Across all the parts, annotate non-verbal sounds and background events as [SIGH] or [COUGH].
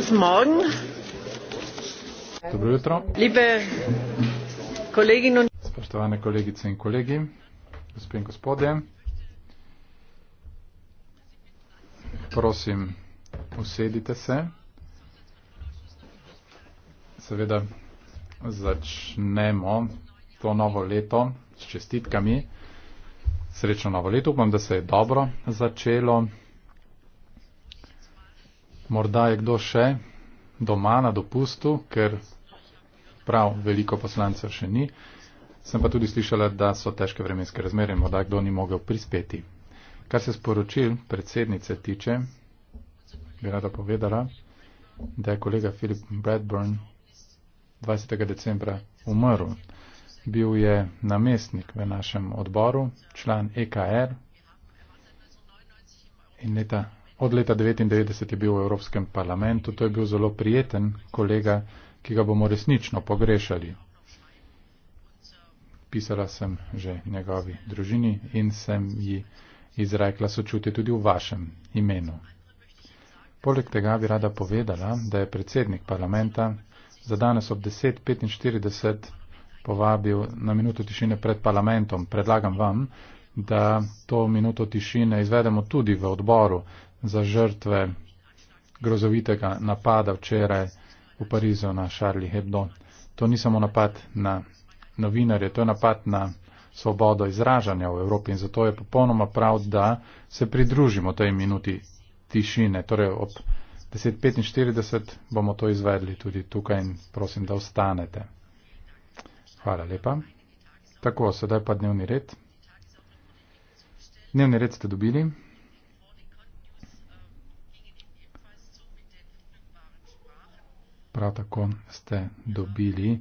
Guten Morgen. Dobro jutro. Liebe Spoštovane kolegice in kolegi, gospe in gospodje. Prosim, usedite se. Seveda začnemo to novo leto s čestitkami. Srečno novo leto, upam, da se je dobro začelo. Morda je kdo še doma na dopustu, ker prav veliko poslancev še ni. Sem pa tudi slišala, da so težke vremenske razmere in morda kdo ni mogel prispeti. Kar se sporočil predsednice tiče, bi rada povedala, da je kolega Philip Bradburn 20. decembra umrl. Bil je namestnik v našem odboru, član EKR in leta od leta 1999 je bil v Evropskem parlamentu, to je bil zelo prijeten kolega, ki ga bomo resnično pogrešali. Pisala sem že njegovi družini in sem ji izrekla sočutje tudi v vašem imenu. Poleg tega bi rada povedala, da je predsednik parlamenta za danes ob 10.45 povabil na minuto tišine pred parlamentom. Predlagam vam, da to minuto tišine izvedemo tudi v odboru, za žrtve grozovitega napada včeraj v Parizu na Charlie Hebdo. To ni samo napad na novinarje, to je napad na svobodo izražanja v Evropi in zato je popolnoma prav, da se pridružimo tej minuti tišine. Torej ob 10.45 bomo to izvedli tudi tukaj in prosim, da ostanete. Hvala lepa. Tako, sedaj pa dnevni red. Dnevni red ste dobili. Prav tako ste dobili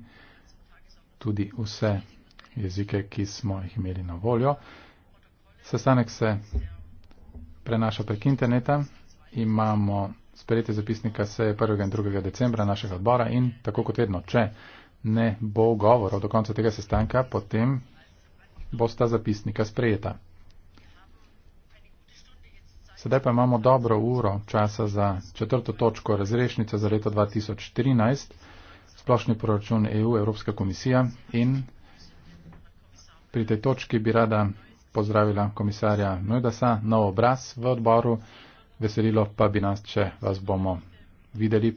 tudi vse jezike, ki smo jih imeli na voljo. Sestanek se prenaša prek interneta. Imamo sprejetje zapisnika seje 1. in 2. decembra našega odbora in tako kot vedno, če ne bo govorov do konca tega sestanka, potem bo sta zapisnika sprejeta. Sedaj pa imamo dobro uro časa za četrto točko razrešnice za leto 2013, splošni proračun EU, Evropska komisija in pri tej točki bi rada pozdravila komisarja Nojdasa, nov obraz v odboru, veselilo pa bi nas, če vas bomo videli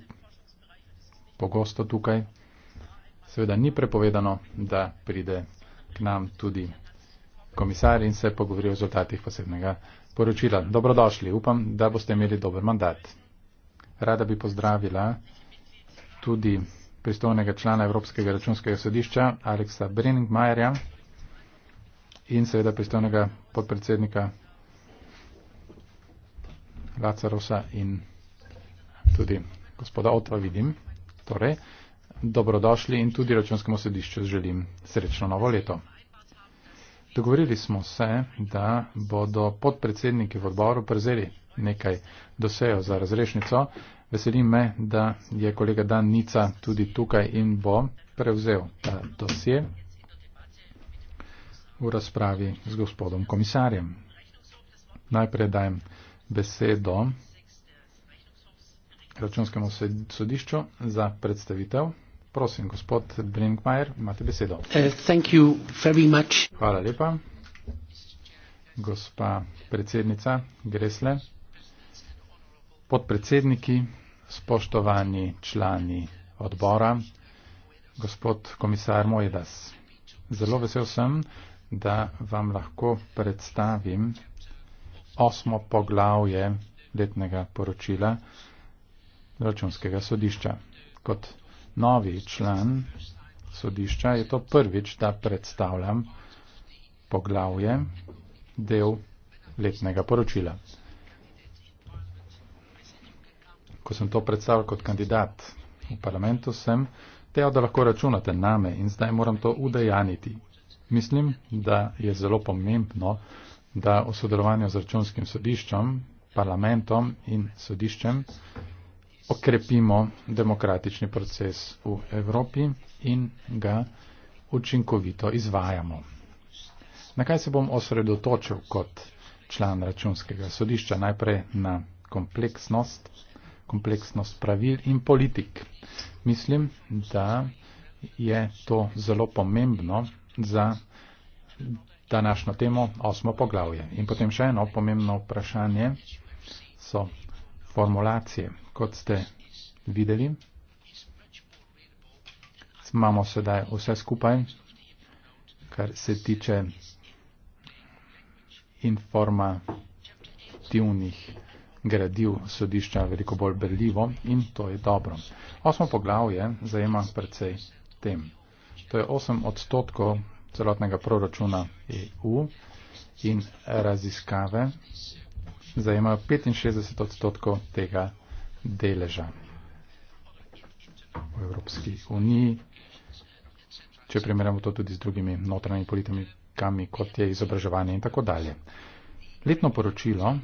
pogosto tukaj. Seveda ni prepovedano, da pride k nam tudi komisar in se pogovori o rezultatih posebnega poročila. Dobrodošli, upam, da boste imeli dober mandat. Rada bi pozdravila tudi pristovnega člana Evropskega računskega sodišča Aleksa Breningmajerja in seveda pristovnega podpredsednika Lacarosa in tudi gospoda Otva vidim. Torej, dobrodošli in tudi računskemu sodišču želim srečno novo leto. Dogovorili smo se, da bodo podpredsedniki v odboru prezeli nekaj dosejo za razrešnico. Veselim me, da je kolega Danica tudi tukaj in bo prevzel ta dosje v razpravi z gospodom komisarjem. Najprej dajem besedo računskemu sodišču za predstavitev. Prosim, gospod Brinkmajer, imate besedo. Uh, Hvala lepa. Gospa predsednica Gresle, podpredsedniki, spoštovani člani odbora, gospod komisar Mojedas. Zelo vesel sem, da vam lahko predstavim osmo poglavje letnega poročila računskega sodišča. Kot novi član sodišča, je to prvič, da predstavljam poglavje del letnega poročila. Ko sem to predstavil kot kandidat v parlamentu, sem teo, da lahko računate name in zdaj moram to udejaniti. Mislim, da je zelo pomembno, da v sodelovanju z računskim sodiščem, parlamentom in sodiščem okrepimo demokratični proces v Evropi in ga učinkovito izvajamo. Na kaj se bom osredotočil kot član računskega sodišča? Najprej na kompleksnost, kompleksnost pravil in politik. Mislim, da je to zelo pomembno za današnjo temo osmo poglavje. In potem še eno pomembno vprašanje so formulacije. Kot ste videli, imamo sedaj vse skupaj, kar se tiče informativnih gradiv sodišča veliko bolj berljivo in to je dobro. Osmo poglavje zajema predvsej tem. To je 8 odstotkov celotnega proračuna EU in raziskave zajemajo 65 odstotkov tega deleža v Evropski uniji, če primerjamo to tudi z drugimi notranjimi politikami, kot je izobraževanje in tako dalje. Letno poročilo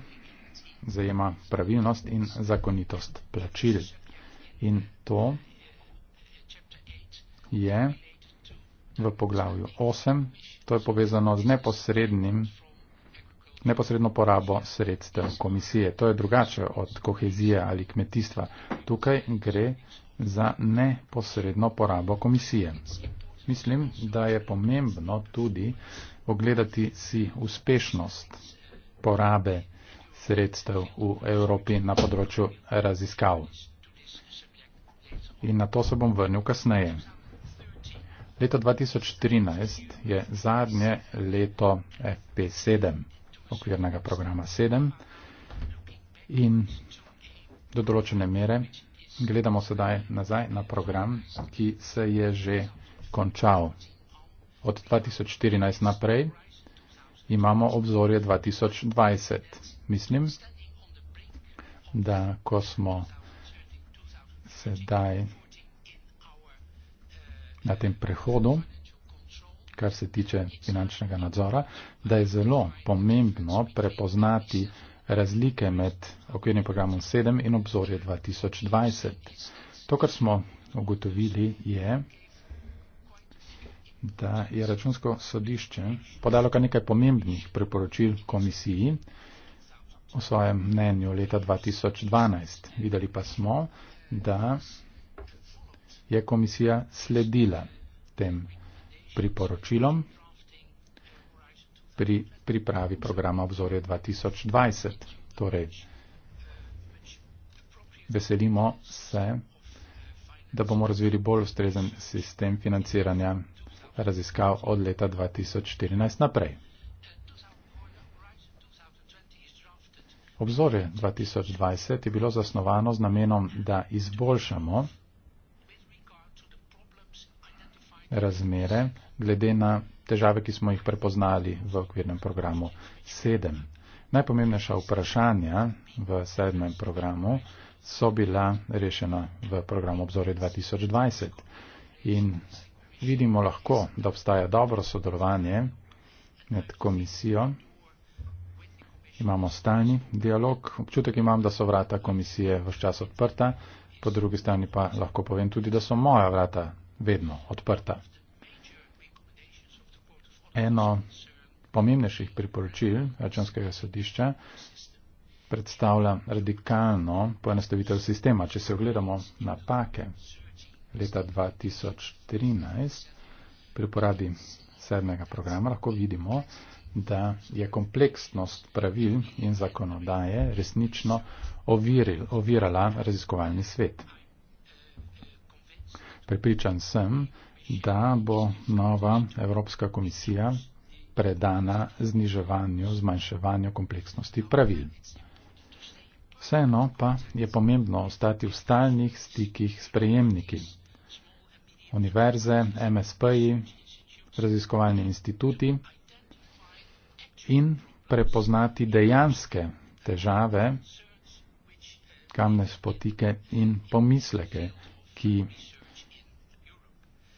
zajema pravilnost in zakonitost plačil. In to je v poglavju 8, to je povezano z neposrednim neposredno porabo sredstev komisije. To je drugače od kohezije ali kmetijstva. Tukaj gre za neposredno porabo komisije. Mislim, da je pomembno tudi ogledati si uspešnost porabe sredstev v Evropi na področju raziskav. In na to se bom vrnil kasneje. Leto 2013 je zadnje leto FP7 okvirnega programa 7 in do določene mere gledamo sedaj nazaj na program, ki se je že končal. Od 2014 naprej imamo obzorje 2020. Mislim, da ko smo sedaj na tem prehodu, kar se tiče finančnega nadzora, da je zelo pomembno prepoznati razlike med okvirnim programom 7 in obzorje 2020. To, kar smo ugotovili, je, da je računsko sodišče podalo kar nekaj pomembnih priporočil komisiji o svojem mnenju leta 2012. Videli pa smo, da je komisija sledila tem priporočilom pri pripravi programa obzorje 2020. Torej, veselimo se, da bomo razvili bolj ustrezen sistem financiranja raziskav od leta 2014 naprej. Obzorje 2020 je bilo zasnovano z namenom, da izboljšamo razmere glede na težave, ki smo jih prepoznali v okvirnem programu 7. Najpomembnejša vprašanja v sedmem programu so bila rešena v programu Obzore 2020. In vidimo lahko, da obstaja dobro sodelovanje med komisijo. Imamo stalni dialog. Občutek imam, da so vrata komisije včas odprta, po drugi strani pa lahko povem tudi, da so moja vrata vedno odprta eno pomembnejših priporočil računskega sodišča predstavlja radikalno poenostavitev sistema. Če se ogledamo napake leta 2013 pri uporabi sedmega programa, lahko vidimo, da je kompleksnost pravil in zakonodaje resnično oviril, ovirala raziskovalni svet. Pripričan sem, da bo nova Evropska komisija predana zniževanju, zmanjševanju kompleksnosti pravil. Vseeno pa je pomembno ostati v stalnih stikih s prejemniki. Univerze, MSP-ji, raziskovalni instituti in prepoznati dejanske težave, kamne spotike in pomisleke, ki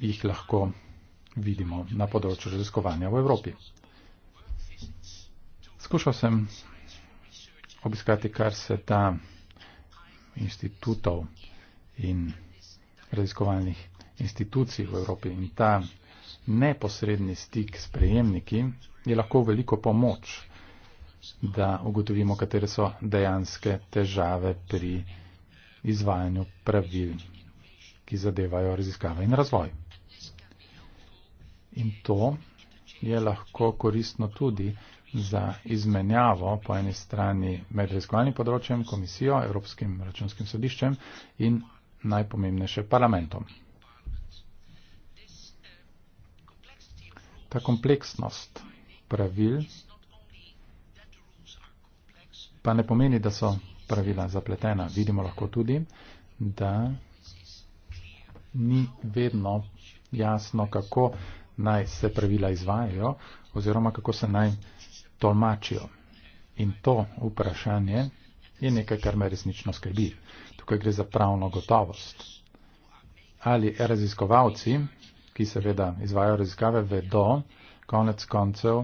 jih lahko vidimo na področju raziskovanja v Evropi. Skušal sem obiskati kar se ta inštitutov in raziskovalnih institucij v Evropi in ta neposredni stik s prejemniki je lahko veliko pomoč, da ugotovimo, katere so dejanske težave pri izvajanju pravil, ki zadevajo raziskave in razvoj. In to je lahko koristno tudi za izmenjavo po eni strani med raziskovalnim področjem, komisijo, Evropskim računskim sodiščem in najpomembnejše parlamentom. Ta kompleksnost pravil pa ne pomeni, da so pravila zapletena. Vidimo lahko tudi, da ni vedno jasno, kako naj se pravila izvajajo oziroma kako se naj tolmačijo. In to vprašanje je nekaj, kar me resnično skrbi. Tukaj gre za pravno gotovost. Ali raziskovalci, ki seveda izvajo raziskave, vedo konec koncev,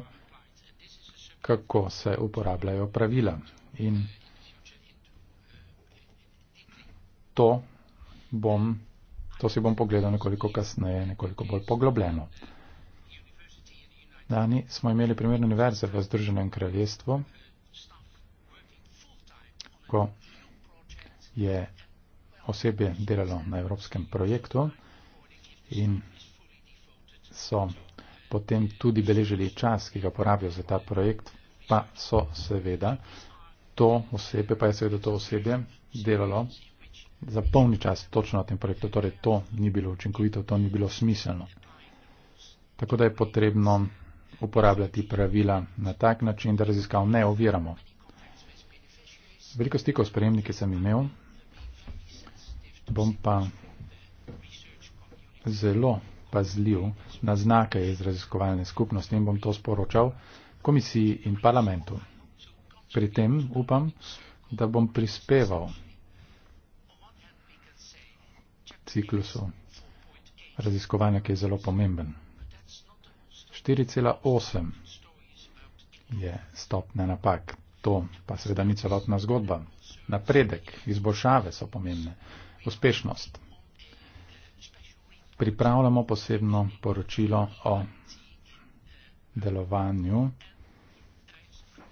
kako se uporabljajo pravila. In to, bom, to si bom pogledal nekoliko kasneje, nekoliko bolj poglobljeno. Lani smo imeli primer univerze v Združenem kraljestvu, ko je osebje delalo na evropskem projektu in so potem tudi beležili čas, ki ga porabijo za ta projekt, pa so seveda to osebe, pa je seveda to osebje delalo za polni čas točno na tem projektu, torej to ni bilo učinkovito, to ni bilo smiselno. Tako da je potrebno uporabljati pravila na tak način, da raziskav ne oviramo. Veliko stikov s prejemniki sem imel, bom pa zelo pazljiv na znake iz raziskovalne skupnosti in bom to sporočal komisiji in parlamentu. Pri tem upam, da bom prispeval ciklusu raziskovanja, ki je zelo pomemben. 4,8 je stopnja napak. To pa seveda ni celotna zgodba. Napredek, izboljšave so pomembne. Uspešnost. Pripravljamo posebno poročilo o delovanju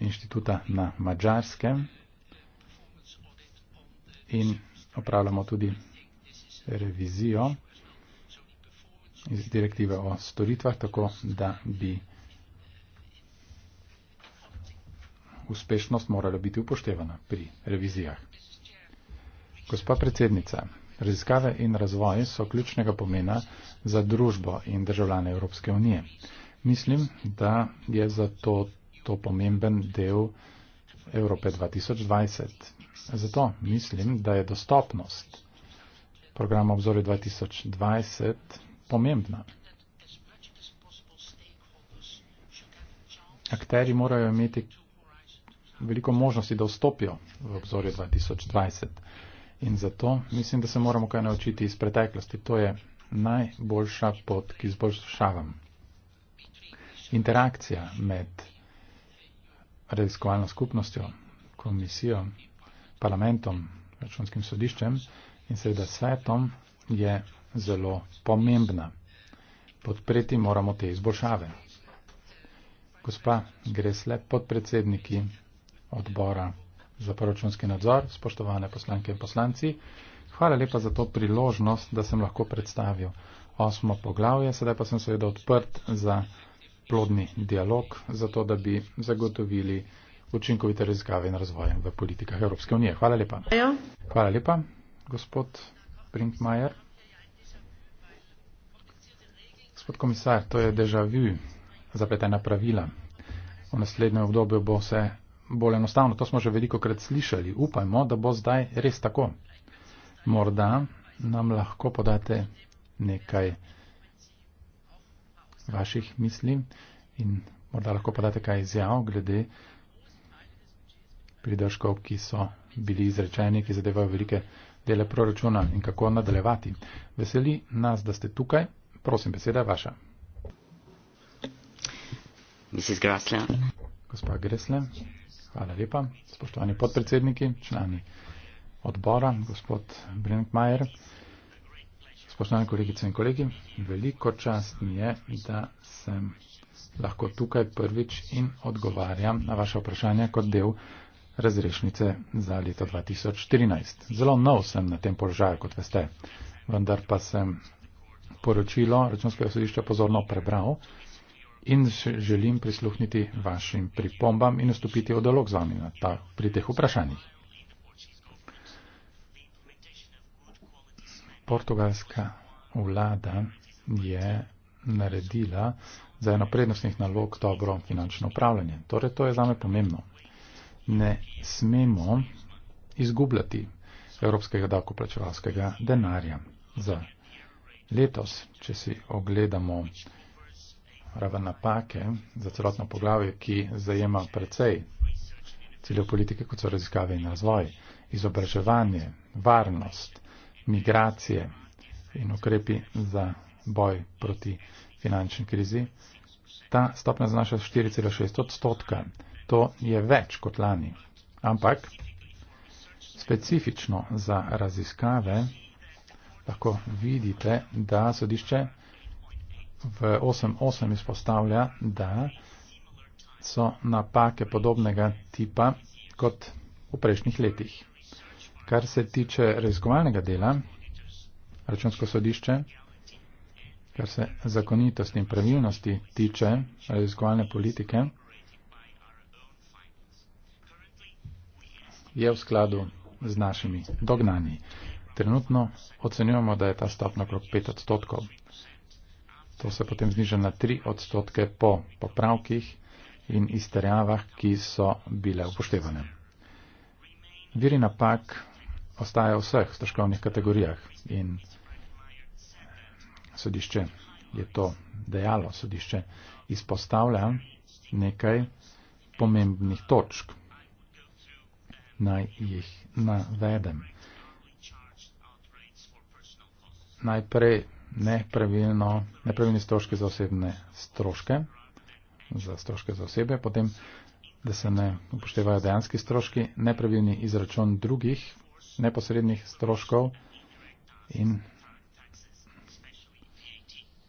inštituta na Mačarskem in opravljamo tudi revizijo iz direktive o storitvah, tako da bi uspešnost morala biti upoštevana pri revizijah. Gospa predsednica, raziskave in razvoj so ključnega pomena za družbo in državljane Evropske unije. Mislim, da je zato to pomemben del Evrope 2020. Zato mislim, da je dostopnost programa obzorja 2020 pomembna. Akteri morajo imeti veliko možnosti, da vstopijo v obzorje 2020. In zato mislim, da se moramo kaj naučiti iz preteklosti. To je najboljša pot, ki zboljšavam. Interakcija med raziskovalno skupnostjo, komisijo, parlamentom, računskim sodiščem in seveda svetom je zelo pomembna. Podpreti moramo te izboljšave. Gospa Gresle, podpredsedniki odbora za proračunski nadzor, spoštovane poslanke in poslanci, hvala lepa za to priložnost, da sem lahko predstavil osmo poglavje, sedaj pa sem seveda odprt za plodni dialog, zato da bi zagotovili učinkovite raziskave in razvoj v politikah Evropske unije. Hvala lepa. Ja. Hvala lepa, gospod Brinkmajer. Gospod komisar, to je deja vu, zapletena pravila. V naslednjem obdobju bo vse bolj enostavno, to smo že veliko krat slišali. Upajmo, da bo zdaj res tako. Morda nam lahko podate nekaj vaših misli in morda lahko podate kaj izjav glede pridržkov, ki so bili izrečeni, ki zadevajo velike dele proračuna in kako nadaljevati. Veseli nas, da ste tukaj. Prosim, beseda je vaša. Gospa Gresle, hvala lepa. Spoštovani podpredsedniki, člani odbora, gospod Brinkmajer, spoštovane kolegice in kolegi, veliko čast mi je, da sem lahko tukaj prvič in odgovarjam na vaše vprašanje kot del razrešnice za leto 2014. Zelo nov sem na tem položaju, kot veste, vendar pa sem poročilo računskega sodišča pozorno prebral in želim prisluhniti vašim pripombam in vstopiti v dolog z vami na ta, pri teh vprašanjih. Portugalska vlada je naredila za eno prednostnih nalog dobro finančno upravljanje. Torej, to je zame pomembno. Ne smemo izgubljati evropskega davkoplačevalskega denarja za Letos, če si ogledamo raven napake za celotno poglavje, ki zajema precej ciljev politike, kot so raziskave in razvoj, izobraževanje, varnost, migracije in ukrepi za boj proti finančni krizi, ta stopna znaša 4,6 odstotka. To je več kot lani. Ampak specifično za raziskave lahko vidite, da sodišče v 8.8 izpostavlja, da so napake podobnega tipa kot v prejšnjih letih. Kar se tiče raziskovalnega dela, računsko sodišče, kar se zakonitosti in pravilnosti tiče raziskovalne politike, je v skladu z našimi dognanji. Trenutno ocenjujemo, da je ta stopna okrog 5 odstotkov. To se potem zniža na 3 odstotke po popravkih in izterjavah, ki so bile upoštevane. Viri napak ostajajo v vseh stroškovnih kategorijah in sodišče je to dejalo. Sodišče izpostavlja nekaj pomembnih točk. Naj jih navedem. najprej nepravilno, nepravilni stroški za osebne stroške, za stroške za osebe, potem, da se ne upoštevajo dejanski stroški, nepravilni izračun drugih neposrednih stroškov in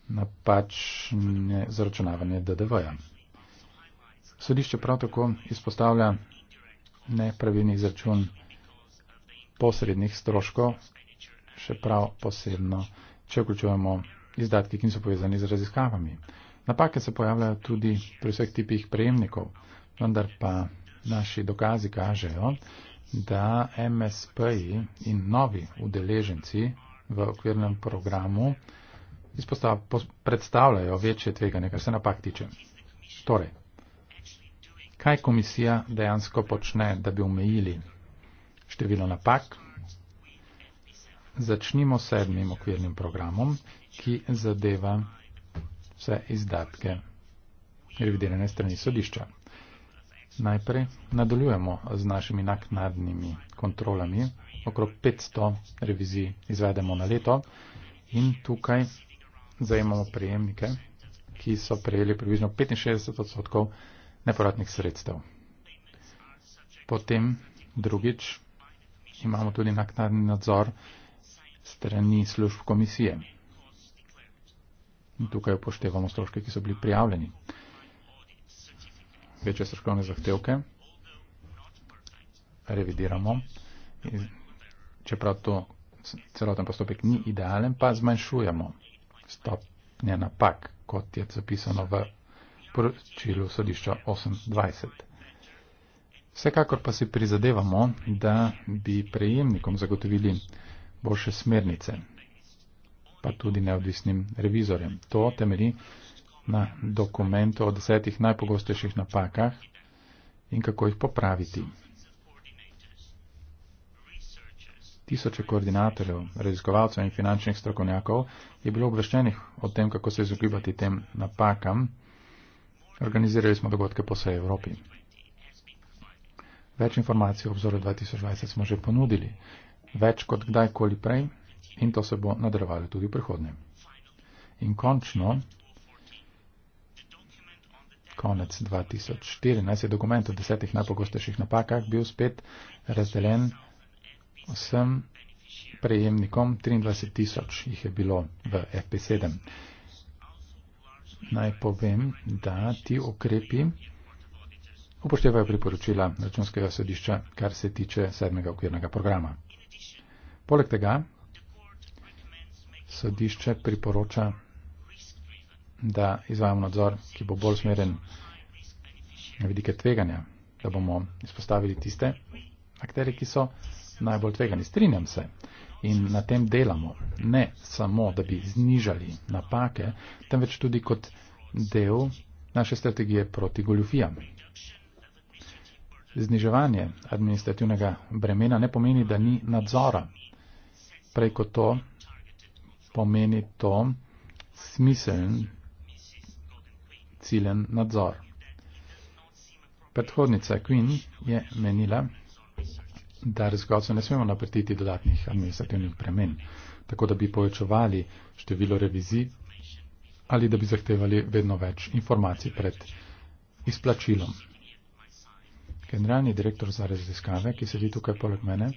napačne zaračunavanje DDV-ja. Sodišče prav tako izpostavlja nepravilni izračun posrednih stroškov še prav posebno, če vključujemo izdatke, ki niso povezani z raziskavami. Napake se pojavljajo tudi pri vseh tipih prejemnikov, vendar pa naši dokazi kažejo, da MSP-ji in novi udeleženci v okvirnem programu predstavljajo večje tveganje, kar se napak tiče. Torej, kaj komisija dejansko počne, da bi omejili število napak, Začnimo s sedmim okvirnim programom, ki zadeva vse izdatke revidirane strani sodišča. Najprej nadaljujemo z našimi naknadnimi kontrolami. Okrog 500 revizij izvedemo na leto in tukaj zajemamo prejemnike, ki so prejeli približno 65 odstotkov neporatnih sredstev. Potem drugič imamo tudi naknadni nadzor strani služb komisije. In tukaj upoštevamo stroške, ki so bili prijavljeni. Večje stroškovne zahtevke revidiramo. In čeprav to celoten postopek ni idealen, pa zmanjšujemo stopnje napak, kot je zapisano v poročilu sodišča 820. Vsekakor pa si prizadevamo, da bi prejemnikom zagotovili boljše smernice, pa tudi neodvisnim revizorjem. To temeli na dokumentu o desetih najpogostejših napakah in kako jih popraviti. Tisoče koordinatorjev, raziskovalcev in finančnih strokovnjakov je bilo obveščenih o tem, kako se izogibati tem napakam. Organizirali smo dogodke po vsej Evropi. Več informacij o obzoru 2020 smo že ponudili več kot kdajkoli prej in to se bo nadaljevalo tudi v prihodnje. In končno, konec 2014 je dokument o desetih najpogostejših napakah bil spet razdeljen vsem prejemnikom, 23 tisoč jih je bilo v FP7. Naj povem, da ti ukrepi upoštevajo priporočila računskega sodišča, kar se tiče sedmega okvirnega programa. Poleg tega sodišče priporoča, da izvajamo nadzor, ki bo bolj smeren na vidike tveganja, da bomo izpostavili tiste akteri, ki so najbolj tvegani. Strinjam se in na tem delamo, ne samo, da bi znižali napake, temveč tudi kot del naše strategije proti goljufijam. Zniževanje administrativnega bremena ne pomeni, da ni nadzora preko to pomeni to smiseln, ciljen nadzor. Predhodnica Queen je menila, da raziskovalcev ne smemo naprtiti dodatnih administrativnih premen, tako da bi povečevali število revizij ali da bi zahtevali vedno več informacij pred izplačilom. Generalni direktor za raziskave, ki sedi tukaj poleg mene,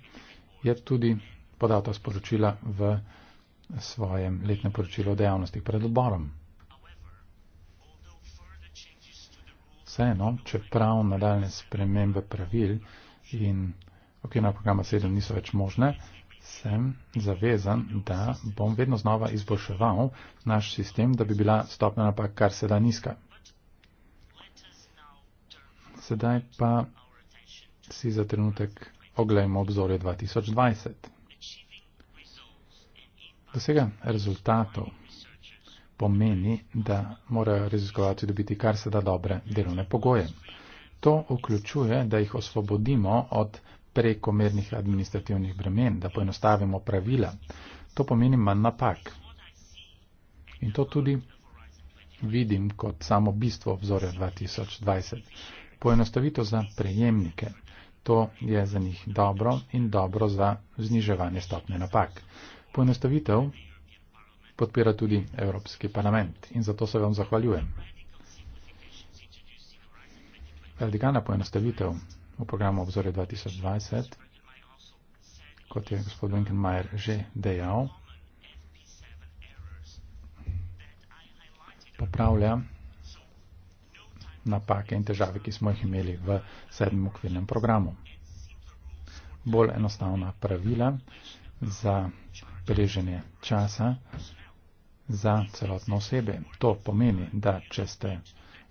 je tudi podal ta sporočila v svojem letnem poročilu o dejavnostih pred odborom. Vseeno, čeprav nadaljne spremembe pravil in okvirnega programa 7 niso več možne, sem zavezan, da bom vedno znova izboljševal naš sistem, da bi bila stopna napak kar se da nizka. Sedaj pa si za trenutek oglejmo obzorje 2020 dosega rezultatov, pomeni, da morajo raziskovalci dobiti kar se da dobre delovne pogoje. To vključuje, da jih osvobodimo od prekomernih administrativnih bremen, da poenostavimo pravila. To pomeni manj napak. In to tudi vidim kot samo bistvo obzorja 2020. Poenostavitev za prejemnike. To je za njih dobro in dobro za zniževanje stopne napak poenostavitev podpira tudi Evropski parlament in zato se vam zahvaljujem. Veldigana poenostavitev v programu Obzore 2020, kot je gospod Winkenmajer že dejal, popravlja napake in težave, ki smo jih imeli v sedmem okvirnem programu. Bolj enostavna pravila za beleženje časa za celotno osebe. To pomeni, da če ste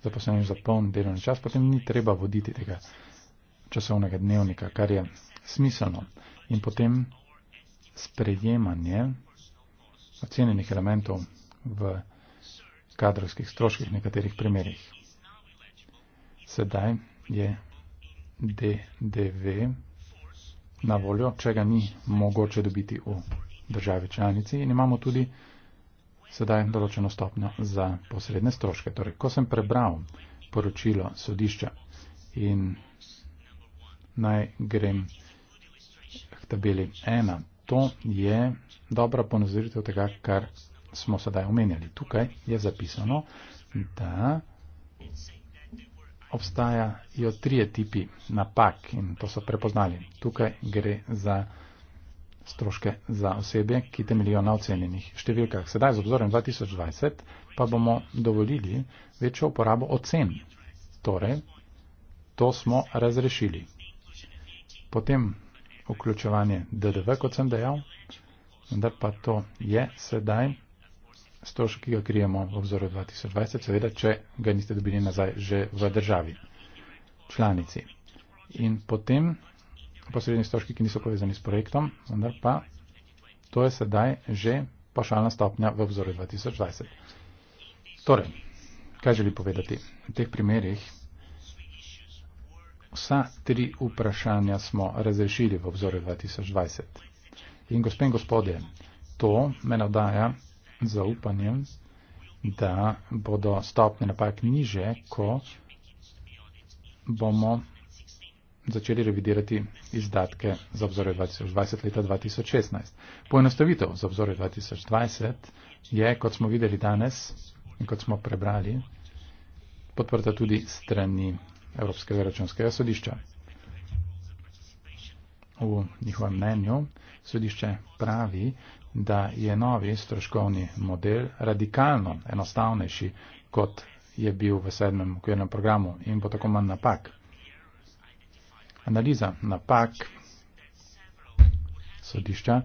zaposleni za poln delovni čas, potem ni treba voditi tega časovnega dnevnika, kar je smiselno. In potem sprejemanje ocenjenih elementov v kadrovskih stroških v nekaterih primerjih. Sedaj je DDV na voljo, čega ni mogoče dobiti v državi članici in imamo tudi sedaj določeno stopnjo za posredne stroške. Torej, ko sem prebral poročilo sodišča in naj grem k tabeli 1, to je dobra ponazoritev tega, kar smo sedaj omenjali. Tukaj je zapisano, da obstajajo trije tipi napak in to so prepoznali. Tukaj gre za napak stroške za osebje, ki temeljijo na ocenjenih številkah. Sedaj z obzorem 2020 pa bomo dovolili večjo uporabo ocen. Torej, to smo razrešili. Potem vključevanje DDV, kot sem dejal, vendar pa to je sedaj strošek, ki ga krijemo v obzoru 2020, seveda, če ga niste dobili nazaj že v državi članici. In potem posrednji stroški, ki niso povezani s projektom, vendar pa to je sedaj že pašalna stopnja v obzoru 2020. Torej, kaj želi povedati? V teh primerjih vsa tri vprašanja smo razrešili v obzoru 2020. In gospe in gospode, to me nadaja zaupanjem, da bodo stopnje napak niže, ko bomo začeli revidirati izdatke za obzorje 2020 leta 2016. Poenostavitev za obzorje 2020 je, kot smo videli danes in kot smo prebrali, podprta tudi strani Evropskega računskega sodišča. V njihovem mnenju sodišče pravi, da je novi stroškovni model radikalno enostavnejši, kot je bil v sedmem okvirnem programu in bo tako manj napak. Analiza napak sodišča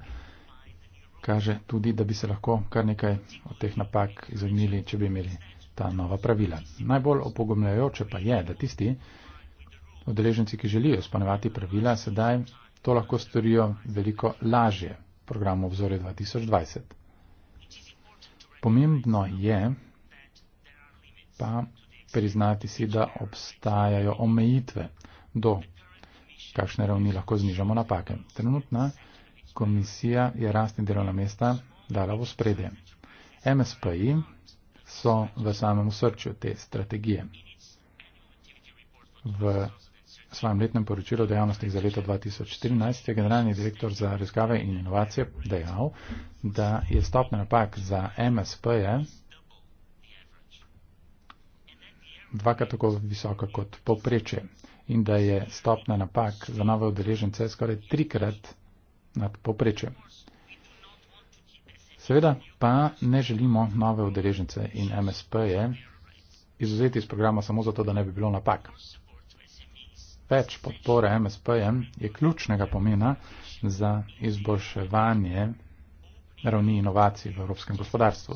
kaže tudi, da bi se lahko kar nekaj od teh napak izognili, če bi imeli ta nova pravila. Najbolj opogomljajoče pa je, da tisti odeleženci, ki želijo spanevati pravila, sedaj to lahko storijo veliko lažje v programu Vzore 2020. Pomembno je pa priznati si, da obstajajo omejitve, do kakšne ravni lahko znižamo napake. Trenutna komisija je rast in delovna mesta dala v spredje. MSPI so v samem srču te strategije. V svojem letnem poročilu o dejavnostih za leto 2013 je generalni direktor za raziskave in inovacije dejal, da je stopna napak za MSP-je dvakrat tako visoka kot poprečje in da je stopna napak za nove udeležence skoraj trikrat nad poprečjem. Seveda pa ne želimo nove udeležence in MSP je izuzeti iz programa samo zato, da ne bi bilo napak. Več podpore MSP-jem je ključnega pomena za izboljševanje ravni inovacij v evropskem gospodarstvu.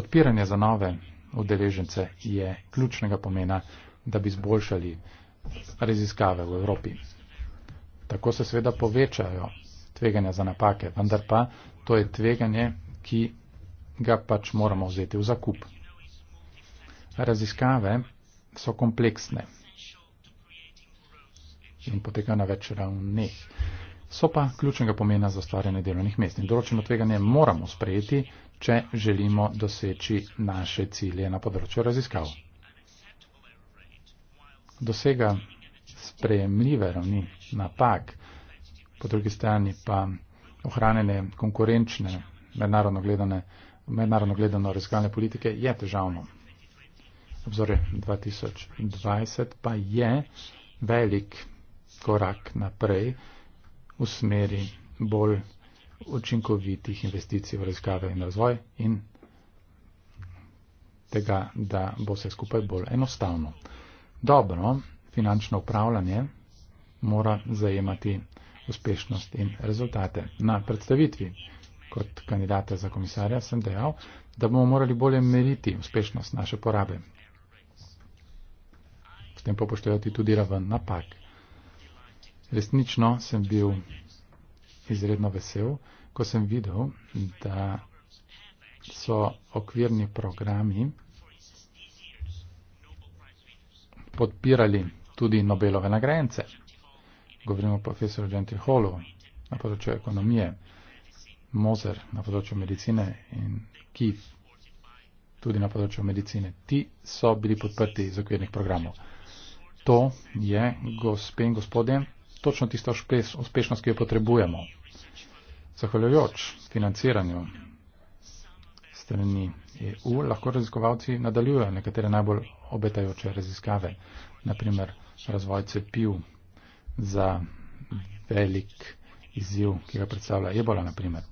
Odpiranje za nove udeležence je ključnega pomena, da bi izboljšali raziskave v Evropi. Tako se seveda povečajo tveganja za napake, vendar pa to je tveganje, ki ga pač moramo vzeti v zakup. Raziskave so kompleksne in potekajo na več ravneh. So pa ključnega pomena za stvarjanje delovnih mest in določeno tveganje moramo sprejeti, če želimo doseči naše cilje na področju raziskav dosega sprejemljive ravni napak, po drugi strani pa ohranjene konkurenčne, mednarodno gledane, mednarodno gledano raziskovalne politike, je težavno. Obzorje 2020 pa je velik korak naprej v smeri bolj učinkovitih investicij v raziskave in razvoj in tega, da bo vse skupaj bolj enostavno dobro finančno upravljanje mora zajemati uspešnost in rezultate. Na predstavitvi kot kandidata za komisarja sem dejal, da bomo morali bolje meriti uspešnost naše porabe. S tem pa poštevati tudi raven napak. Resnično sem bil izredno vesel, ko sem videl, da so okvirni programi podpirali tudi Nobelove nagrajence. Govorimo o profesoru Gentil Hallu na področju ekonomije, Moser na področju medicine in Keith tudi na področju medicine. Ti so bili podprti iz okvirnih programov. To je, gospe in gospode, točno tisto uspešnost, ki jo potrebujemo. Zahvaljujoč financiranju strani EU, lahko raziskovalci nadaljujejo nekatere najbolj obetajoče raziskave, naprimer razvoj cepiv za velik izziv, ki ga predstavlja ebola, naprimer.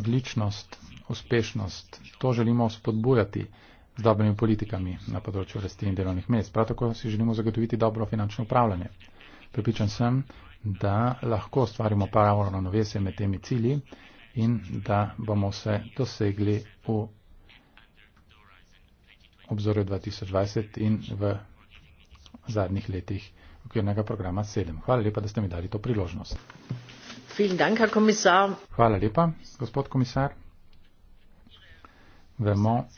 Odličnost, uspešnost, to želimo spodbujati z dobrimi politikami na področju rasti in delovnih mest. Prav tako si želimo zagotoviti dobro finančno upravljanje. Pripričan sem, da lahko ustvarimo pravo ravnovesje med temi cilji in da bomo vse dosegli v obzorju 2020 in v zadnjih letih okvirnega programa 7. Hvala lepa, da ste mi dali to priložnost. Hvala lepa, gospod komisar. Vemo,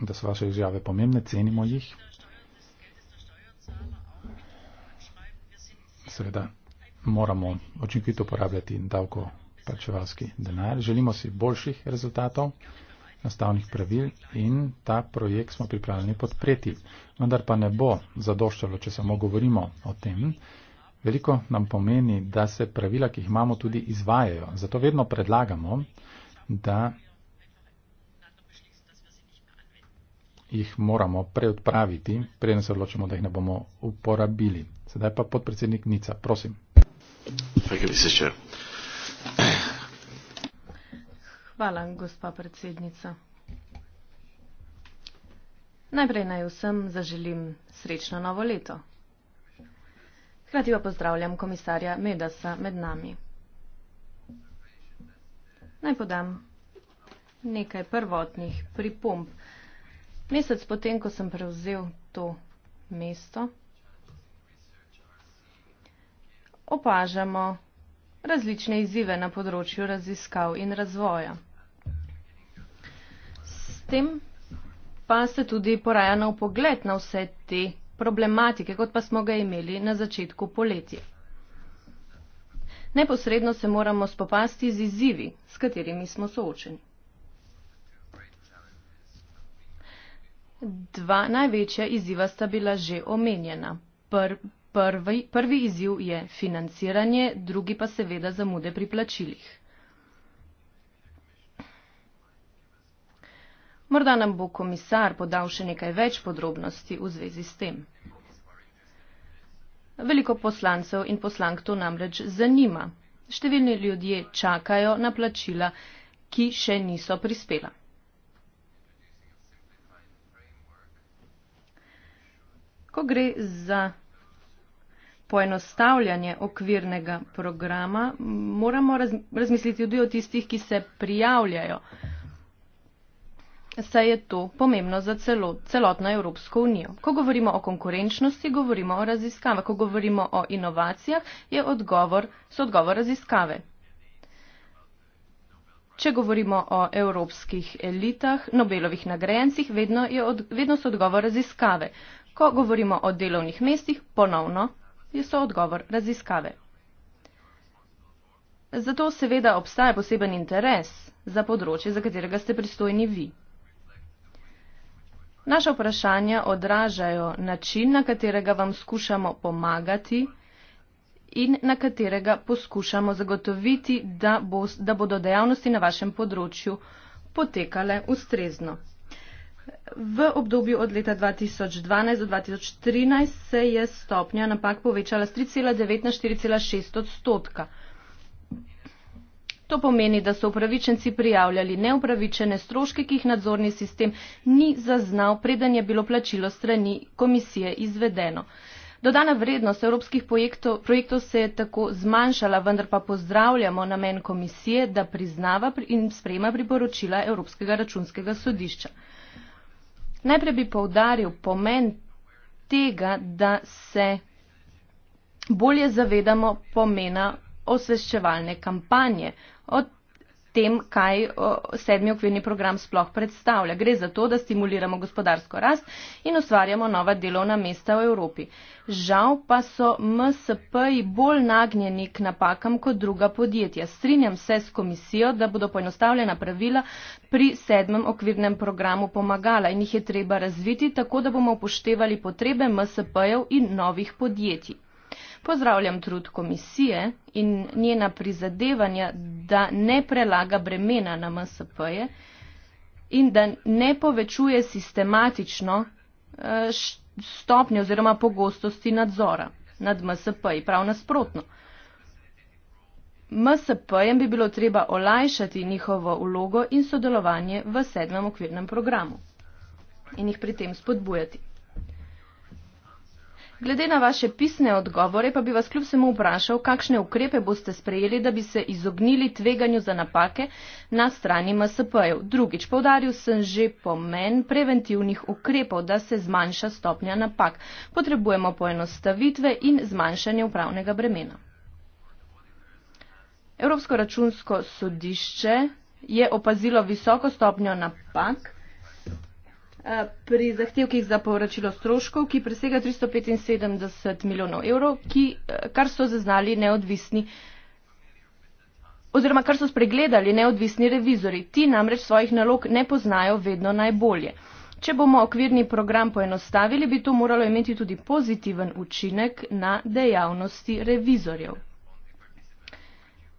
da so vaše izjave pomembne, cenimo jih. Seveda, moramo očinkovito porabljati davko plačevalski denar. Želimo si boljših rezultatov, nastavnih pravil in ta projekt smo pripravljeni podpreti. Vendar pa ne bo zadoščalo, če samo govorimo o tem. Veliko nam pomeni, da se pravila, ki jih imamo, tudi izvajajo. Zato vedno predlagamo, da jih moramo preodpraviti, preden se odločimo, da jih ne bomo uporabili. Sedaj pa podpredsednik Nica, prosim. Hvala, gospa predsednica. Najprej naj vsem zaželim srečno novo leto. Hkrati pa pozdravljam komisarja Medasa med nami. Naj podam nekaj prvotnih pripomb. Mesec potem, ko sem prevzel to mesto, opažamo različne izzive na področju raziskav in razvoja. S tem pa se tudi poraja nov pogled na vse te problematike, kot pa smo ga imeli na začetku poletja. Neposredno se moramo spopasti z izzivi, s katerimi smo soočeni. Dva največja izziva sta bila že omenjena. Prvi prvi, prvi izziv je financiranje, drugi pa seveda zamude pri plačilih. Morda nam bo komisar podal še nekaj več podrobnosti v zvezi s tem. Veliko poslancev in poslank to namreč zanima. Številni ljudje čakajo na plačila, ki še niso prispela. Ko gre za poenostavljanje okvirnega programa, moramo raz, razmisliti tudi o tistih, ki se prijavljajo. Saj je to pomembno za celo, celotno Evropsko unijo. Ko govorimo o konkurenčnosti, govorimo o raziskavah. Ko govorimo o inovacijah, je odgovor, so odgovor raziskave. Če govorimo o evropskih elitah, Nobelovih nagrajencih, vedno, od, vedno so odgovor raziskave. Ko govorimo o delovnih mestih, ponovno je soodgovor raziskave. Zato seveda obstaja poseben interes za področje, za katerega ste pristojni vi. Naša vprašanja odražajo način, na katerega vam skušamo pomagati in na katerega poskušamo zagotoviti, da, bo, da bodo dejavnosti na vašem področju potekale ustrezno. V obdobju od leta 2012 do 2013 se je stopnja napak povečala z 3,9 na 4,6 odstotka. To pomeni, da so upravičenci prijavljali neupravičene stroške, ki jih nadzorni sistem ni zaznal, preden je bilo plačilo strani komisije izvedeno. Dodana vrednost evropskih projektov, projektov se je tako zmanjšala, vendar pa pozdravljamo namen komisije, da priznava in sprejema priporočila Evropskega računskega sodišča. Najprej bi povdaril pomen tega, da se bolje zavedamo pomena osveščevalne kampanje. Od tem, kaj sedmi okvirni program sploh predstavlja. Gre za to, da stimuliramo gospodarsko rast in ustvarjamo nova delovna mesta v Evropi. Žal pa so MSP-ji bolj nagnjeni k napakam kot druga podjetja. Strinjam se s komisijo, da bodo poenostavljena pravila pri sedmem okvirnem programu pomagala in jih je treba razviti tako, da bomo upoštevali potrebe MSP-jev in novih podjetij. Pozdravljam trud komisije in njena prizadevanja, da ne prelaga bremena na MSP-je in da ne povečuje sistematično eh, stopnjo oziroma pogostosti nadzora nad MSP-ji, prav nasprotno. MSP-jem bi bilo treba olajšati njihovo ulogo in sodelovanje v sedmem okvirnem programu in jih pri tem spodbujati. Glede na vaše pisne odgovore pa bi vas kljub vsemu vprašal, kakšne ukrepe boste sprejeli, da bi se izognili tveganju za napake na strani MSP-jev. Drugič, povdaril sem že pomen preventivnih ukrepov, da se zmanjša stopnja napak. Potrebujemo poenostavitve in zmanjšanje upravnega bremena. Evropsko računsko sodišče je opazilo visoko stopnjo napak. Eh, pri zahtevkih za povračilo stroškov, ki presega 375 milijonov evrov, ki, eh, kar so zaznali neodvisni oziroma kar so spregledali neodvisni revizori. Ti namreč svojih nalog ne poznajo vedno najbolje. Če bomo okvirni program poenostavili, bi to moralo imeti tudi pozitiven učinek na dejavnosti revizorjev,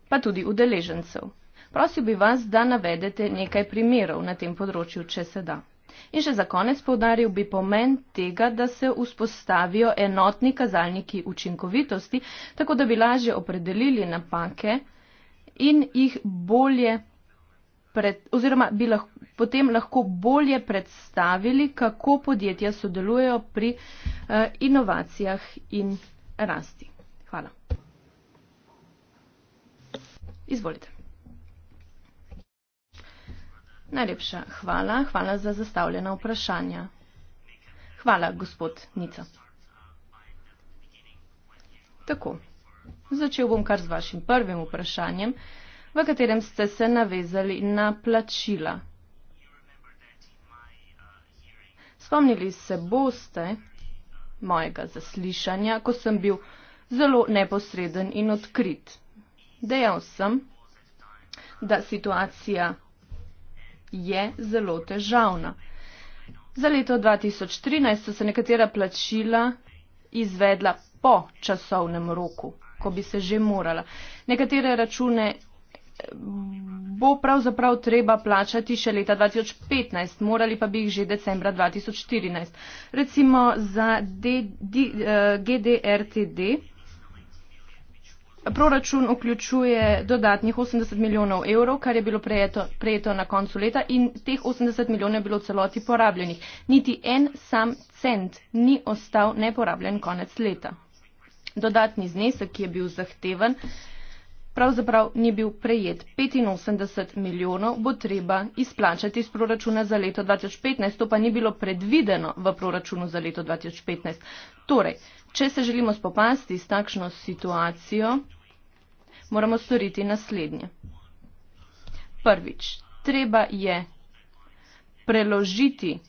pa tudi udeležencev. Prosil bi vas, da navedete nekaj primerov na tem področju, če se da. In še za konec povdaril bi pomen tega, da se vzpostavijo enotni kazalniki učinkovitosti, tako da bi lažje opredelili napake in jih bolje pred, oziroma bi lahko, potem lahko bolje predstavili, kako podjetja sodelujejo pri eh, inovacijah in rasti. Hvala. Izvolite. Najlepša hvala. Hvala za zastavljena vprašanja. Hvala, gospod Nica. Tako. Začel bom kar z vašim prvim vprašanjem, v katerem ste se navezali na plačila. Spomnili se boste mojega zaslišanja, ko sem bil zelo neposreden in odkrit. Dejal sem, da situacija je zelo težavna. Za leto 2013 so se nekatera plačila izvedla po časovnem roku, ko bi se že morala. Nekatere račune eh, bo pravzaprav treba plačati še leta 2015, morali pa bi jih že decembra 2014. Recimo za GDRTD. De, eh, de, de, de, de, de, de, de, Proračun vključuje dodatnih 80 milijonov evrov, kar je bilo prejeto, prejeto na koncu leta in teh 80 milijonov je bilo celoti porabljenih. Niti en sam cent ni ostal neporabljen konec leta. Dodatni znesek, ki je bil zahteven, pravzaprav ni bil prejet. 85 milijonov bo treba izplačati iz proračuna za leto 2015, to pa ni bilo predvideno v proračunu za leto 2015. Torej, Če se želimo spopasti s takšno situacijo, moramo storiti naslednje. Prvič, treba je preložiti eh,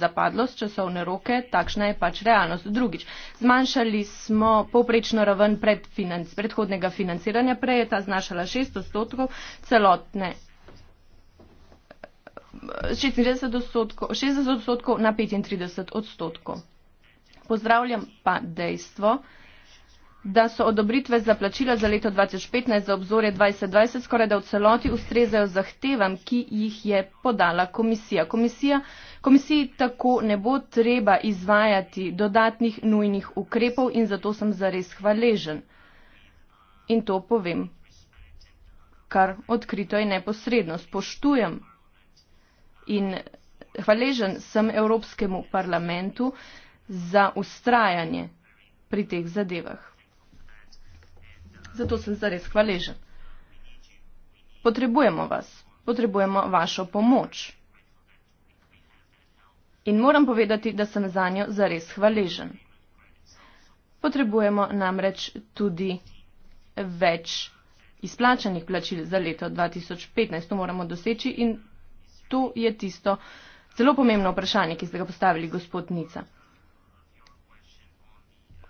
zapadlost časovne roke, takšna je pač realnost. Drugič, zmanjšali smo poprečno raven predhodnega financiranja, prej je ta znašala 6 odstotkov celotne. 60 eh, odstotkov, 60 odstotkov na 35 odstotkov pozdravljam pa dejstvo, da so odobritve za plačila za leto 2015 za obzorje 2020 skoraj da v celoti ustrezajo zahtevam, ki jih je podala komisija. komisija. Komisiji tako ne bo treba izvajati dodatnih nujnih ukrepov in zato sem zares hvaležen. In to povem, kar odkrito je neposredno. Spoštujem in hvaležen sem Evropskemu parlamentu za ustrajanje pri teh zadevah. Zato sem zares hvaležen. Potrebujemo vas, potrebujemo vašo pomoč. In moram povedati, da sem za njo zares hvaležen. Potrebujemo namreč tudi več izplačanih plačil za leto 2015. To moramo doseči in to je tisto zelo pomembno vprašanje, ki ste ga postavili gospod Nica.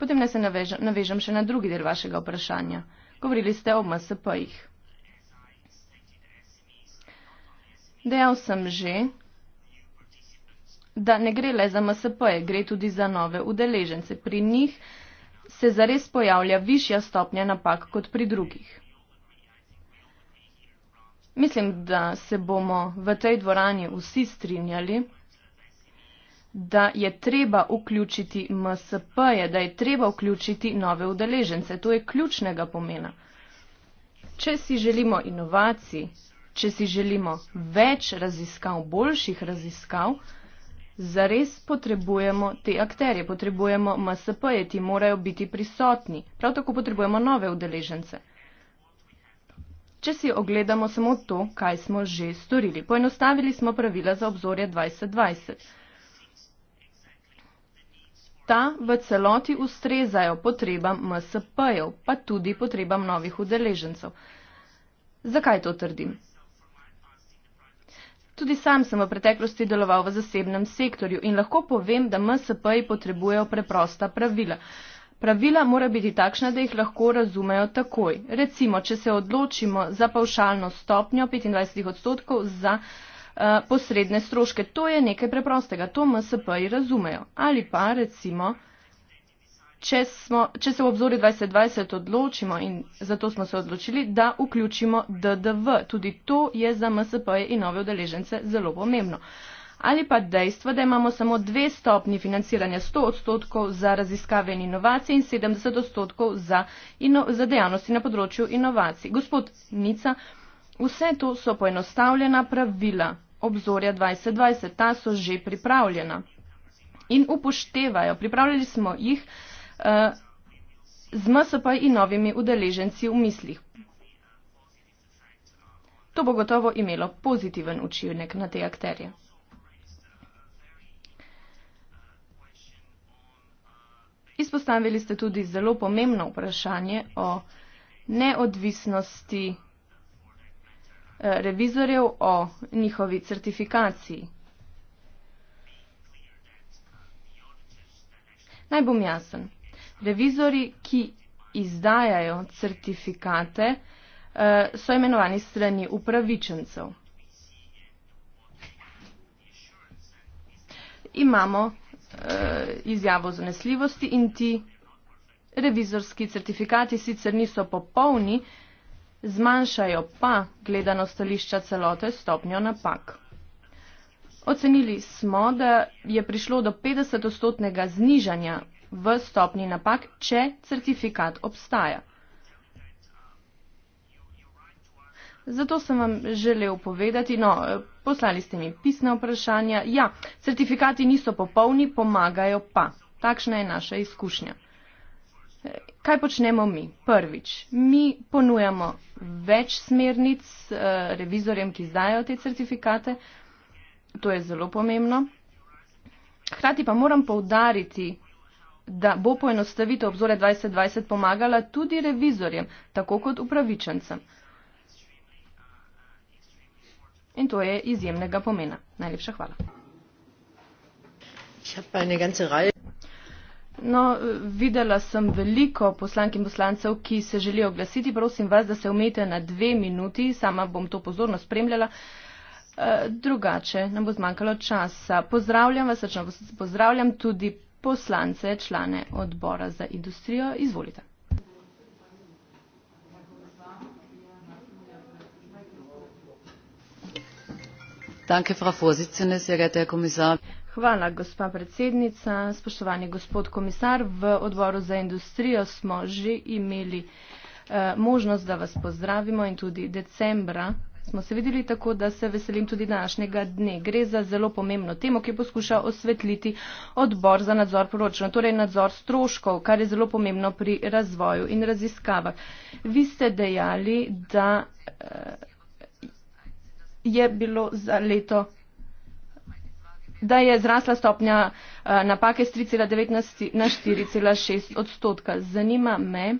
Potem naj se navežem, navežem še na drugi del vašega vprašanja. Govorili ste o MSP-jih. Dejal sem že, da ne gre le za MSP-je, gre tudi za nove udeležence. Pri njih se zares pojavlja višja stopnja napak kot pri drugih. Mislim, da se bomo v tej dvorani vsi strinjali, da je treba vključiti MSP-je, da je treba vključiti nove udeležence. To je ključnega pomena. Če si želimo inovacij, če si želimo več raziskav, boljših raziskav, zares potrebujemo te akterje, potrebujemo MSP-je, ti morajo biti prisotni. Prav tako potrebujemo nove udeležence. Če si ogledamo samo to, kaj smo že storili. Poenostavili smo pravila za obzorje 2020. Ta v celoti ustrezajo potrebam MSP-jev, pa tudi potrebam novih udeležencev. Zakaj to trdim? Tudi sam sem v preteklosti deloval v zasebnem sektorju in lahko povem, da MSP-ji potrebujejo preprosta pravila. Pravila mora biti takšna, da jih lahko razumejo takoj. Recimo, če se odločimo za pavšalno stopnjo 25 odstotkov za Eh, posredne stroške. To je nekaj preprostega, to MSP-ji razumejo. Ali pa recimo, če, smo, če se v obzori 2020 odločimo in zato smo se odločili, da vključimo DDV. Tudi to je za MSP-je in nove udeležence zelo pomembno. Ali pa dejstvo, da imamo samo dve stopni financiranja, 100 odstotkov za raziskave in inovacije in 70 odstotkov za, ino, za dejavnosti na področju inovacij. Gospod Nica, Vse to so poenostavljena pravila. Obzorja 2020, ta so že pripravljena in upoštevajo. Pripravljali smo jih uh, z MSP in novimi udeleženci v mislih. To bo gotovo imelo pozitiven učinek na te akterje. Izpostavili ste tudi zelo pomembno vprašanje o neodvisnosti Eh, revizorjev o njihovi certifikaciji. Naj bom jasen. Revizori, ki izdajajo certifikate, eh, so imenovani strani upravičencev. Imamo eh, izjavo zanesljivosti in ti revizorski certifikati sicer niso popolni, zmanjšajo pa gledano stališča celote stopnjo napak. Ocenili smo, da je prišlo do 50-odstotnega znižanja v stopni napak, če certifikat obstaja. Zato sem vam želel povedati, no, poslali ste mi pisne vprašanja. Ja, certifikati niso popolni, pomagajo pa. Takšna je naša izkušnja. Kaj počnemo mi? Prvič, mi ponujamo več smernic eh, revizorjem, ki izdajo te certifikate. To je zelo pomembno. Hrati pa moram povdariti, da bo poenostavitev obzore 2020 pomagala tudi revizorjem, tako kot upravičencem. In to je izjemnega pomena. Najlepša hvala. Ich habe eine ganze Reihe. No, videla sem veliko poslank in poslancev, ki se želijo oglasiti. Prosim vas, da se omete na dve minuti, sama bom to pozorno spremljala. Eh, drugače nam bo zmanjkalo časa. Pozdravljam vas, srčno pozdravljam tudi poslance, člane odbora za industrijo. Izvolite. Danke, Frau Vorsitzende, sehr geehrter Herr Kommissar. Hvala, gospa predsednica. Spoštovani gospod komisar, v odboru za industrijo smo že imeli eh, možnost, da vas pozdravimo in tudi decembra smo se videli tako, da se veselim tudi današnjega dne. Gre za zelo pomembno temo, ki poskuša osvetliti odbor za nadzor proračuna, torej nadzor stroškov, kar je zelo pomembno pri razvoju in raziskavah. Vi ste dejali, da eh, je bilo za leto da je zrasla stopnja eh, napake s 3,19 na 4,6 odstotka. Zanima me,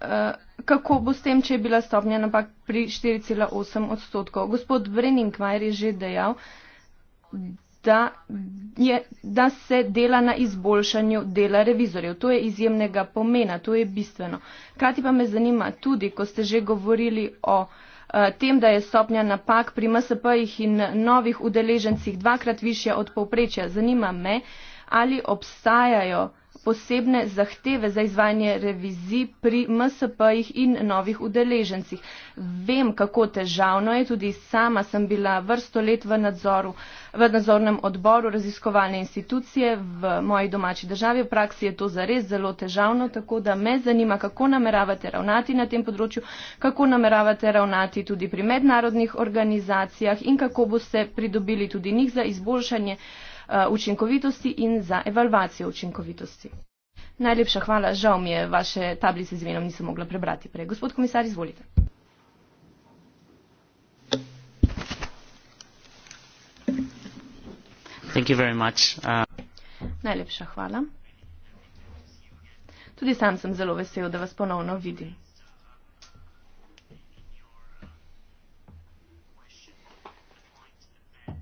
eh, kako bo s tem, če je bila stopnja napak pri 4,8 odstotkov. Gospod Breninkvajr je že dejal, da, je, da se dela na izboljšanju dela revizorjev. To je izjemnega pomena, to je bistveno. Kati pa me zanima tudi, ko ste že govorili o uh, Eh, tem, da je stopnja napak pri MSP-jih in novih udeležencih dvakrat više od povprečja. Zanima me, ali obstajajo posebne zahteve za izvajanje revizij pri MSP-jih in novih udeležencih. Vem, kako težavno je, tudi sama sem bila vrsto let v, nadzoru, v nadzornem odboru raziskovalne institucije v moji domači državi. V praksi je to zares zelo težavno, tako da me zanima, kako nameravate ravnati na tem področju, kako nameravate ravnati tudi pri mednarodnih organizacijah in kako boste pridobili tudi njih za izboljšanje. Eh, učinkovitosti in za evalvacijo učinkovitosti. Najlepša hvala, žal mi je, vaše tablice z imenom nisem mogla prebrati prej. Gospod komisar, izvolite. Thank you very much. Uh... Najlepša hvala. Tudi sam sem zelo vesel, da vas ponovno vidim.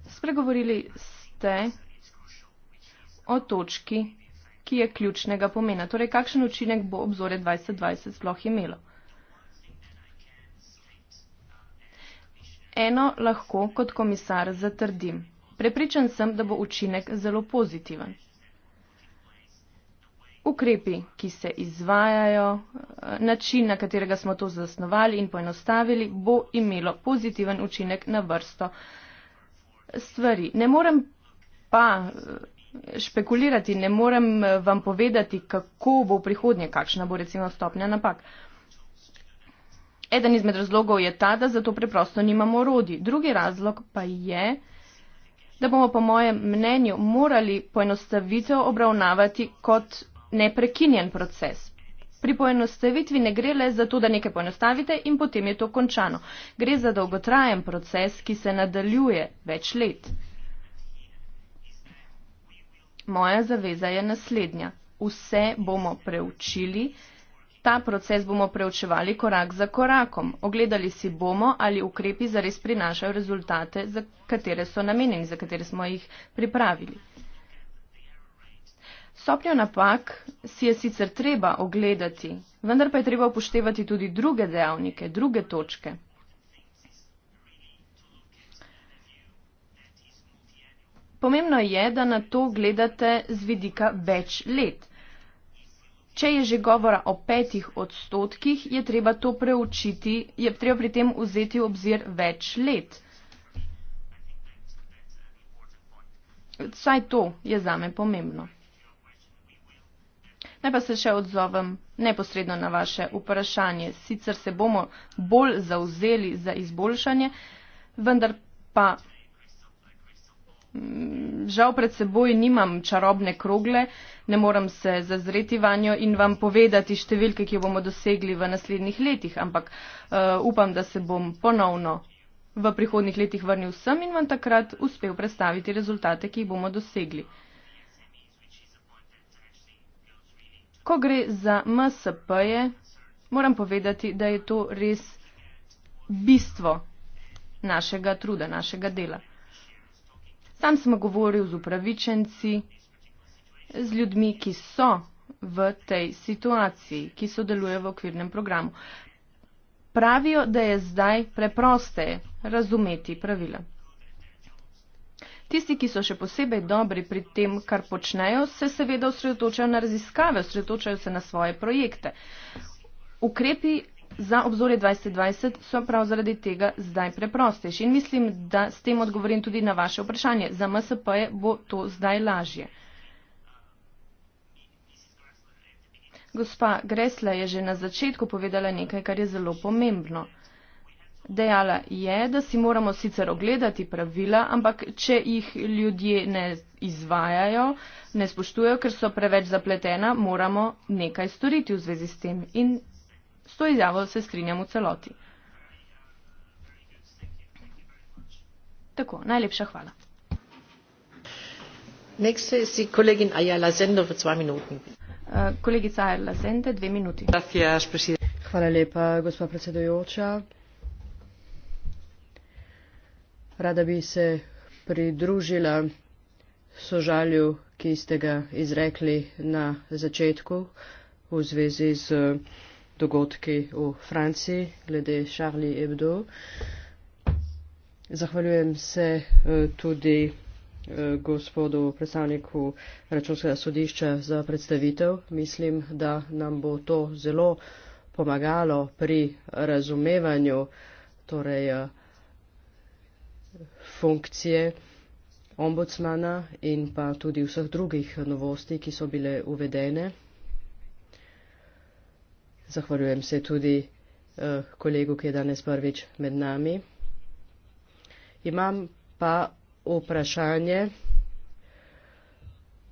Spregovorili ste o točki, ki je ključnega pomena. Torej, kakšen učinek bo obzore 2020 sploh imelo? Eno lahko kot komisar zatrdim. Prepričan sem, da bo učinek zelo pozitiven. Ukrepi, ki se izvajajo, način, na katerega smo to zasnovali in poenostavili, bo imelo pozitiven učinek na vrsto stvari. Ne morem pa špekulirati, ne morem eh, vam povedati, kako bo v prihodnje, kakšna bo recimo stopnja napak. Eden izmed razlogov je ta, da zato preprosto nimamo rodi. Drugi razlog pa je, da bomo po mojem mnenju morali poenostavitev obravnavati kot neprekinjen proces. Pri poenostavitvi ne gre le za to, da nekaj poenostavite in potem je to končano. Gre za dolgotrajen proces, ki se nadaljuje več let moja zaveza je naslednja. Vse bomo preučili, ta proces bomo preučevali korak za korakom. Ogledali si bomo, ali ukrepi zares prinašajo rezultate, za katere so namenjeni, za katere smo jih pripravili. Stopnjo napak si je sicer treba ogledati, vendar pa je treba upoštevati tudi druge dejavnike, druge točke. Pomembno je, da na to gledate z vidika več let. Če je že govora o petih odstotkih, je treba to preučiti, je treba pri tem vzeti obzir več let. Saj to je zame pomembno. Naj pa se še odzovem neposredno na vaše vprašanje. Sicer se bomo bolj zauzeli za izboljšanje, vendar pa žal pred seboj nimam čarobne krogle, ne morem se zazreti vanjo in vam povedati številke, ki jo bomo dosegli v naslednjih letih, ampak uh, upam, da se bom ponovno v prihodnih letih vrnil sem in vam takrat uspel predstaviti rezultate, ki jih bomo dosegli. Ko gre za MSP-je, moram povedati, da je to res bistvo našega truda, našega dela. Tam sem govoril z upravičenci, z ljudmi, ki so v tej situaciji, ki sodelujejo v okvirnem programu. Pravijo, da je zdaj preproste razumeti pravila. Tisti, ki so še posebej dobri pri tem, kar počnejo, se seveda osredotočajo na raziskave, osredotočajo se na svoje projekte. Ukrepi za obzorje 2020 so prav zaradi tega zdaj preprostejši. In mislim, da s tem odgovorim tudi na vaše vprašanje. Za MSP je bo to zdaj lažje. Gospa Gresla je že na začetku povedala nekaj, kar je zelo pomembno. Dejala je, da si moramo sicer ogledati pravila, ampak če jih ljudje ne izvajajo, ne spoštujejo, ker so preveč zapletena, moramo nekaj storiti v zvezi s tem. In S to izjavo se strinjam v celoti. Tako, najlepša hvala. Eh, kolegica Ajala Zende, dve minuti. Hvala lepa, gospa predsedojoča. Rada bi se pridružila sožalju, ki ste ga izrekli na začetku v zvezi z. Uh, dogodki v Franciji glede Charlie Hebdo. Zahvaljujem se eh, tudi eh, gospodu predstavniku računskega sodišča za predstavitev. Mislim, da nam bo to zelo pomagalo pri razumevanju torej, eh, funkcije ombudsmana in pa tudi vseh drugih novosti, ki so bile uvedene. Zahvaljujem se tudi eh, kolegu, ki je danes prvič med nami. Imam pa vprašanje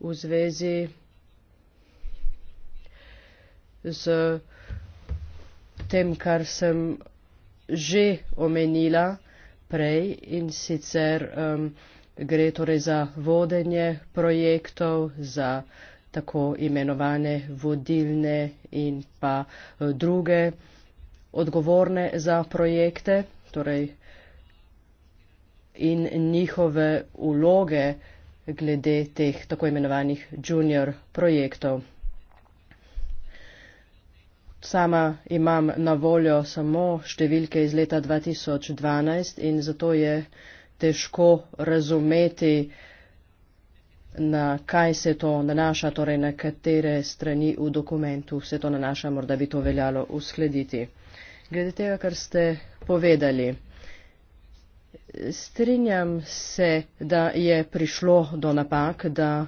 v zvezi z tem, kar sem že omenila prej in sicer um, gre torej za vodenje projektov, za uh, tako imenovane vodilne in pa eh, druge odgovorne za projekte torej in njihove uloge glede teh tako imenovanih junior projektov. Sama imam na voljo samo številke iz leta 2012 in zato je težko razumeti, na kaj se to nanaša, torej na katere strani v dokumentu se to nanaša, morda bi to veljalo uskladiti. Glede tega, kar ste povedali, strinjam se, da je prišlo do napak, da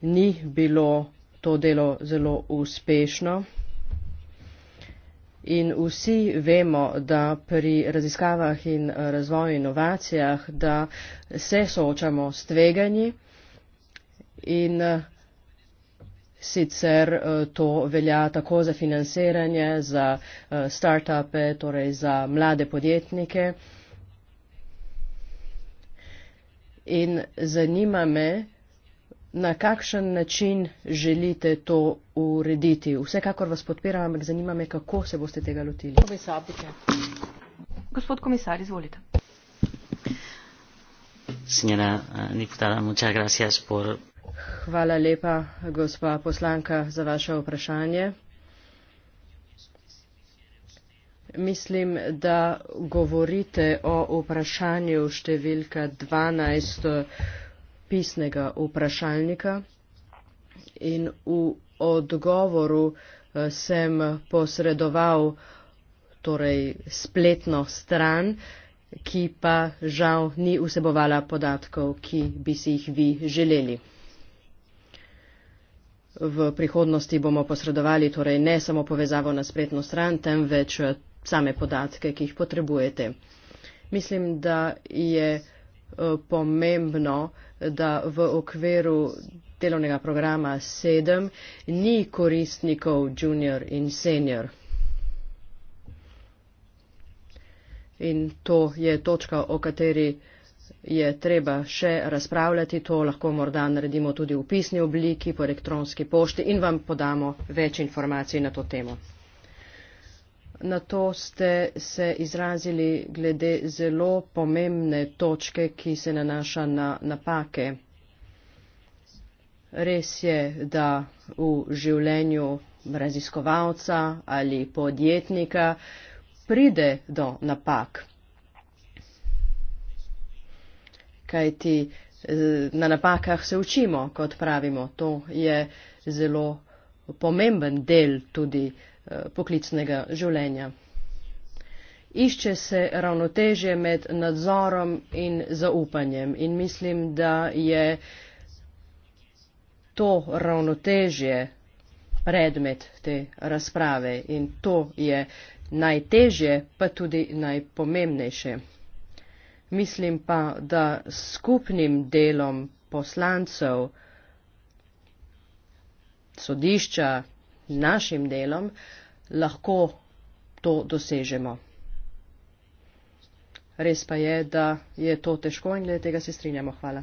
ni bilo to delo zelo uspešno. In vsi vemo, da pri raziskavah in razvoju inovacijah, da se soočamo s tveganji in eh, sicer eh, to velja tako za financiranje, za eh, start-upe, torej za mlade podjetnike. In zanima me, na kakšen način želite to urediti. Vsekakor vas podpiram, ampak zanima me, kako se boste tega lotili. Gospod komisar, izvolite. Señora diputada, muchas gracias por. Hvala lepa, gospa poslanka, za vaše vprašanje. Mislim, da govorite o vprašanju številka 12 pisnega vprašalnika in v odgovoru eh, sem posredoval torej, spletno stran, ki pa žal ni vsebovala podatkov, ki bi si jih vi želeli. V prihodnosti bomo posredovali torej ne samo povezavo na spletno stran, temveč eh, same podatke, ki jih potrebujete. Mislim, da je eh, pomembno, da v okviru delovnega programa 7 ni koristnikov junior in senior. In to je točka, o kateri je treba še razpravljati, to lahko morda naredimo tudi v pisni obliki po elektronski pošti in vam podamo več informacij na to temo. Na to ste se izrazili glede zelo pomembne točke, ki se nanaša na napake. Res je, da v življenju raziskovalca ali podjetnika pride do napak. kajti eh, na napakah se učimo, kot pravimo. To je zelo pomemben del tudi eh, poklicnega življenja. Išče se ravnotežje med nadzorom in zaupanjem in mislim, da je to ravnotežje predmet te razprave in to je najtežje, pa tudi najpomembnejše. Mislim pa, da s skupnim delom poslancev sodišča z našim delom lahko to dosežemo. Res pa je, da je to težko in glede tega se strinjamo. Hvala.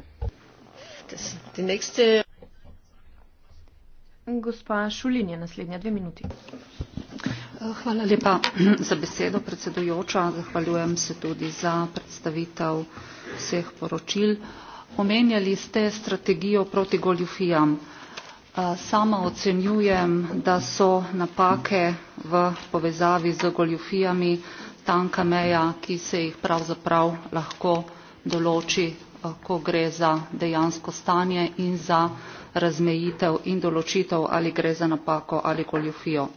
Uh, Gospa Šulin je naslednja dve minuti. [CLEARS THROAT] zahvaljujem se tudi za predstavitev vseh poročil. omenjali ste strategijo proti goljufijam. sama ocenjujem da so napake v povezavi z goljufijami tanka meja ki se jih pravzaprav lahko določi ko gre za dejansko stanje in za razmejitev in določitev ali gre za napako ali goljufijo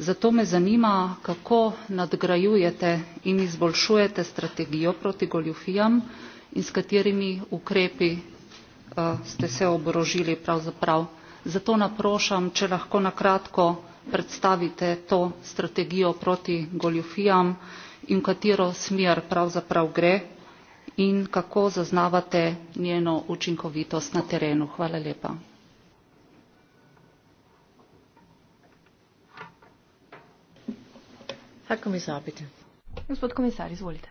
zato me zanima kako nadgrajujete in izboljšujete strategijo proti goljufijam in s katerimi ukrepi eh, ste se oborožili pravzaprav. Zato naprošam, če lahko na kratko predstavite to strategijo proti goljufijam in v katero smer pravzaprav gre in kako zaznavate njeno učinkovitost na terenu. Hvala lepa. Herr Kommissar, bitte. Gospod komisar, izvolite.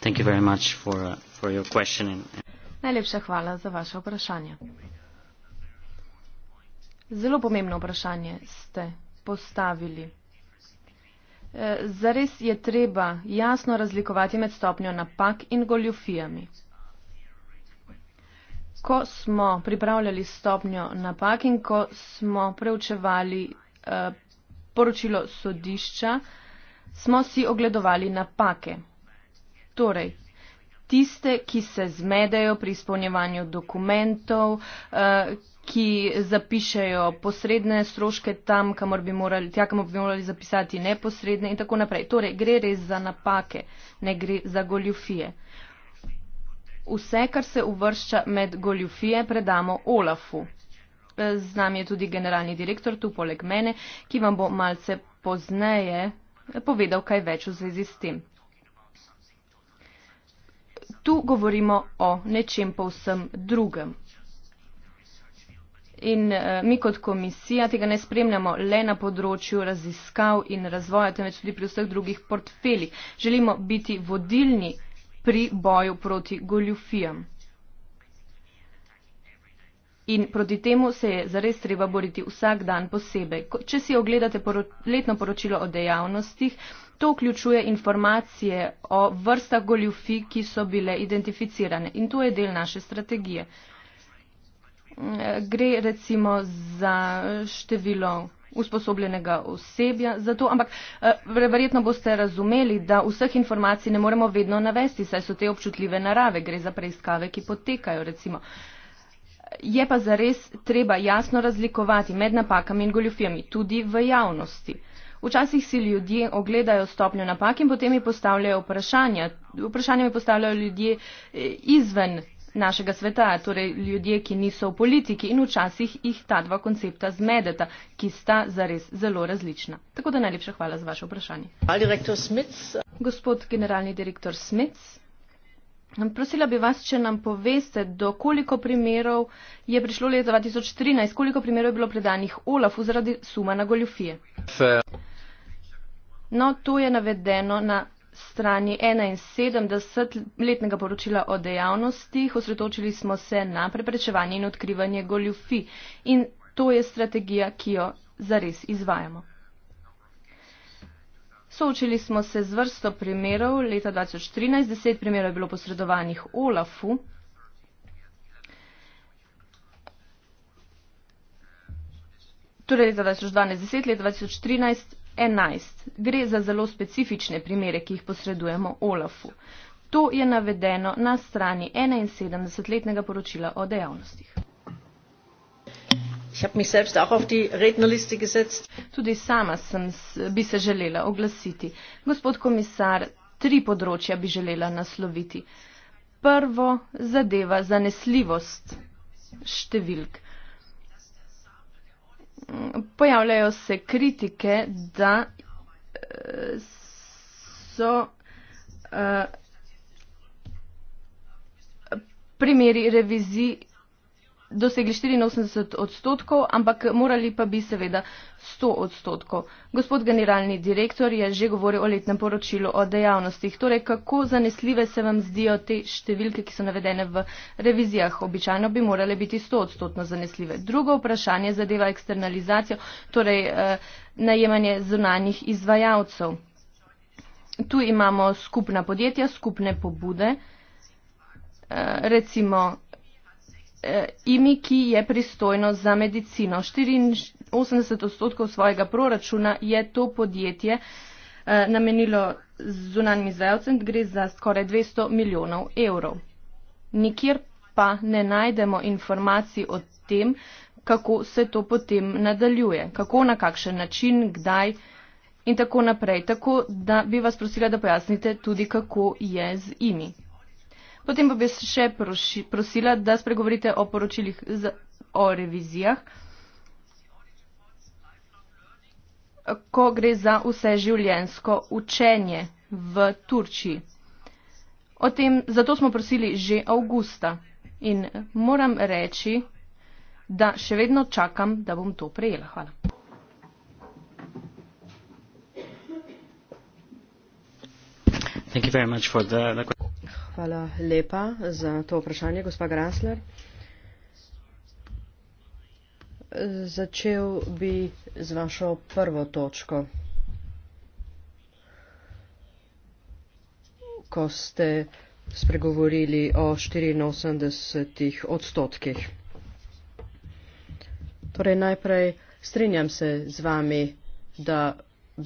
Thank you very much for, uh, for your Najlepša hvala za vaše vprašanje. Zelo pomembno vprašanje ste postavili. Eh, zares je treba jasno razlikovati med stopnjo napak in goljofijami. Ko smo pripravljali stopnjo napak in ko smo preučevali eh, poročilo sodišča, smo si ogledovali napake. Torej, tiste, ki se zmedejo pri izpolnjevanju dokumentov, eh, ki zapišejo posredne stroške tam, kamor bi morali, tja, kamor bi morali zapisati neposredne in tako naprej. Torej, gre res za napake, ne gre za goljufije. Vse, kar se uvršča med goljufije, predamo Olafu. Eh, z nami je tudi generalni direktor tu poleg mene, ki vam bo malce pozneje eh, povedal kaj več v zvezi s tem tu govorimo o nečem povsem drugem. In eh, mi kot komisija tega ne spremljamo le na področju raziskav in razvoja, temveč tudi pri vseh drugih portfeljih. Želimo biti vodilni pri boju proti goljufijam. In proti temu se je zares treba boriti vsak dan posebej. Če si ogledate poro letno poročilo o dejavnostih, To vključuje informacije o vrstah goljufi, ki so bile identificirane in to je del naše strategije. Mm, gre recimo za število usposobljenega osebja za to, ampak eh, verjetno boste razumeli, da vseh informacij ne moremo vedno navesti, saj so te občutljive narave, gre za preiskave, ki potekajo recimo. Je pa zares treba jasno razlikovati med napakami in goljufijami, tudi v javnosti. Včasih si ljudje ogledajo stopnjo napak in potem mi postavljajo vprašanja. Vprašanja mi postavljajo ljudje eh, izven našega sveta, torej ljudje, ki niso v politiki in včasih jih ta dva koncepta zmedeta, ki sta zares zelo različna. Tako da najlepša hvala za vaše vprašanje. Gospod generalni direktor Smic. Prosila bi vas, če nam poveste, do koliko primerov je prišlo leta 2013, koliko primerov je bilo predanih Olafu zaradi suma na goljufije. No, to je navedeno na strani 71 letnega poročila o dejavnostih. Osredotočili smo se na preprečevanje in odkrivanje goljufi in to je strategija, ki jo zares izvajamo. Soočili smo se z vrsto primerov leta 2013, 10 primerov je bilo posredovanih Olafu. Torej leta 2012, 10 let, 2013 11. Gre za zelo specifične primere, ki jih posredujemo Olafu. To je navedeno na strani 71-letnega poročila o dejavnostih. Tudi sama sem, bi se želela oglasiti. Gospod komisar, tri področja bi želela nasloviti. Prvo zadeva zanesljivost številk pojavljajo se kritike, da eh, so eh, primeri revizij dosegli 84 odstotkov, ampak morali pa bi seveda 100 odstotkov. Gospod generalni direktor je že govoril o letnem poročilu o dejavnostih. Torej, kako zanesljive se vam zdijo te številke, ki so navedene v revizijah? Običajno bi morale biti 100 odstotno zanesljive. Drugo vprašanje zadeva eksternalizacijo, torej eh, najemanje zunanjih izvajalcev. Tu imamo skupna podjetja, skupne pobude, eh, recimo Eh, imi, ki je pristojno za medicino. 84 odstotkov svojega proračuna je to podjetje eh, namenilo zunanjim izvajalcem, gre za skoraj 200 milijonov evrov. Nikjer pa ne najdemo informacij o tem, kako se to potem nadaljuje, kako, na kakšen način, kdaj in tako naprej. Tako da bi vas prosila, da pojasnite tudi, kako je z imi. Potem pa bi še proši, prosila, da spregovorite o poročilih z, o revizijah, ko gre za vse življensko učenje v Turčiji. O tem, zato smo prosili že avgusta in moram reči, da še vedno čakam, da bom to prejela. Hvala. Thank you very much for the, the... Hvala lepa za to vprašanje, gospa Grasler. Začel bi z vašo prvo točko. ko ste spregovorili o 84 odstotkih. Torej najprej strinjam se z vami, da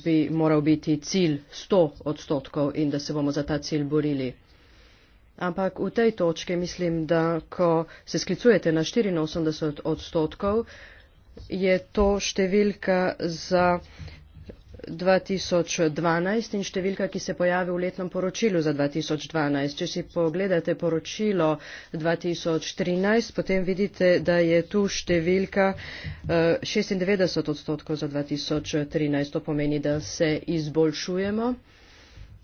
bi moral biti cilj 100 odstotkov in da se bomo za ta cilj borili. Ampak v tej točki mislim, da ko se sklicujete na 84 odstotkov, je to številka za 2012 in številka, ki se pojavi v letnem poročilu za 2012. Če si pogledate poročilo 2013, potem vidite, da je tu številka 96 eh, odstotkov za 2013. To pomeni, da se izboljšujemo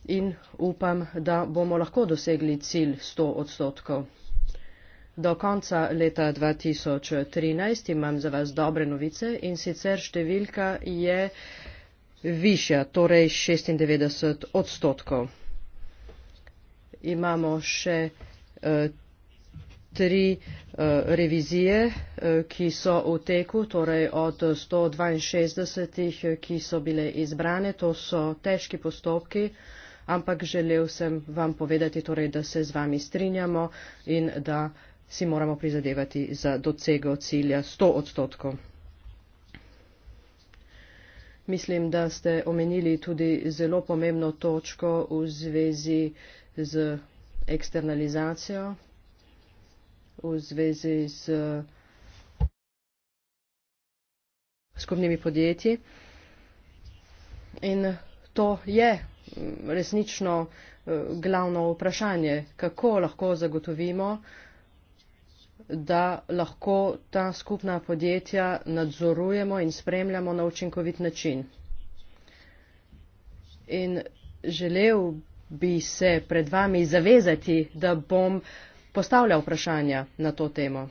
in upam, da bomo lahko dosegli cilj 100 odstotkov. Do konca leta 2013 imam za vas dobre novice in sicer številka je višja, torej 96 odstotkov. Imamo še eh, tri eh, revizije, eh, ki so v teku, torej od 162, ki so bile izbrane, to so težki postopki ampak želel sem vam povedati, torej, da se z vami strinjamo in da si moramo prizadevati za dosego cilja 100 odstotkov. Mislim, da ste omenili tudi zelo pomembno točko v zvezi z eksternalizacijo, v zvezi z skupnimi podjetji. In to je resnično eh, glavno vprašanje, kako lahko zagotovimo, da lahko ta skupna podjetja nadzorujemo in spremljamo na učinkovit način. In želel bi se pred vami zavezati, da bom postavljal vprašanja na to temo.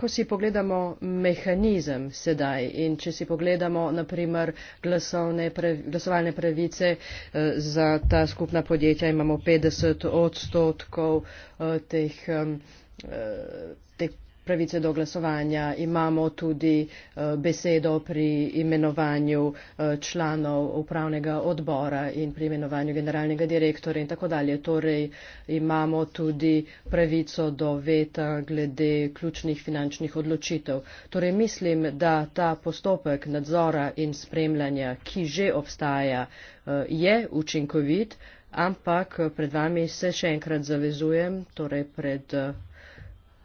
Ko si pogledamo mehanizem sedaj in če si pogledamo naprimer glasovalne pravice eh, za ta skupna podjetja, imamo 50 odstotkov eh, teh, eh, teh pravice do glasovanja, imamo tudi eh, besedo pri imenovanju eh, članov upravnega odbora in pri imenovanju generalnega direktora in tako dalje. Torej imamo tudi pravico do veta glede ključnih finančnih odločitev. Torej mislim, da ta postopek nadzora in spremljanja, ki že obstaja, eh, je učinkovit, ampak pred vami se še enkrat zavezujem, torej pred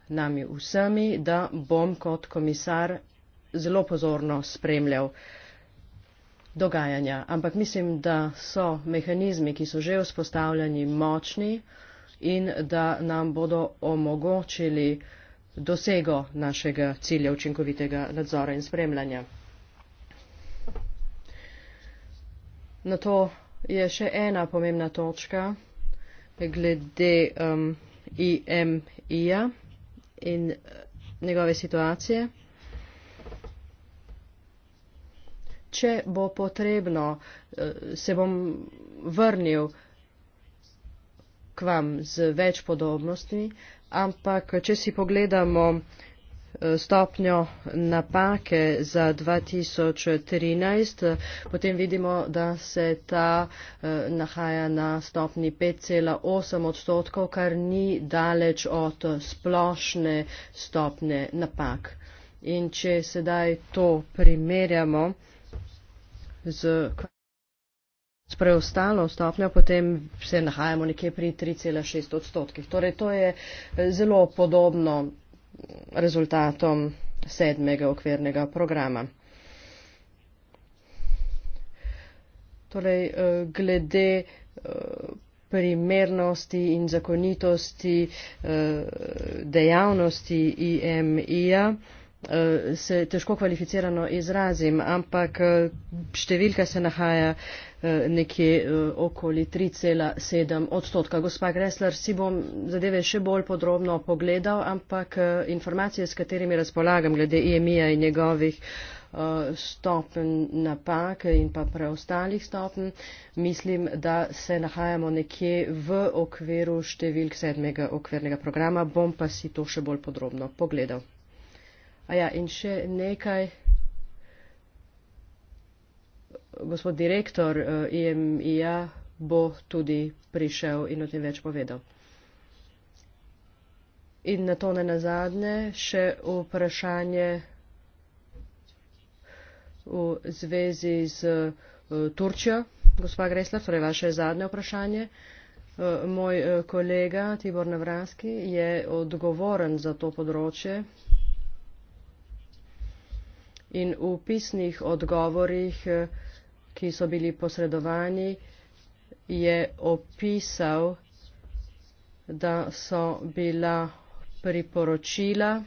nami vsemi, da bom kot komisar zelo pozorno spremljal dogajanja. Ampak mislim, da so mehanizmi, ki so že vzpostavljeni, močni in da nam bodo omogočili dosego našega cilja učinkovitega nadzora in spremljanja. Na to je še ena pomembna točka glede um, IMI-ja. -ja in eh, njegove situacije. Če bo potrebno, eh, se bom vrnil k vam z več podobnostmi, ampak če si pogledamo stopnjo napake za 2013, potem vidimo, da se ta eh, nahaja na stopni 5,8 odstotkov, kar ni daleč od splošne stopne napak. In če sedaj to primerjamo z s preostalo stopnjo, potem se nahajamo nekje pri 3,6 odstotkih. Torej, to je eh, zelo podobno rezultatom sedmega okvirnega programa. Torej, eh, glede eh, primernosti in zakonitosti eh, dejavnosti IMI-ja, Eh, se težko kvalificirano izrazim, ampak eh, številka se nahaja eh, nekje okoli 3,7 odstotka. Gospa Gresler, si bom zadeve še bolj podrobno pogledal, ampak informacije, s katerimi razpolagam glede IMI-ja e in njegovih stopen napak in pa preostalih stopen, mislim, da se nahajamo nekje v okviru številk sedmega okvirnega programa. Bom pa si to še bolj podrobno pogledal. Ja, in še nekaj. Gospod direktor eh, IMIA bo tudi prišel in o tem več povedal. In na to ne nazadnje še vprašanje v zvezi z eh, Turčjo, gospa Gresler, torej vaše zadnje vprašanje. Eh, moj kolega Tibor Navranski je odgovoren za to področje in v pisnih odgovorih, eh, ki so bili posredovani, je opisal, da so bila priporočila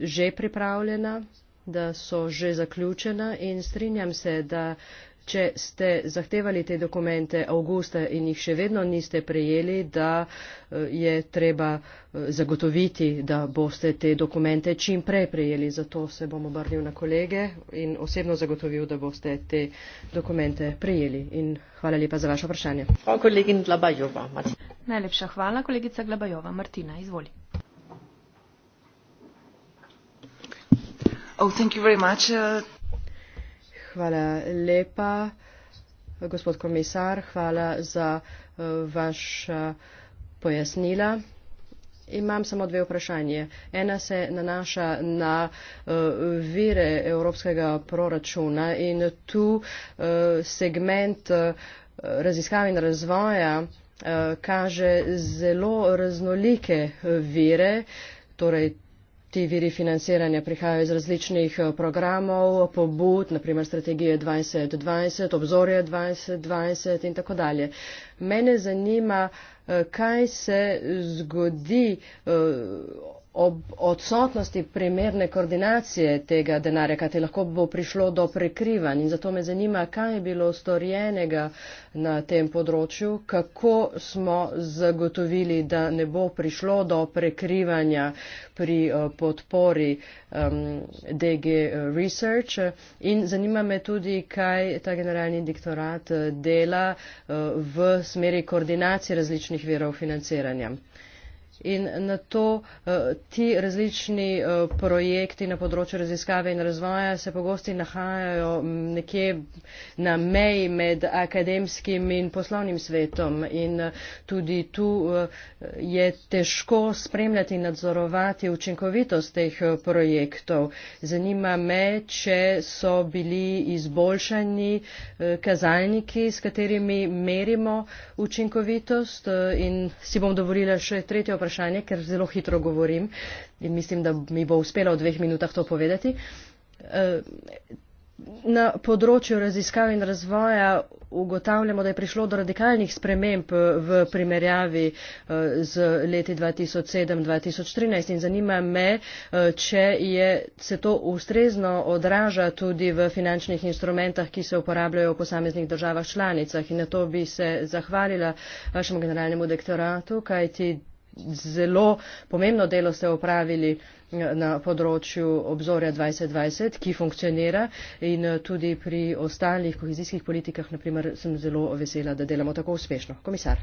že pripravljena, da so že zaključena in strinjam se, da če ste zahtevali te dokumente avgusta in jih še vedno niste prejeli, da eh, je treba eh, zagotoviti, da boste te dokumente čim prej prejeli. Zato se bom obrnil na kolege in osebno zagotovil, da boste te dokumente prejeli. In hvala lepa za vaše vprašanje. Najlepša hvala, kolegica Glabajova. Martina, izvoli. Oh, thank you very much. Uh... Hvala lepa, gospod komisar, hvala za eh, vaša pojasnila. Imam samo dve vprašanje. Ena se nanaša na uh, vire evropskega proračuna in tu uh, segment uh, raziskav in razvoja uh, kaže zelo raznolike vire, torej ti viri financiranja prihajajo iz različnih eh, programov, pobud, naprimer strategije 2020, obzorje 2020 in tako dalje. Mene zanima, eh, kaj se zgodi eh, ob odsotnosti primerne koordinacije tega denarja, kaj te lahko bo prišlo do prekrivanj. In zato me zanima, kaj je bilo storjenega na tem področju, kako smo zagotovili, da ne bo prišlo do prekrivanja pri eh, podpori um, DG Research. In zanima me tudi, kaj ta generalni direktorat eh, dela uh, v smeri koordinacije različnih verov financiranja. In na to eh, ti različni eh, projekti na področju raziskave in razvoja se pogosti nahajajo mm, nekje na meji med akademskim in poslovnim svetom. In eh, tudi tu je težko spremljati in nadzorovati učinkovitost teh projektov. Zanima me, če so bili izboljšani kazalniki, s katerimi merimo učinkovitost. In si bom dovolila še tretje vprašanje vprašanje, ker zelo hitro govorim in mislim, da mi bo uspelo v dveh minutah to povedati. Eh, na področju raziskav in razvoja ugotavljamo, da je prišlo do radikalnih sprememb eh, v primerjavi eh, z leti 2007-2013 in zanima me, če je, se to ustrezno odraža tudi v finančnih instrumentah, ki se uporabljajo v posameznih državah članicah. In na to bi se zahvalila vašemu generalnemu dektoratu, kajti zelo pomembno delo ste opravili eh, na področju obzorja 2020, ki funkcionira in eh, tudi pri ostalih kohezijskih politikah, naprimer, sem zelo vesela, da delamo tako uspešno. Komisar.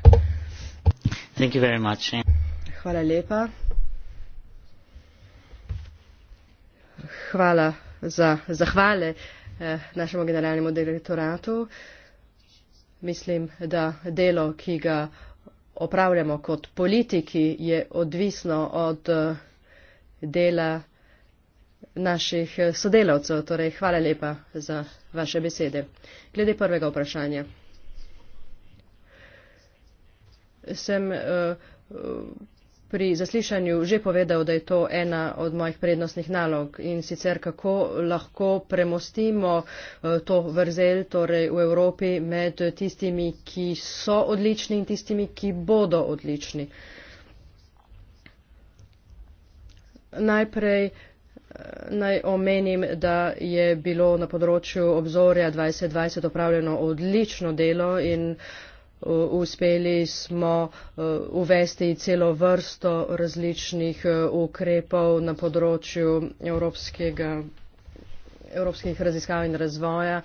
Thank you very much. Hvala lepa. Hvala za zahvale eh, našemu generalnemu direktoratu. Mislim, da delo, ki ga opravljamo kot politiki, je odvisno od eh, dela naših eh, sodelavcev. Torej, hvala lepa za vaše besede. Glede prvega vprašanja. Sem uh, pri zaslišanju že povedal, da je to ena od mojih prednostnih nalog in sicer kako lahko premostimo eh, to vrzel torej v Evropi med tistimi, ki so odlični in tistimi, ki bodo odlični. Najprej eh, naj omenim, da je bilo na področju obzorja 2020 opravljeno odlično delo in uh, Eh, uspeli smo eh, uvesti celo vrsto različnih eh, ukrepov na področju evropskega evropskih raziskav in razvoja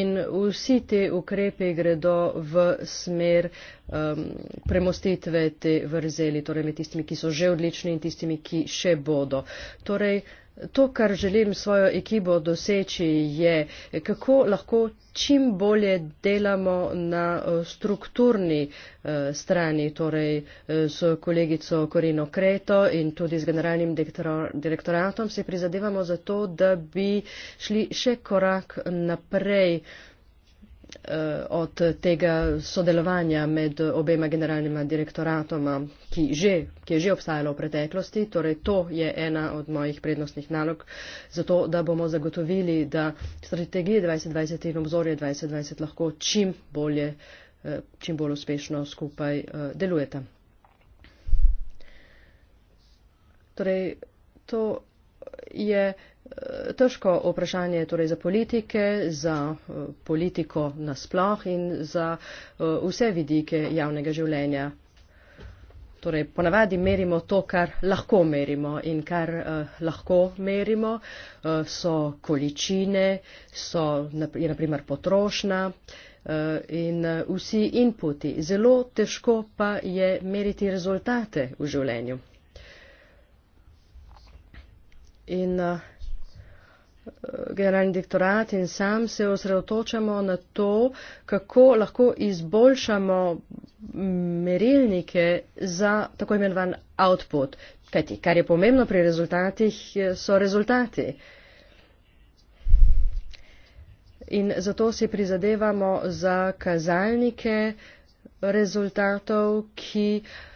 in vsi ti ukrepi gredo v smer um, premostitve te vrzeli, torej med tistimi, ki so že odlični in tistimi, ki še bodo. Torej, uh, To, kar želim svojo ekipo doseči, je, kako lahko čim bolje delamo na eh, strukturni eh, strani, torej eh, s kolegico Korino Kreto in tudi z generalnim direktoratom se prizadevamo za to, da bi šli še korak naprej Eh, od tega sodelovanja med obema generalnima direktoratoma, ki, že, ki je že obstajalo v preteklosti. Torej, to je ena od mojih prednostnih nalog, zato da bomo zagotovili, da strategije 2020 in obzorje 2020 lahko čim bolje, eh, čim bolj uspešno skupaj eh, delujeta. Torej, to je Težko vprašanje torej za politike, za eh, politiko nasploh in za eh, vse vidike javnega življenja. Torej, ponavadi merimo to, kar lahko merimo in kar eh, lahko merimo, eh, so količine, so je naprimer potrošna eh, in eh, vsi inputi. Zelo težko pa je meriti rezultate v življenju. In, eh, generalni direktorat in sam se osredotočamo na to, kako lahko izboljšamo merilnike za tako imenovan output. Kajti, kar je pomembno pri rezultatih, so rezultati. In zato si prizadevamo za kazalnike rezultatov, ki uh,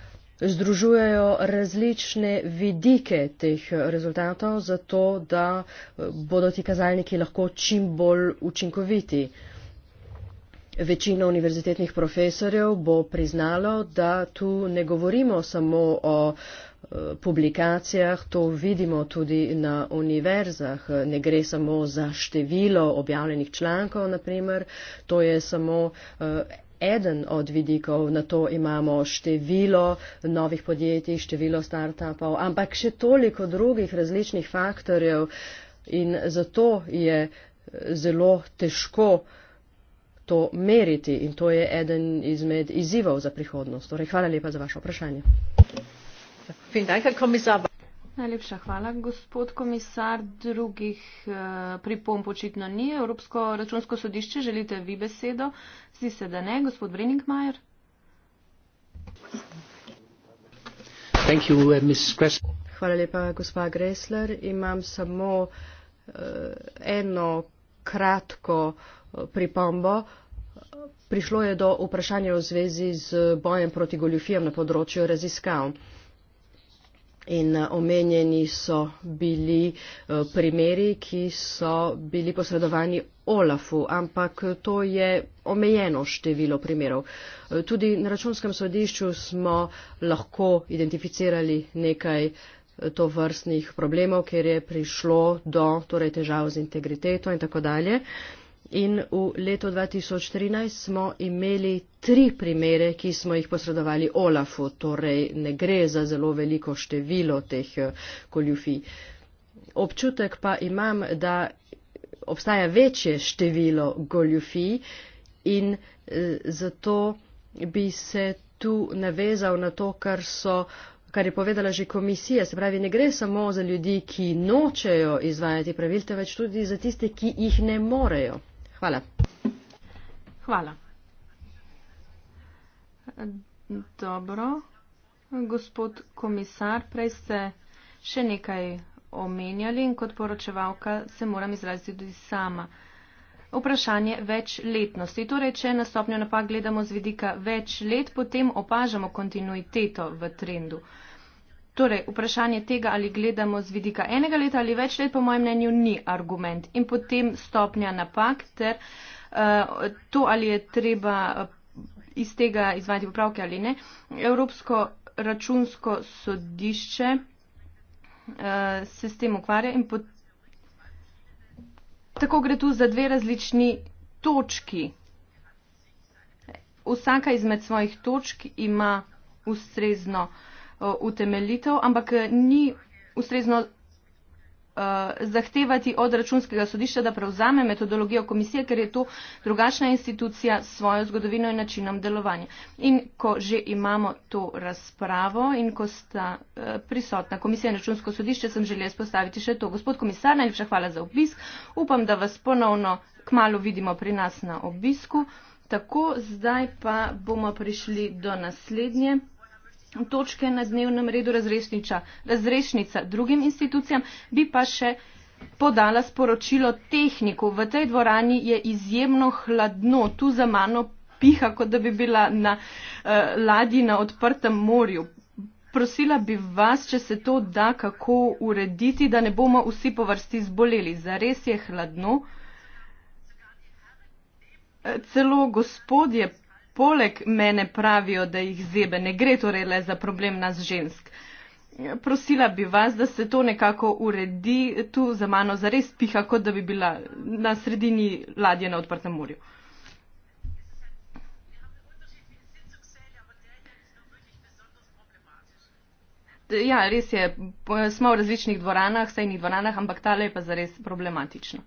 združujejo različne vidike teh rezultatov, zato da eh, bodo ti kazalniki lahko čim bolj učinkoviti. Večina univerzitetnih profesorjev bo priznalo, da tu ne govorimo samo o eh, publikacijah, to vidimo tudi na univerzah. Ne gre samo za število objavljenih člankov, naprimer, to je samo eh, eden od vidikov, na to imamo število novih podjetij, število startupov, ampak še toliko drugih različnih faktorjev in zato je eh, zelo težko to meriti in to je eden izmed izzivov za prihodnost. Torej, hvala lepa za vaše vprašanje. Vielen Dank, Herr Kommissar. Najlepša hvala, gospod komisar. Drugih eh, pripomb očitno ni. Evropsko računsko sodišče, želite vi besedo? Zdi se, da ne. Gospod Breningmajer. Uh, hvala lepa, gospa Gressler. Imam samo eh, eno kratko eh, pripombo. Prišlo je do vprašanja v zvezi z bojem proti goljufijam na področju raziskav. In eh, omenjeni so bili eh, primeri, ki so bili posredovani Olafu, ampak eh, to je omejeno število primerov. Tudi na računskem sodišču smo lahko identificirali nekaj to vrstnih problemov, ker je prišlo do torej, težav z integriteto in tako dalje in v letu 2013 smo imeli tri primere, ki smo jih posredovali Olafu, torej ne gre za zelo veliko število teh koljufij. Eh, Občutek pa imam, da obstaja večje število goljufij in eh, zato bi se tu navezal na to, kar so kar je povedala že komisija, se pravi, ne gre samo za ljudi, ki nočejo izvajati pravil, temveč tudi za tiste, ki jih ne morejo. Hvala. Hvala. Dobro. Gospod komisar, prej ste še nekaj omenjali in kot poročevalka se moram izraziti tudi sama. Vprašanje večletnosti. Torej, če na stopnjo napak gledamo z vidika več let, potem opažamo kontinuiteto v trendu. Torej, vprašanje tega, ali gledamo z vidika enega leta ali več let, po mojem mnenju, ni argument. In potem stopnja napak ter uh, to, ali je treba eh, iz tega izvajati popravke ali ne. Evropsko računsko sodišče uh, se s tem ukvarja in pot... tako gre tu za dve različni točki. Vsaka izmed svojih točk ima ustrezno. Uh, utemeljitev, ampak eh, ni ustrezno eh, zahtevati od računskega sodišča, da prevzame metodologijo komisije, ker je to drugačna institucija s svojo zgodovino in načinom delovanja. In ko že imamo to razpravo in ko sta eh, prisotna komisija in računsko sodišče, sem želela spostaviti še to. Gospod komisar, najlepša hvala za obisk. Upam, da vas ponovno kmalo vidimo pri nas na obisku. Tako zdaj pa bomo prišli do naslednje točke na dnevnem redu razrešnica drugim institucijam, bi pa še podala sporočilo tehniku. V tej dvorani je izjemno hladno, tu za mano piha, kot da bi bila na eh, ladji na odprtem morju. Prosila bi vas, če se to da, kako urediti, da ne bomo vsi po vrsti zboleli. Zares je hladno. Eh, celo gospodje poleg mene pravijo, da jih zebe. Ne gre torej le za problem nas žensk. Prosila bi vas, da se to nekako uredi. Tu za mano zares piha, kot da bi bila na sredini ladje na odprtem morju. Ja, res je, smo v različnih dvoranah, sejnih dvoranah, ampak tale je pa zares problematično.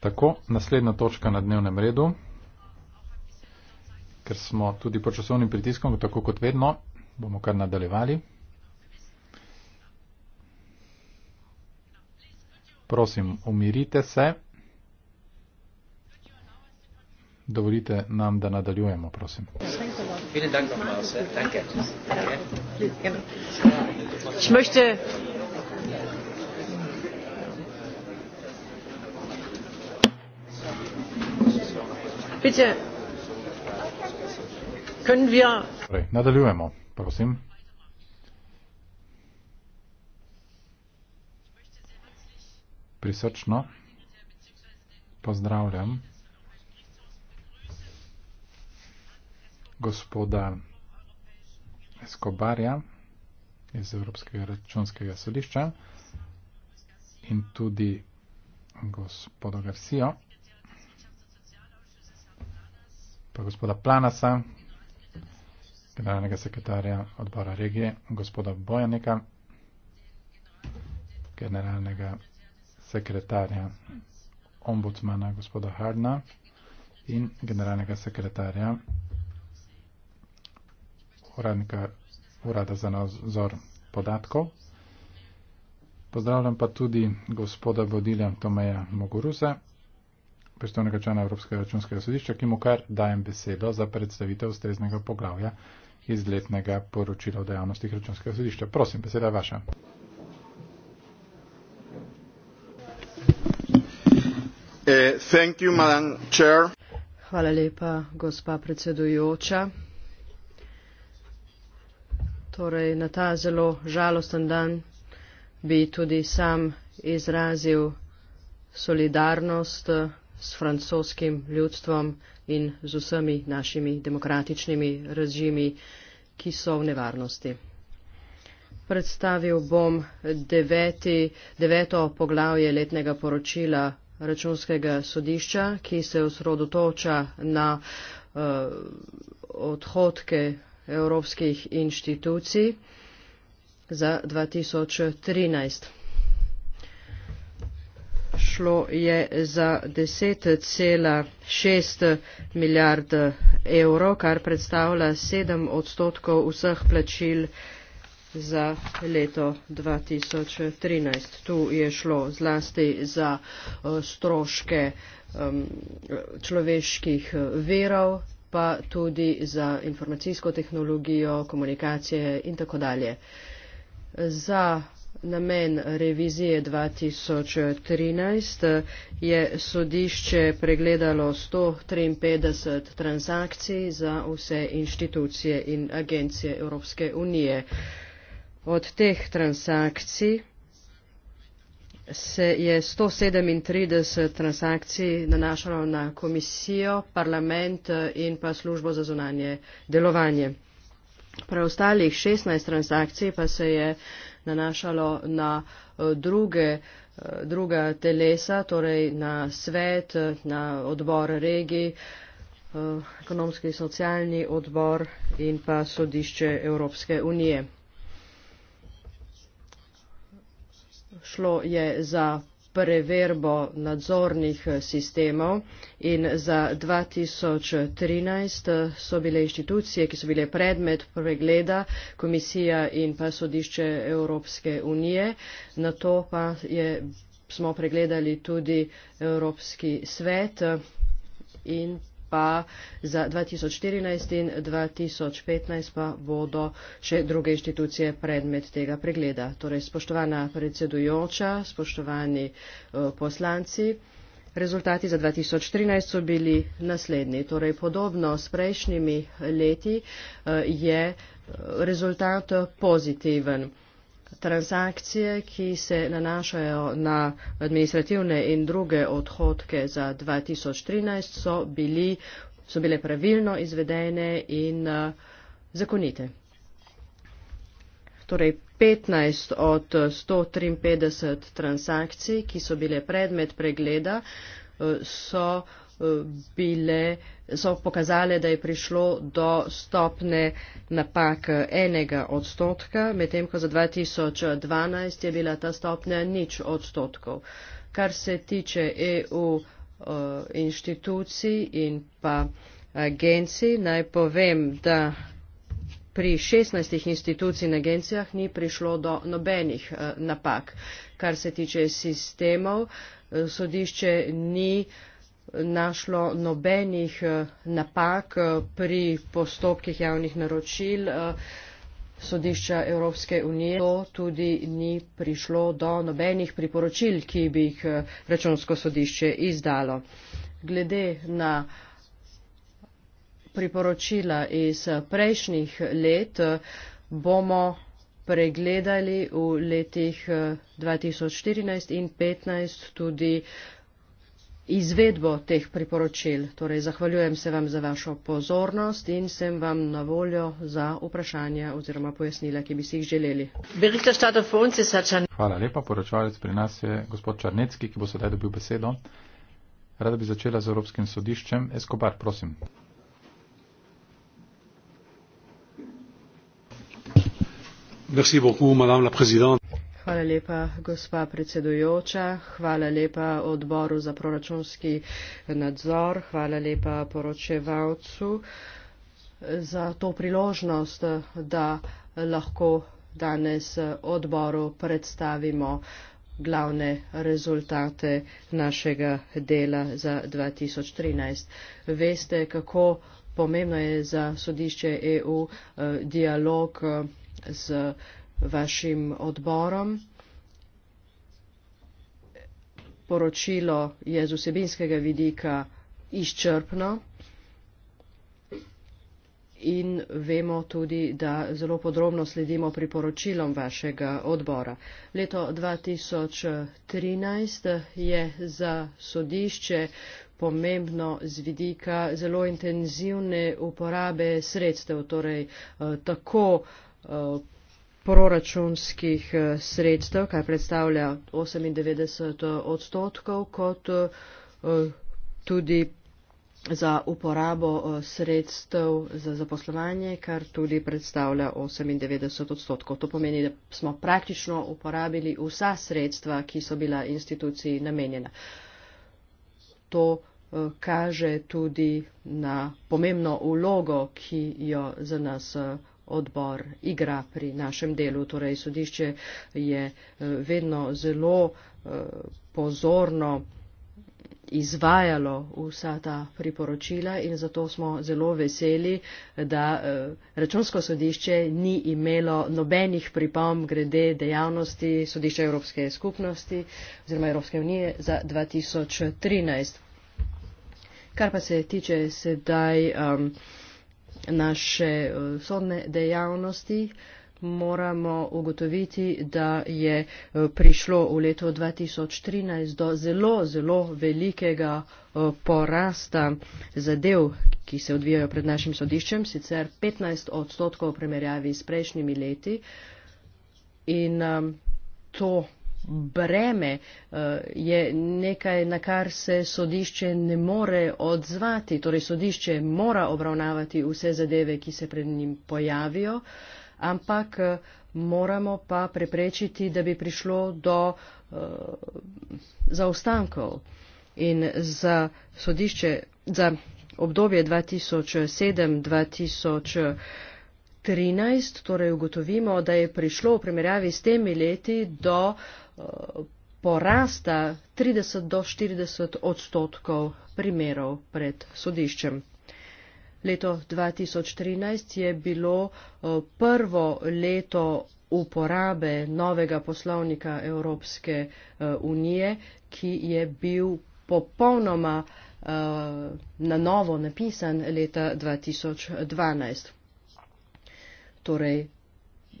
Tako, naslednja točka na dnevnem redu, ker smo tudi po časovnim pritiskom, tako kot vedno, bomo kar nadaljevali. Prosim, umirite se. Dovolite nam, da nadaljujemo, prosim. Vielen Dank nochmal. Danke. Ich möchte Torej, nadaljujemo, prosim. Prisrčno pozdravljam gospoda Escobarja iz Evropskega računskega sodišča in tudi gospodo Garcijo. pa gospoda Planasa, generalnega sekretarja odbora regije, gospoda Bojanika, generalnega sekretarja ombudsmana gospoda Hardna in generalnega sekretarja uradnika Urada za nadzor podatkov. Pozdravljam pa tudi gospoda vodilja Tomeja Moguruza, predstavnega člana Evropskega računskega sodišča, ki mu kar dajem besedo za predstavitev ustreznega poglavja iz letnega poročila o dejavnostih računskega sodišča. Prosim, beseda je vaša. Eh, Hvala lepa, gospa predsedujoča. Torej, na ta zelo žalosten dan bi tudi sam izrazil solidarnost s francoskim ljudstvom in z vsemi našimi demokratičnimi režimi, ki so v nevarnosti. Predstavil bom deveti, deveto poglavje letnega poročila računskega sodišča, ki se osredotoča na uh, odhodke evropskih inštitucij za 2013 šlo je za 10,6 milijard evrov, kar predstavlja 7 odstotkov vseh plačil za leto 2013. Tu je šlo zlasti za eh, stroške človeških eh, verov, pa tudi za informacijsko tehnologijo, komunikacije in tako dalje. Za Namen revizije 2013 je sodišče pregledalo 153 transakcij za vse inštitucije in agencije Evropske unije. Od teh transakcij se je 137 transakcij nanašalo na komisijo, parlament in pa službo za zunanje delovanje. Preostalih 16 transakcij pa se je nanašalo na eh, druge, eh, druga telesa, torej na svet, na odbor regij, eh, ekonomski in socialni odbor in pa sodišče Evropske unije. Šlo je za preverbo nadzornih eh, sistemov in za 2013 eh, so bile inštitucije, ki so bile predmet pregleda, komisija in pa sodišče Evropske unije, na to pa je, smo pregledali tudi Evropski svet eh, in pa za 2014 in 2015 pa bodo še druge inštitucije predmet tega pregleda. Torej, spoštovana predsedujoča, spoštovani eh, poslanci, rezultati za 2013 so bili naslednji. Torej, podobno s prejšnjimi leti eh, je eh, rezultat pozitiven transakcije, ki se nanašajo na administrativne in druge odhodke za 2013, so, bili, so bile pravilno izvedene in eh, zakonite. Torej 15 od 153 transakcij, ki so bile predmet pregleda, eh, so bile, so pokazale, da je prišlo do stopne napak enega odstotka, medtem ko za 2012 je bila ta stopnja nič odstotkov. Kar se tiče EU eh, inštitucij in pa agencij, naj povem, da pri 16 institucij in agencijah ni prišlo do nobenih eh, napak. Kar se tiče sistemov, eh, sodišče ni našlo nobenih eh, napak eh, pri postopkih javnih naročil eh, sodišča Evropske unije. To tudi ni prišlo do nobenih priporočil, ki bi jih računsko sodišče izdalo. Glede na priporočila iz prejšnjih let bomo pregledali v letih 2014 in 2015 tudi izvedbo teh priporočil. Torej, zahvaljujem se vam za vašo pozornost in sem vam na voljo za vprašanja oziroma pojasnila, ki bi si jih želeli. Hvala lepa, poročalec pri nas je gospod Črnecki, ki bo sedaj dobil besedo. Rada bi začela z Evropskim sodiščem. Eskobar, prosim. Merci beaucoup, madame la présidente. Hvala lepa, gospa predsedujoča, hvala lepa odboru za proračunski nadzor, hvala lepa poročevalcu za to priložnost, da lahko danes odboru predstavimo glavne rezultate našega dela za 2013. Veste, kako pomembno je za sodišče EU eh, dialog eh, z vašim odborom. Poročilo je z vsebinskega vidika izčrpno in vemo tudi, da zelo podrobno sledimo priporočilom vašega odbora. Leto 2013 je za sodišče pomembno z vidika zelo intenzivne uporabe sredstev, torej eh, tako eh, proračunskih eh, sredstev, kaj predstavlja 98 eh, odstotkov, kot eh, tudi za uporabo sredstev za zaposlovanje, kar tudi predstavlja 98 odstotkov. To pomeni, da smo praktično uporabili vsa sredstva, ki so bila instituciji namenjena. To kaže tudi na pomembno ulogo, ki jo za nas odbor igra pri našem delu. Torej, sodišče je eh, vedno zelo eh, pozorno izvajalo vsa ta priporočila in zato smo zelo veseli, da eh, računsko sodišče ni imelo nobenih pripomb grede dejavnosti sodišča Evropske skupnosti oziroma Evropske unije za 2013. Kar pa se tiče sedaj. Um, naše eh, sodne dejavnosti, moramo ugotoviti, da je eh, prišlo v letu 2013 do zelo, zelo velikega eh, porasta zadev, ki se odvijajo pred našim sodiščem, sicer 15 odstotkov v primerjavi s prejšnjimi leti. In to breme eh, je nekaj, na kar se sodišče ne more odzvati. Torej, sodišče mora obravnavati vse zadeve, ki se pred njim pojavijo, ampak eh, moramo pa preprečiti, da bi prišlo do eh, zaostankov. In za sodišče, za obdobje 2007-2008, 13, torej ugotovimo, da je prišlo v primerjavi s temi leti do eh, porasta 30 do 40 odstotkov primerov pred sodiščem. Leto 2013 je bilo eh, prvo leto uporabe novega poslovnika Evropske eh, unije, ki je bil popolnoma na novo napisan leta 2012 torej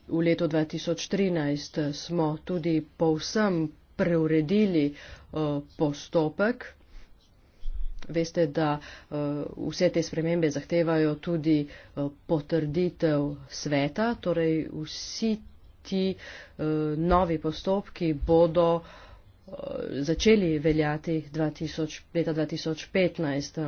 v letu 2013 smo tudi povsem preuredili eh, postopek. Veste, da eh, vse te spremembe zahtevajo tudi eh, potrditev sveta, torej vsi ti novi postopki bodo začeli veljati 2000, leta 2015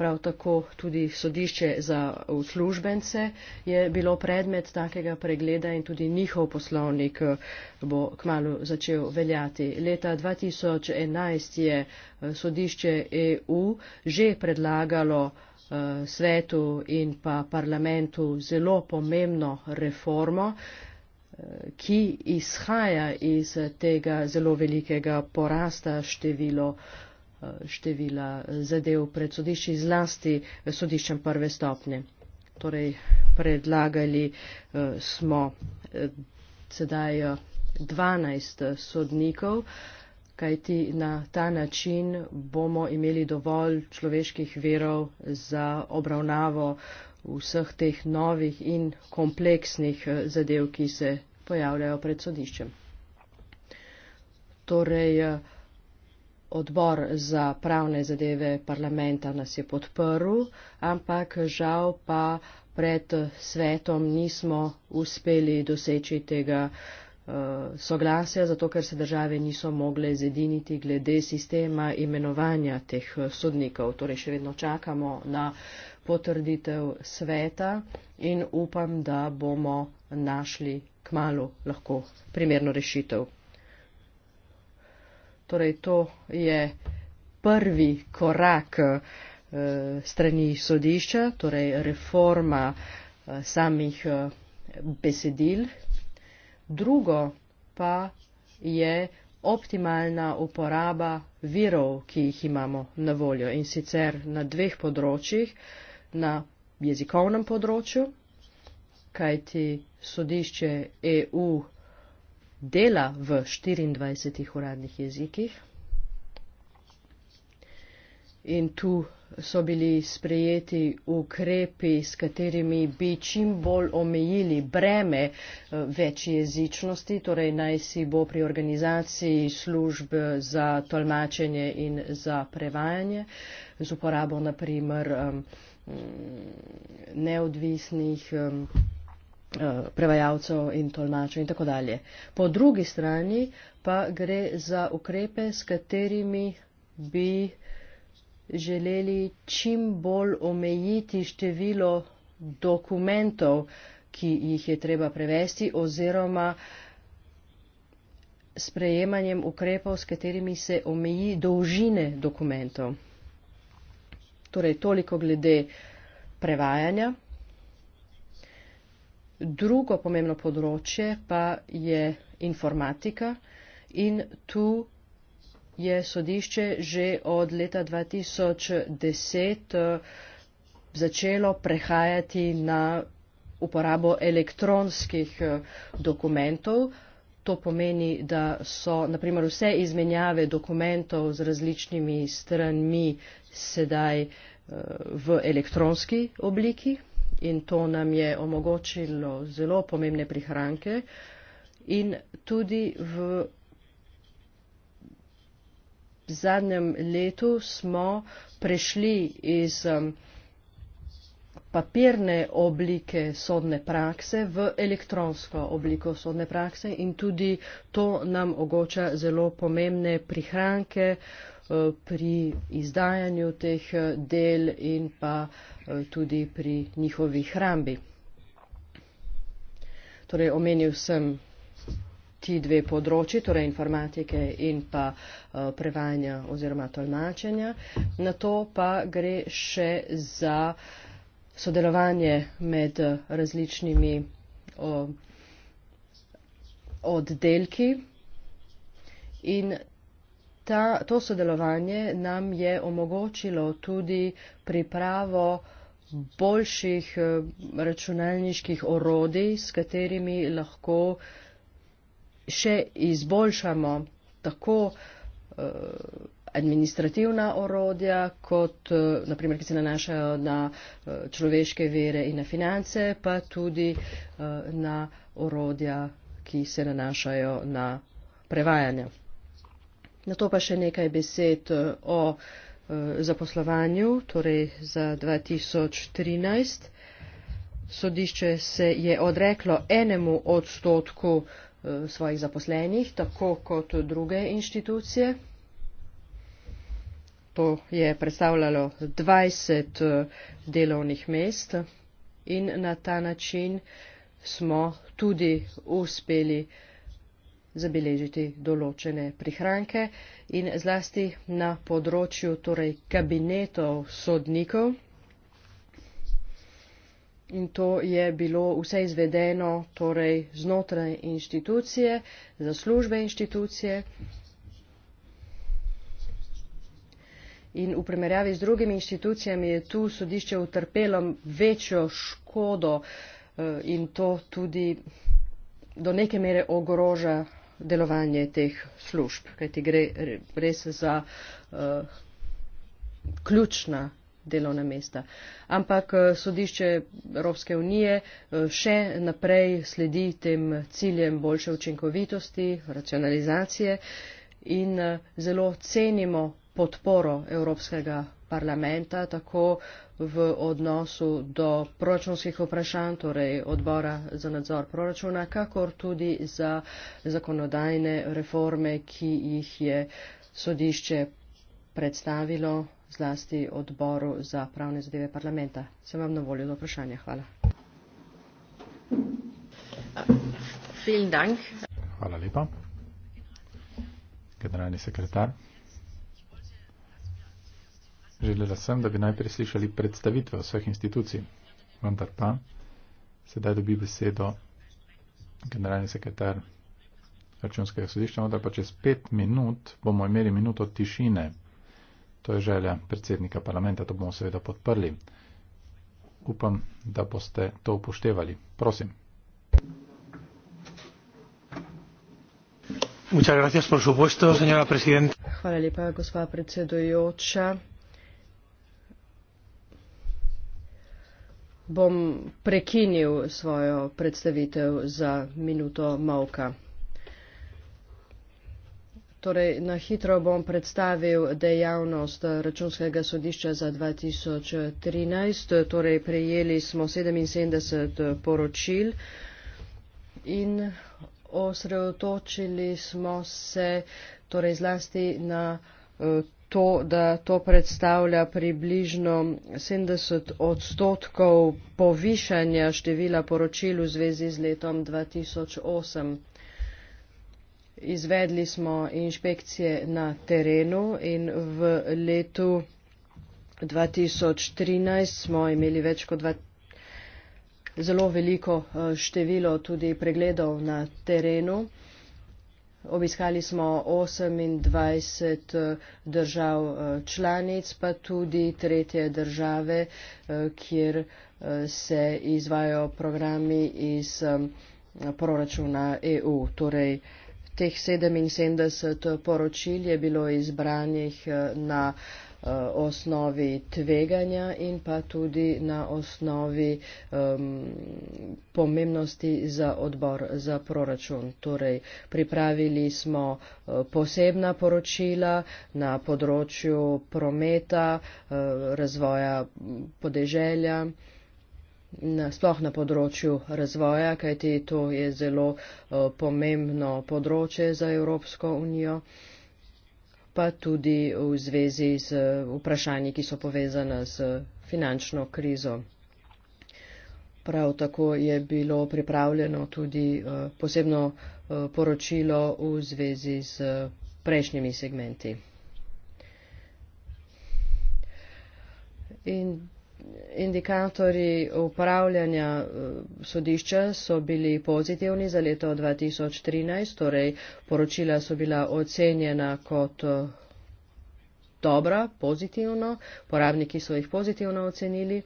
prav tako tudi sodišče za uslužbence je bilo predmet takega pregleda in tudi njihov poslovnik eh, bo kmalo začel veljati. Leta 2011 je eh, sodišče EU že predlagalo eh, svetu in pa parlamentu zelo pomembno reformo, ki izhaja iz tega zelo velikega porasta število števila zadev pred sodišči, zlasti sodiščem prve stopne. Torej, predlagali eh, smo eh, sedaj 12 eh, sodnikov, kajti na ta način bomo imeli dovolj človeških verov za obravnavo vseh teh novih in kompleksnih zadev, ki se pojavljajo pred sodiščem. Torej, odbor za pravne zadeve parlamenta nas je podprl, ampak žal pa pred svetom nismo uspeli doseči tega eh, soglasja, zato ker se države niso mogle zediniti glede sistema imenovanja teh eh, sodnikov. Torej še vedno čakamo na potrditev sveta in upam, da bomo našli k malu lahko primerno rešitev. Torej, to je prvi korak eh, strani sodišča, torej reforma eh, samih eh, besedil. Drugo pa je optimalna uporaba virov, ki jih imamo na voljo in sicer na dveh področjih, na jezikovnem področju, kajti sodišče EU dela v 24 uradnih jezikih. In tu so bili sprejeti ukrepi, s katerimi bi čim bolj omejili breme eh, večjezičnosti, torej naj si bo pri organizaciji služb za tolmačenje in za prevajanje z uporabo naprimer mm, neodvisnih Eh, prevajalcev in tolmačev in tako dalje. Po drugi strani pa gre za ukrepe, s katerimi bi želeli čim bolj omejiti število dokumentov, ki jih je treba prevesti oziroma sprejemanjem ukrepov, s katerimi se omeji dolžine dokumentov. Torej, toliko glede prevajanja. Drugo pomembno področje pa je informatika in tu je sodišče že od leta 2010 eh, začelo prehajati na uporabo elektronskih eh, dokumentov. To pomeni, da so naprimer vse izmenjave dokumentov z različnimi stranmi sedaj eh, v elektronski obliki in to nam je omogočilo zelo pomembne prihranke in tudi v zadnjem letu smo prešli iz um, papirne oblike sodne prakse v elektronsko obliko sodne prakse in tudi to nam ogoča zelo pomembne prihranke pri izdajanju teh eh, del in pa eh, tudi pri njihovi hrambi. Torej, omenil sem ti dve področji, torej informatike in pa eh, prevajanja oziroma tolmačenja. Na to pa gre še za sodelovanje med različnimi oddelki. In ta, to sodelovanje nam je omogočilo tudi pripravo boljših eh, računalniških orodij, s katerimi lahko še izboljšamo tako eh, administrativna orodja, kot eh, naprimer, ki se nanašajo na človeške vere in na finance, pa tudi na orodja, ki se nanašajo na prevajanje. Na to pa še nekaj besed eh, o eh, zaposlovanju, torej za 2013. Sodišče se je odreklo enemu odstotku eh, svojih zaposlenih, tako kot druge inštitucije. To je predstavljalo 20 delovnih mest in na ta način smo tudi uspeli uh, zabeležiti določene prihranke in zlasti na področju torej, kabinetov sodnikov. In to je bilo vse izvedeno torej, znotraj inštitucije, za službe inštitucije. In v primerjavi z drugimi inštitucijami je tu sodišče utrpelo večjo škodo eh, in to tudi do neke mere ogroža delovanje teh služb, kajti gre res za uh, ključna delovna mesta. Ampak eh, sodišče Evropske unije eh, še naprej sledi tem ciljem boljše učinkovitosti, racionalizacije in zelo cenimo podporo Evropskega parlamenta, tako v odnosu do proračunskih vprašanj, torej odbora za nadzor proračuna, kakor tudi za zakonodajne reforme, ki jih je sodišče predstavilo zlasti odboru za pravne zadeve parlamenta. Sem vam na voljo za vprašanje. Hvala. Hvala lepa. Generalni sekretar. Želela sem, da bi najprej slišali predstavitve vseh institucij, vendar pa sedaj dobi besedo generalni sekretar računskega sodišča, vendar pa čez pet minut bomo imeli minuto tišine. To je želja predsednika parlamenta, to bomo seveda podprli. Upam, da boste to upoštevali. Prosim. Hvala lepa, gospa predsedujoča. bom prekinil svojo predstavitev za minuto mavka. Torej, na hitro bom predstavil dejavnost Računskega sodišča za 2013. Torej, prejeli smo 77 poročil in osredotočili smo se torej, zlasti na eh, to, da to predstavlja približno 70 odstotkov povišanja števila poročil v zvezi z letom 2008. Izvedli smo inšpekcije na terenu in v letu 2013 smo imeli več kot dva, zelo veliko eh, število tudi pregledov na terenu. Obiskali smo 28 eh, držav eh, članic, pa tudi tretje države, eh, kjer se izvajo programi iz proračuna EU. Torej, teh 77 poročil je bilo izbranih na Eh, osnovi tveganja in pa tudi na osnovi um, pomembnosti za odbor za proračun. Torej, pripravili smo eh, posebna poročila na področju prometa, eh, razvoja podeželja. Na, sploh na področju razvoja, kajti to je zelo uh, pomembno področje za Evropsko unijo. Uh, pa tudi v zvezi z eh, vprašanji, ki so povezane eh, z finančno krizo. Prav tako je bilo pripravljeno tudi eh, posebno poročilo v zvezi z prejšnjimi segmenti. In indikatorji upravljanja eh, sodišča so bili pozitivni za leto 2013, torej poročila so bila ocenjena kot eh, dobra, pozitivno, porabniki so jih pozitivno ocenili.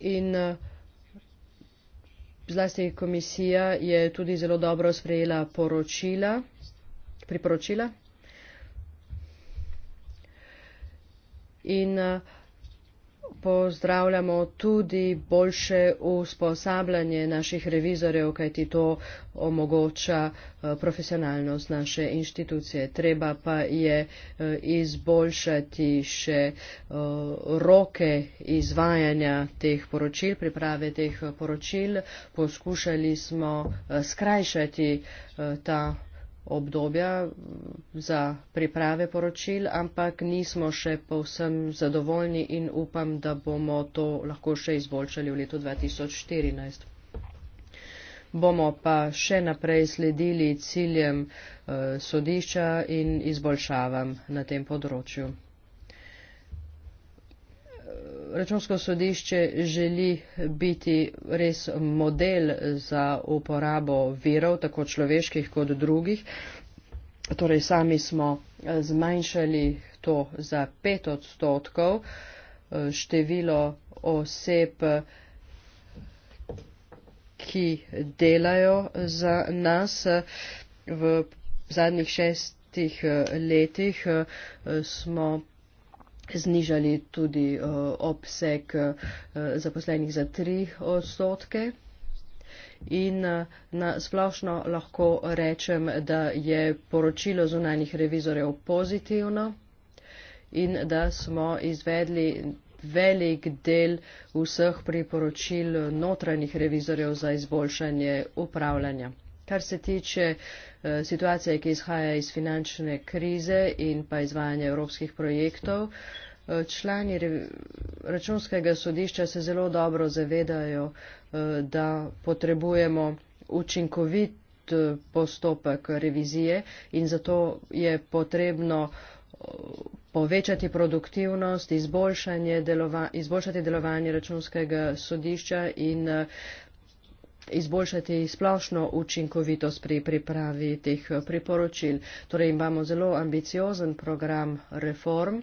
In eh, zlasti komisija je tudi zelo dobro sprejela poročila, priporočila. in eh, pozdravljamo tudi boljše usposabljanje naših revizorjev, kajti to omogoča eh, profesionalnost naše inštitucije. Treba pa je eh, izboljšati še roke izvajanja teh poročil, priprave teh poročil. Poskušali smo skrajšati ta obdobja za priprave poročil, ampak nismo še povsem zadovoljni in upam, da bomo to lahko še izboljšali v letu 2014. Bomo pa še naprej sledili ciljem eh, sodišča in izboljšavam na tem področju računsko sodišče želi biti res model za uporabo virov, tako človeških kot drugih. Torej, sami smo eh, zmanjšali to za pet odstotkov eh, število oseb, ki delajo za nas. Eh, v zadnjih šestih letih smo znižali tudi eh, obseg eh, zaposlenih za tri odstotke. In eh, na splošno lahko rečem, da je poročilo zunanjih revizorjev pozitivno in da smo izvedli velik del vseh priporočil notranjih revizorjev za izboljšanje upravljanja. Kar se tiče uh, Eh, situacije, ki izhaja iz finančne krize in pa izvajanja evropskih projektov. Eh, člani računskega sodišča se zelo dobro zavedajo, eh, da potrebujemo učinkovit postopek revizije in zato je potrebno povečati produktivnost, izboljšati delovanje računskega sodišča in uh, izboljšati splošno učinkovitost pri pripravi teh eh, priporočil. Torej imamo zelo ambiciozen program reform,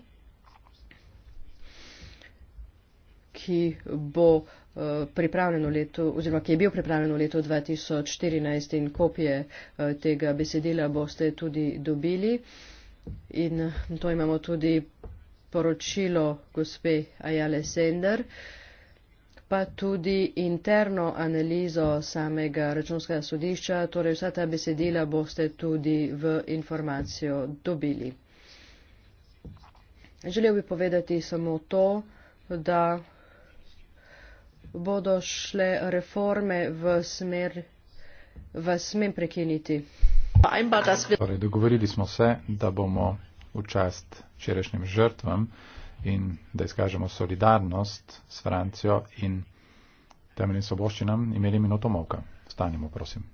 ki bo eh, pripravljeno leto, oziroma ki je bil pripravljen v letu 2014 in kopije eh, tega besedila boste tudi dobili. In to imamo tudi poročilo gospe Ajale Sender. Uh, pa tudi interno analizo samega računskega sodišča, torej vsa ta besedila boste tudi v informacijo dobili. Želel bi povedati samo to, da bodo šle reforme v smer, vas smem prekiniti. Torej, dogovorili smo se, da bomo v čast včerajšnjim žrtvam in da izkažemo solidarnost s Francijo in temeljnim soboščinam, imeli minuto moka. Stanimo, prosim.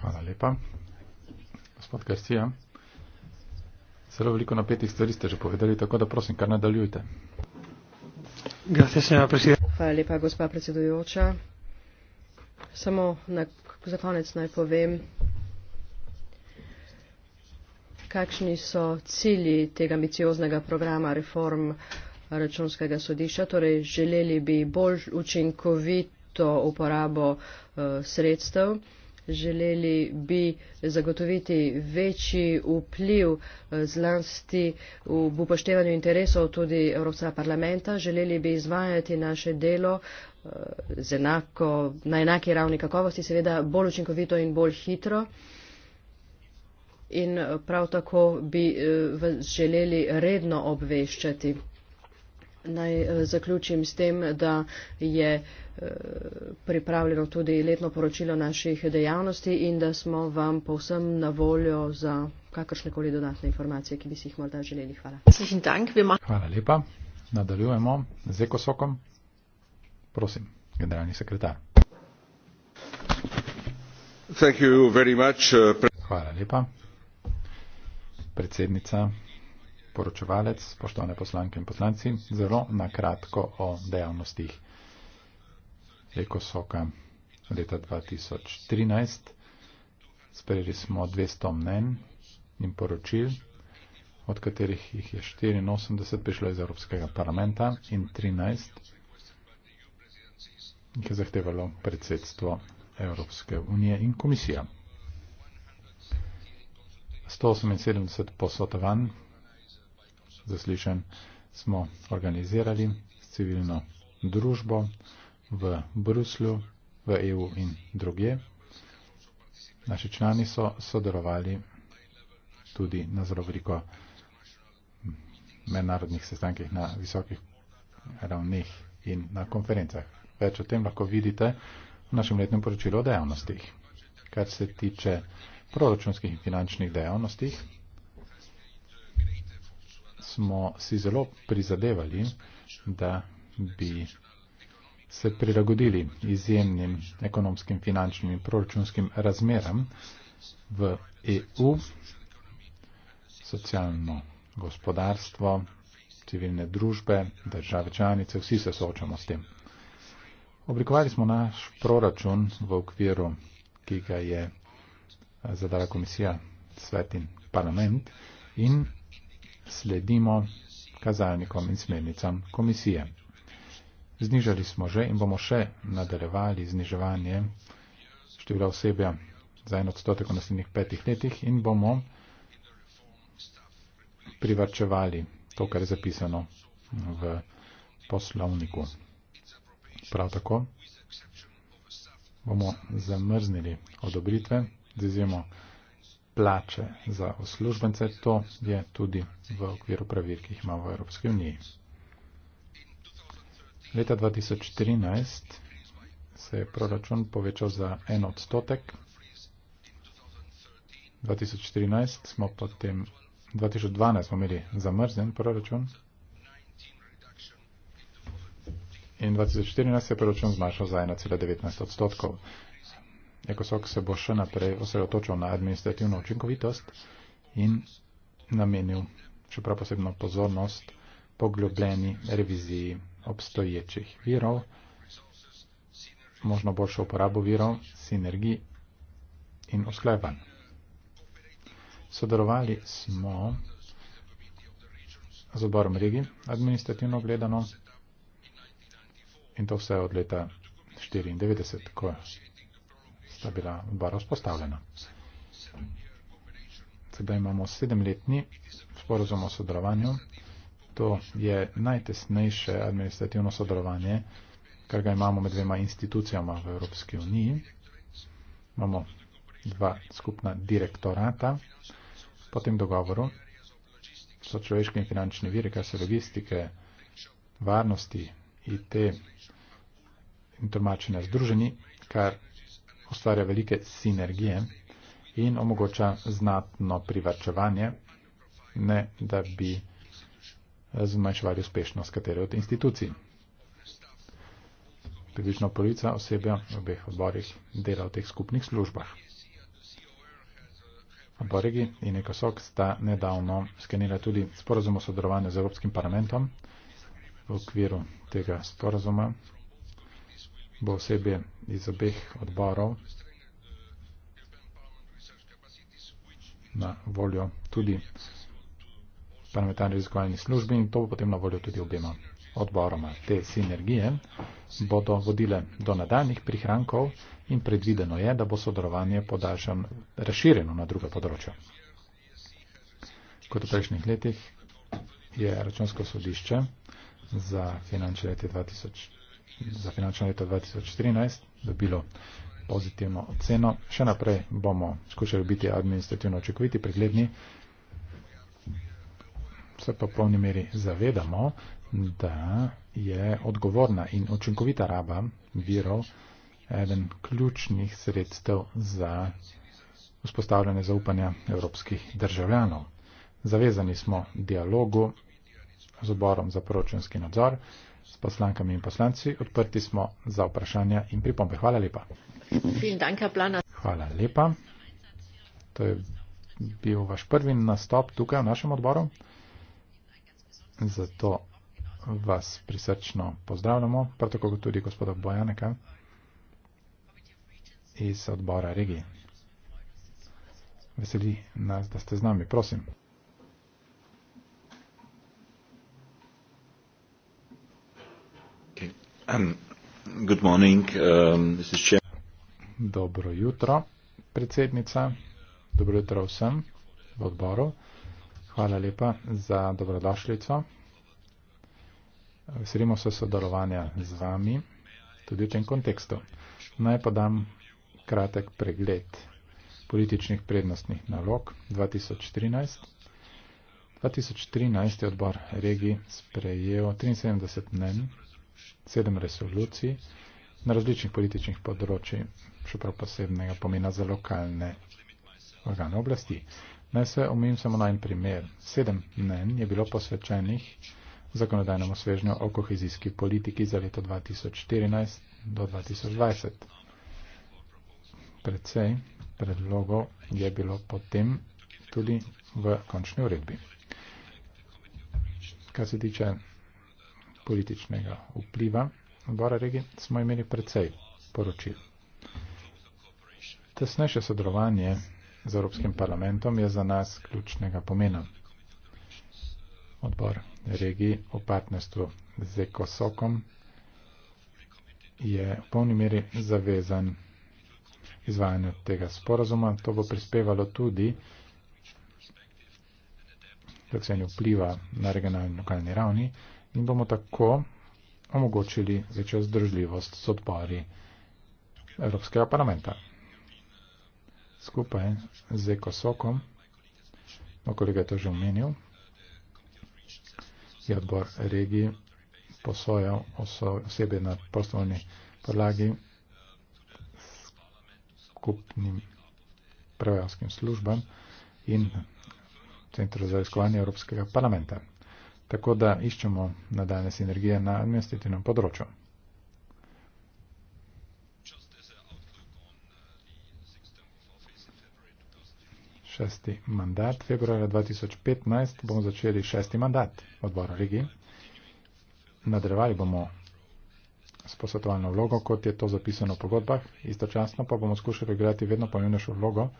Hvala lepa. Gospod Garcija, zelo veliko napetih stvari ste že povedali, tako da prosim, kar nadaljujte. Hvala lepa, gospa predsedujoča. Samo na, za konec naj povem, kakšni so cilji tega ambicioznega programa reform računskega sodišča. Torej, želeli bi bolj učinkovit učinkovito uporabo eh, sredstev. Želeli bi zagotoviti večji vpliv eh, zlasti v upoštevanju interesov tudi Evropskega parlamenta. Želeli bi izvajati naše delo eh, enako, na enaki ravni kakovosti, seveda bolj učinkovito in bolj hitro. In prav tako bi želeli redno obveščati Naj eh, zaključim s tem, da je eh, pripravljeno tudi letno poročilo naših dejavnosti in da smo vam povsem na voljo za kakršne koli dodatne informacije, ki bi si jih morda želeli. Hvala. Hvala lepa. Nadaljujemo z Ekosokom. Prosim, generalni sekretar. Eh, Hvala lepa. Predsednica poročevalec, spoštovane poslanke in poslanci, zelo nakratko o dejavnostih Ekosoka leta 2013. Sprejeli smo 200 mnen in poročil, od katerih jih je 84 prišlo iz Evropskega parlamenta in 13 jih je zahtevalo predsedstvo Evropske unije in komisija. 178 posvetovanj zaslišanj smo organizirali s civilno družbo v Bruslju, v EU in druge. Naši člani so sodelovali tudi na zelo veliko mednarodnih sestankih na visokih ravneh in na konferencah. Več o tem lahko vidite v našem letnem poročilu o dejavnostih. Kar se tiče proračunskih in finančnih dejavnostih, smo si zelo prizadevali, da bi se prilagodili izjemnim ekonomskim, finančnim in proračunskim razmeram v EU, socialno gospodarstvo, civilne družbe, države članice, vsi se soočamo s tem. Oblikovali smo naš proračun v okviru, ki ga je zadala komisija, svet in parlament in sledimo kazalnikom in smernicam komisije. Znižali smo že in bomo še nadaljevali zniževanje števila osebja za en odstotek v naslednjih petih letih in bomo privrčevali to, kar je zapisano v poslovniku. Prav tako bomo zamrznili odobritve, z izjemo plače za uslužbence, to je tudi v okviru pravil, ki jih imamo v Evropski uniji. Leta 2013 se je proračun povečal za en odstotek, 2014 smo potem, 2012 smo imeli zamrzen proračun in 2014 se je proračun zmanjšal za 1,19 odstotkov. Ecosoc se bo še naprej osredotočil na administrativno učinkovitost in namenil še prav posebno pozornost poglobljeni reviziji obstoječih virov, možno boljšo uporabo virov, sinergij in usklajevanj. Sodelovali smo z oborom regij, administrativno gledano, in to vse od leta 1994, ko sta bila oba razpostavljena. Sedaj imamo sedemletni sporozum o sodelovanju. To je najtesnejše administrativno sodelovanje, kar ga imamo med dvema institucijama v Evropski uniji. Imamo dva skupna direktorata. Po tem dogovoru so človeški in finančni viri, kar se logistike, varnosti, IT in tolmačenja združeni, kar ustvarja velike sinergije in omogoča znatno privrčevanje, ne da bi zmanjševali uspešnost katere od institucij. Približno polica osebja v obeh odborih dela v teh skupnih službah. Odboregi in Ekosok sta nedavno skenila tudi sporozum o sodelovanju z Evropskim parlamentom. V okviru tega sporozuma bo osebje iz obeh odborov na voljo tudi parlamentarni raziskovalni službi in to bo potem na voljo tudi obema odboroma. Te sinergije bodo vodile do nadaljnih prihrankov in predvideno je, da bo sodelovanje podaljšan razširjeno na druga področja. Kot v prejšnjih letih je računsko sodišče za finančne leti 2014 za finančno leto 2014 dobilo pozitivno oceno. Še naprej bomo skušali biti administrativno očekoviti, pregledni. Se pa v polni meri zavedamo, da je odgovorna in učinkovita raba virov eden ključnih sredstev za vzpostavljanje zaupanja evropskih državljanov. Zavezani smo dialogu z oborom za proračunski nadzor s poslankami in poslanci. Odprti smo za vprašanja in pripombe. Hvala lepa. Hvala lepa. To je bil vaš prvi nastop tukaj v našem odboru. Zato vas prisrčno pozdravljamo, prav tako tudi gospoda Bojaneka iz odbora regije. Veseli nas, da ste z nami. Prosim. Um, good morning, um, Dobro jutro, predsednica. Dobro jutro vsem v odboru. Hvala lepa za dobrodošljico. Veselimo se sodelovanja z vami tudi v tem kontekstu. Naj podam kratek pregled političnih prednostnih nalog 2013. 2013 je odbor regij sprejel 73 mnen sedem resolucij na različnih političnih področjih, še prav posebnega pomena za lokalne organe oblasti. Naj se omenim samo na en primer. Sedem mnen je bilo posvečenih zakonodajnemu svežnju o kohezijski politiki za leto 2014 do 2020. Predvsej predlogov je bilo potem tudi v končni uredbi. Kar se tiče političnega vpliva Bora Regi, smo imeli precej poročil. Tesnejše sodelovanje z Evropskim parlamentom je za nas ključnega pomena. Odbor regiji o partnerstvu z ECOSOKom je v polni meri zavezan izvajanju tega sporazuma. To bo prispevalo tudi k ocenju vpliva na regionalni in lokalni ravni in bomo tako omogočili večjo zdržljivost s odpori Evropskega parlamenta. Skupaj z Ekosokom, moj no, kolega je to že omenil, je odbor regij posojal osebe na prostovoljni podlagi skupnim prevajalskim službam in Centru za iskovanje Evropskega parlamenta. Tako da iščemo na danes energije na administrativnem področju. Šesti mandat, februarja 2015 bomo začeli šesti mandat odbora Ligi. Nadrevali bomo s posvetovalno vlogo, kot je to zapisano v pogodbah, istočasno pa bomo skušali igrati vedno pomembnejšo vlogo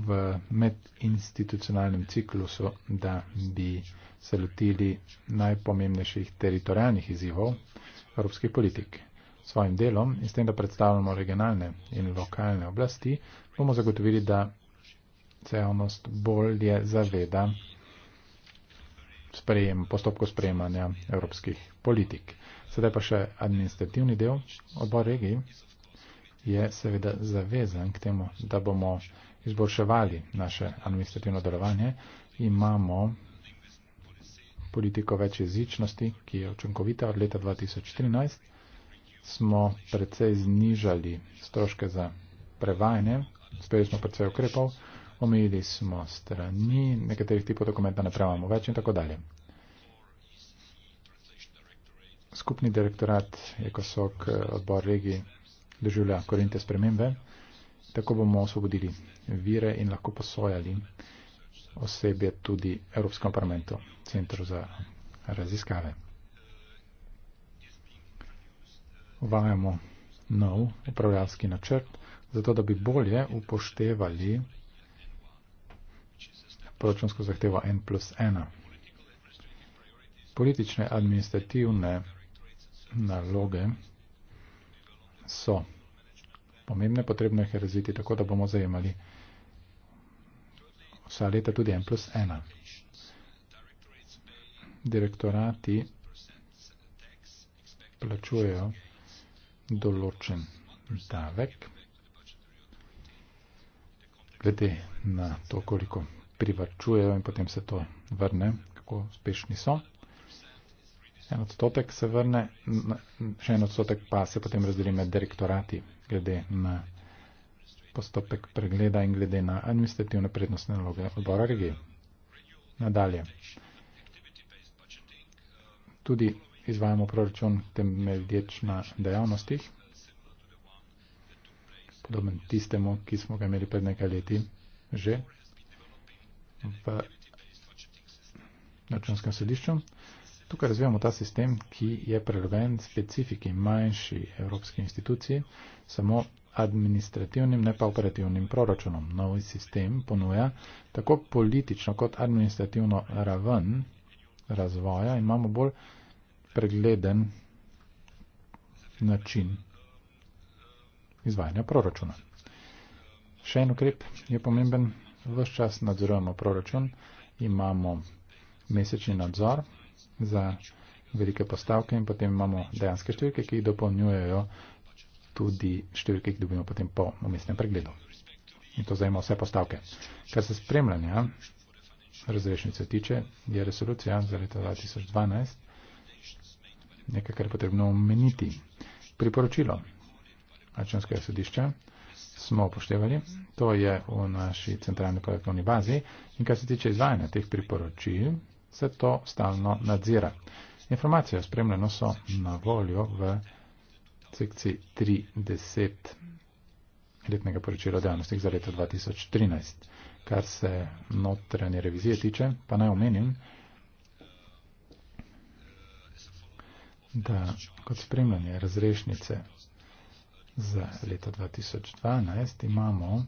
v medinstitucionalnem ciklusu, da bi se lotili najpomembnejših teritorijalnih izzivov evropskih politik. S svojim delom in s tem, da predstavljamo regionalne in lokalne oblasti, bomo zagotovili, da se javnost bolje zaveda sprejem, postopko sprejemanja evropskih politik. Sedaj pa še administrativni del. Odbor regij je seveda zavezan k temu, da bomo izboljševali naše administrativno delovanje, imamo politiko več jezičnosti, ki je učinkovita od leta 2013, smo precej znižali stroške za prevajanje, sprejeli smo precej ukrepov, omejili smo strani, nekaterih tipov dokumenta ne prevajamo več in tako dalje. Skupni direktorat Ekosok eh, odbor regij doživlja korinte spremembe. Tako bomo osvobodili vire in lahko posojali osebje tudi Evropskem parlamentu, Centru za raziskave. Uvajamo nov upravljalski načrt, zato da bi bolje upoštevali proračunsko zahtevo N plus 1. Politične administrativne naloge so pomembne, potrebno jih je razviti tako, da bomo zajemali vsa leta tudi en plus ena. Direktorati plačujejo določen davek glede na to, koliko privačujejo in potem se to vrne, kako uspešni so. En odstotek se vrne, še en odstotek pa se potem razdeli med direktorati, glede na postopek pregleda in glede na administrativne prednostne naloge odbora regije. Nadalje. Tudi izvajamo proračun temeljdeč na dejavnostih, podoben tistemu, ki smo ga imeli pred nekaj leti že v računskem sodišču. Tukaj razvijamo ta sistem, ki je preleven specifiki manjši evropski instituciji, samo administrativnim, ne pa operativnim proračunom. Novi sistem ponuja tako politično kot administrativno raven razvoja in imamo bolj pregleden način izvajanja proračuna. Še en ukrep je pomemben. Vse čas nadzorujemo proračun, imamo mesečni nadzor, za velike postavke in potem imamo dejanske številke, ki jih dopolnjujejo tudi številke, ki jih dobimo potem po umestnem pregledu. In to zajema vse postavke. Kar se spremljanja razrešnice tiče, je resolucija za leto 2012 nekaj, kar je potrebno omeniti. Priporočilo Ačanskega sodišča smo upoštevali, to je v naši centralni podatkovni bazi in kar se tiče izvajanja teh priporočil, se to stalno nadzira. Informacije o spremljeno so na voljo v sekciji 30 letnega poročila o dejavnostih za leto 2013. Kar se notranje revizije tiče, pa naj omenim, da kot spremljanje razrešnice za leto 2012 imamo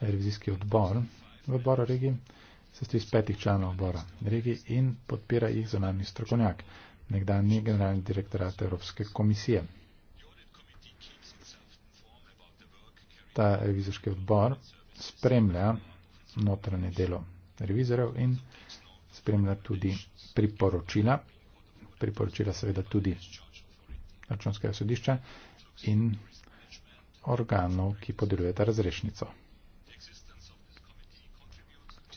revizijski odbor v Boro regiji, se stri s petih članov odbora regij in podpira jih zunani strokovnjak, nekdani generalni direktorat Evropske komisije. Ta revizorski odbor spremlja notranje delo revizorjev in spremlja tudi priporočila, priporočila seveda tudi računskega sodišča in organov, ki podeljujeta razrešnico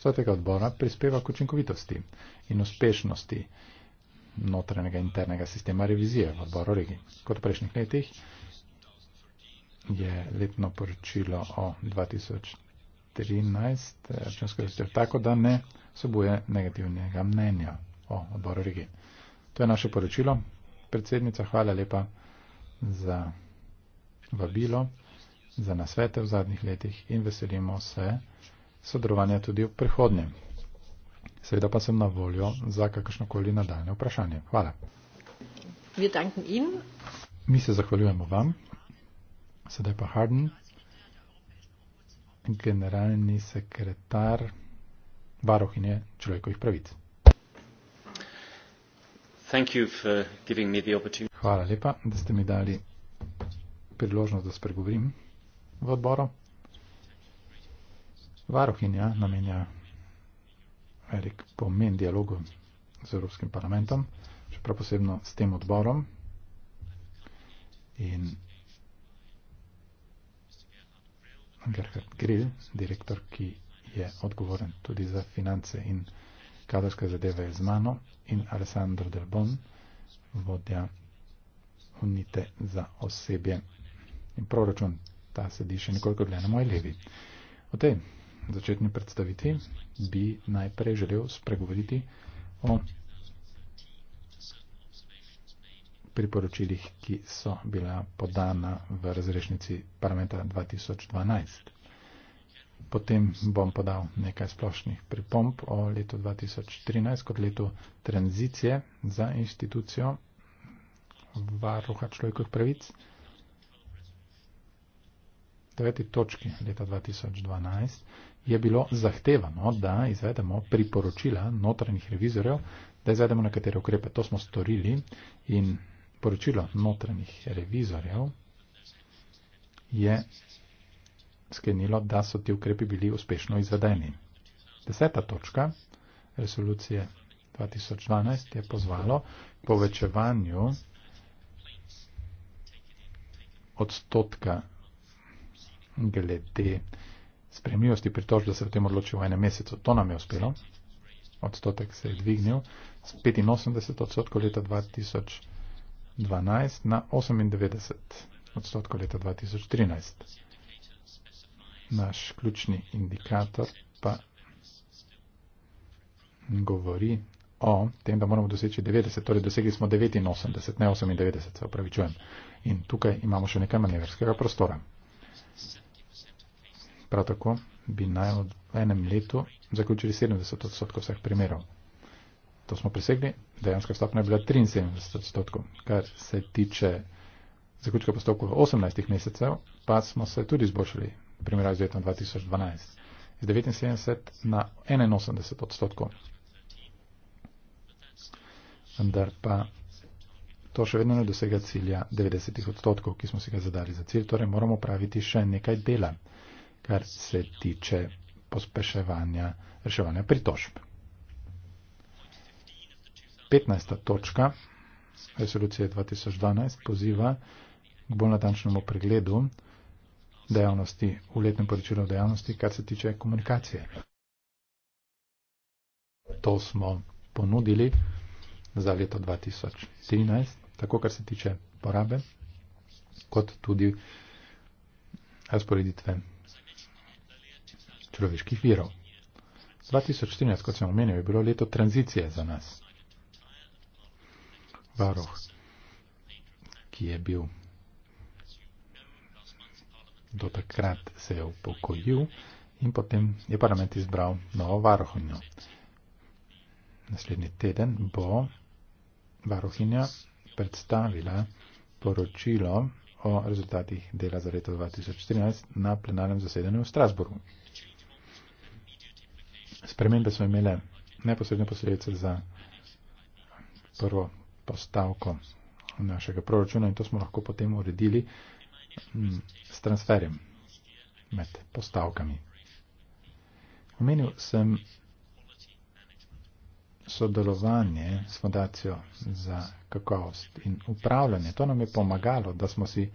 vsakega odbora prispeva k učinkovitosti in uspešnosti notranjega internega sistema revizije v odboru regij. Kot v prejšnjih letih je letno poročilo o 2013 eh, občinsko tako, da ne sobuje negativnega mnenja o odboru regij. To je naše poročilo. Predsednica, hvala lepa za vabilo, za nasvete v zadnjih letih in veselimo se sodelovanja tudi v prihodnje. Seveda pa sem na voljo za kakršnokoli nadaljne vprašanje. Hvala. Mi se zahvaljujemo vam. Sedaj pa Harden, generalni sekretar varohinje človekovih pravic. Hvala lepa, da ste mi dali priložnost, da spregovorim v odboru. Varohinja namenja velik pomen dialogu z Evropskim parlamentom, še prav posebno s tem odborom. In Gerhard Grill, direktor, ki je odgovoren tudi za finance in kadrske zadeve z mano, in Alessandro Del Bon, vodja unite za osebje. In proračun, ta sedi še nekoliko dlje na moji levi. O tej začetni predstaviti, bi najprej želel spregovoriti o priporočilih, ki so bila podana v razrešnici parlamenta 2012. Potem bom podal nekaj splošnih pripomp o letu 2013 kot letu tranzicije za institucijo varuha človekovih pravic. V deveti točki leta 2012 je bilo zahtevano, da izvedemo priporočila notranjih revizorjev, da izvedemo nekatere ukrepe. To smo storili in poročilo notranjih revizorjev je sklenilo, da so ti ukrepi bili uspešno izvedeni. Deseta točka resolucije 2012 je pozvalo k povečevanju odstotka glede spremljivosti pritožb, da se v tem odloči v enem mesecu. To nam je uspelo. Odstotek se je dvignil z 85 odstotkov leta 2012 na 98 odstotkov leta 2013. Naš ključni indikator pa govori o tem, da moramo doseči 90, torej dosegli smo 89, ne 98, se upravičujem. In tukaj imamo še nekaj manevrskega prostora. Prav tako bi naj v enem letu zaključili 70 odstotkov vseh primerov. To smo presegli, dejanska stopnja je bila 73 odstotkov. Kar se tiče zaključka postopkov 18 mesecev, pa smo se tudi izboljšali v primerjavi z letom 2012 iz 79 na 81 odstotkov. Vendar pa to še vedno ne dosega cilja 90 odstotkov, ki smo si ga zadali za cilj, torej moramo praviti še nekaj dela kar se tiče pospeševanja reševanja pritožb. 15. točka resolucije 2012 poziva k bolj natančnemu pregledu dejavnosti v letnem poročilu dejavnosti, kar se tiče komunikacije. To smo ponudili za leto 2013, tako kar se tiče porabe, kot tudi razporeditve človeških virov. 2014, kot sem omenil, je bilo leto tranzicije za nas. Varoh, ki je bil do takrat se je upokojil in potem je parlament izbral novo varohinjo. Naslednji teden bo varohinja predstavila poročilo o rezultatih dela za leto 2014 na plenarnem zasedanju v Strasburgu spremembe so imele neposredne posledice za prvo postavko našega proračuna in to smo lahko potem uredili mm, s transferjem med postavkami. Omenil sem sodelovanje s Fundacijo za kakovost in upravljanje. To nam je pomagalo, da smo si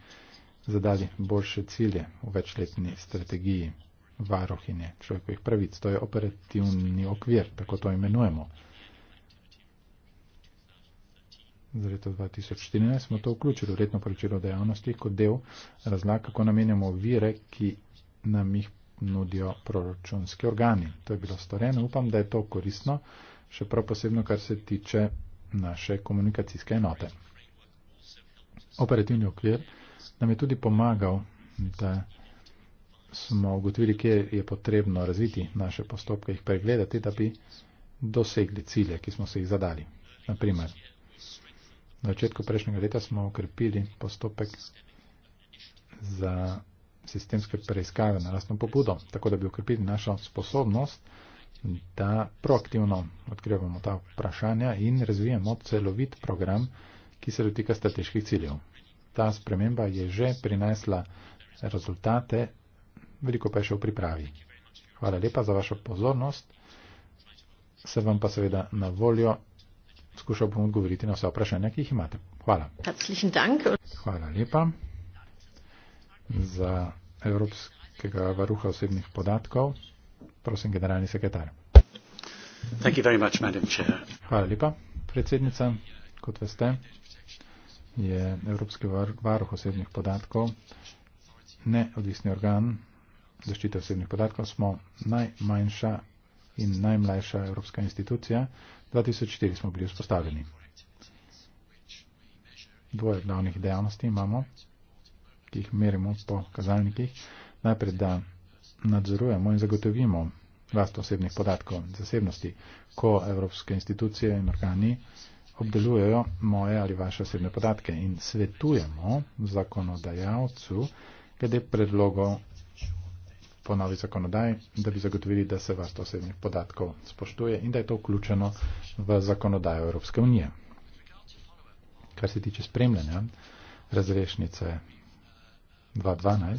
zadali boljše cilje v večletni strategiji varohinje človekovih pravic. To je operativni okvir, tako to imenujemo. Za leto 2014 smo to vključili v letno poročilo dejavnosti kot del razlag, kako namenjamo vire, ki nam jih nudijo proračunski organi. To je bilo storjeno. Upam, da je to koristno, še prav posebno, kar se tiče naše komunikacijske enote. Operativni okvir nam je tudi pomagal, da smo ugotovili, kje je potrebno razviti naše postopke, jih pregledati, da bi dosegli cilje, ki smo se jih zadali. Naprimer, na začetku prejšnjega leta smo ukrepili postopek za sistemske preiskave na lastno pobudo, tako da bi ukrepili našo sposobnost, da proaktivno odkrivamo ta vprašanja in razvijamo celovit program, ki se dotika strateških ciljev. Ta sprememba je že prinesla rezultate veliko pa je še v pripravi. Hvala lepa za vašo pozornost. Se vam pa seveda na voljo. Skušal bom odgovoriti na vse vprašanja, ki jih imate. Hvala. Hvala lepa za Evropskega varuha osebnih podatkov. Prosim, generalni sekretar. Hvala lepa, predsednica. Kot veste, je Evropski varuh osebnih podatkov neodvisni organ zaščite osebnih podatkov smo najmanjša in najmlajša evropska institucija. 2004 smo bili vzpostavljeni. Dvoje glavnih dejavnosti imamo, ki jih merimo po kazalnikih. Najprej, da nadzorujemo in zagotovimo vlast osebnih podatkov, zasebnosti, ko evropske institucije in organi obdelujejo moje ali vaše osebne podatke in svetujemo zakonodajalcu glede predlogov po novi zakonodaji, da bi zagotovili, da se varstvo osebnih podatkov spoštuje in da je to vključeno v zakonodajo Evropske unije. Kar se tiče spremljanja razrešnice 2012,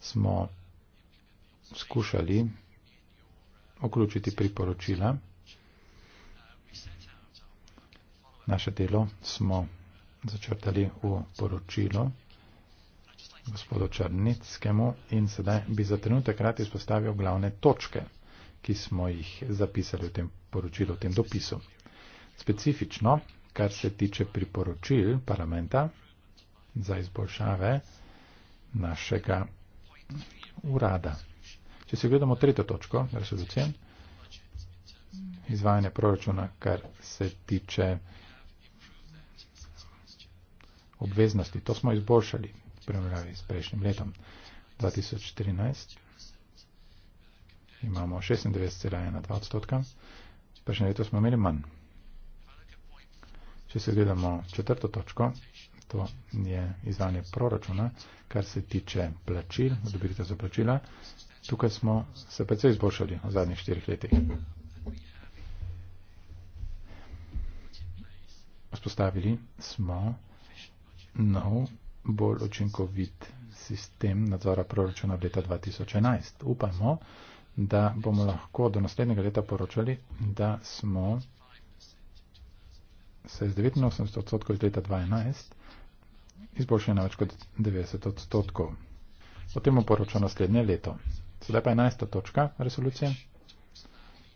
smo skušali vključiti priporočila. Naše delo smo začrtali v poročilo gospodu Črnickemu in sedaj bi za trenutek rad izpostavil glavne točke, ki smo jih zapisali v tem poročilu, v tem dopisu. Specifično, kar se tiče priporočil parlamenta za izboljšave našega urada. Če se gledamo tretjo točko, resolucijo, izvajanje proračuna, kar se tiče obveznosti. To smo izboljšali primerjavi s prejšnjim letom. 2013 imamo 96,1 odstotka, prejšnje leto smo imeli manj. Če se gledamo četrto točko, to je izvanje proračuna, kar se tiče plačil, odobritev za plačila, tukaj smo se precej izboljšali v zadnjih štirih letih. Vzpostavili smo nov bolj očinkovit sistem nadzora proračuna v leta 2011. Upajmo, da bomo lahko do naslednjega leta poročali, da smo se z 89 odstotkov iz leta 2011 izboljšali na več kot 90 odstotkov. O tem poroča naslednje leto. Sedaj pa je enajsta točka resolucije.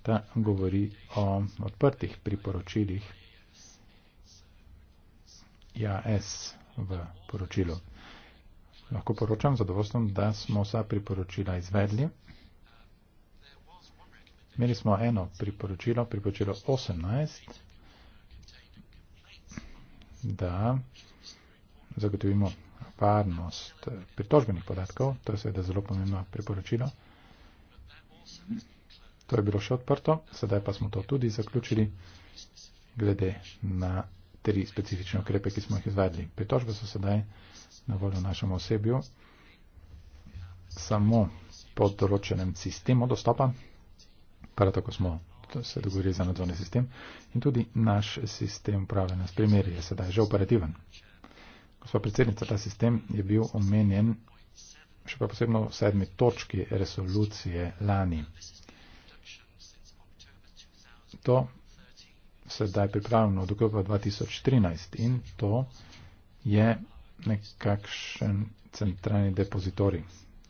Ta govori o odprtih priporočilih. JAS v poročilu. Lahko poročam zadovoljstvom, da smo vsa priporočila izvedli. Imeli smo eno priporočilo, priporočilo 18, da zagotovimo varnost pritožbenih podatkov. To je seveda zelo pomembno priporočilo. To je bilo še odprto, sedaj pa smo to tudi zaključili glede na tri specifične ukrepe, ki smo jih izvedli. Pritožbe so sedaj na voljo našemu osebju samo pod določenem sistemu dostopa, prav tako smo se dogovorili za nadzorni sistem in tudi naš sistem upravljanja s primeri je sedaj že operativen. Gospod predsednica, ta sistem je bil omenjen še pa posebno v sedmi točki resolucije lani. To sedaj pripravljeno od oktobra 2013 in to je nekakšen centralni depozitorij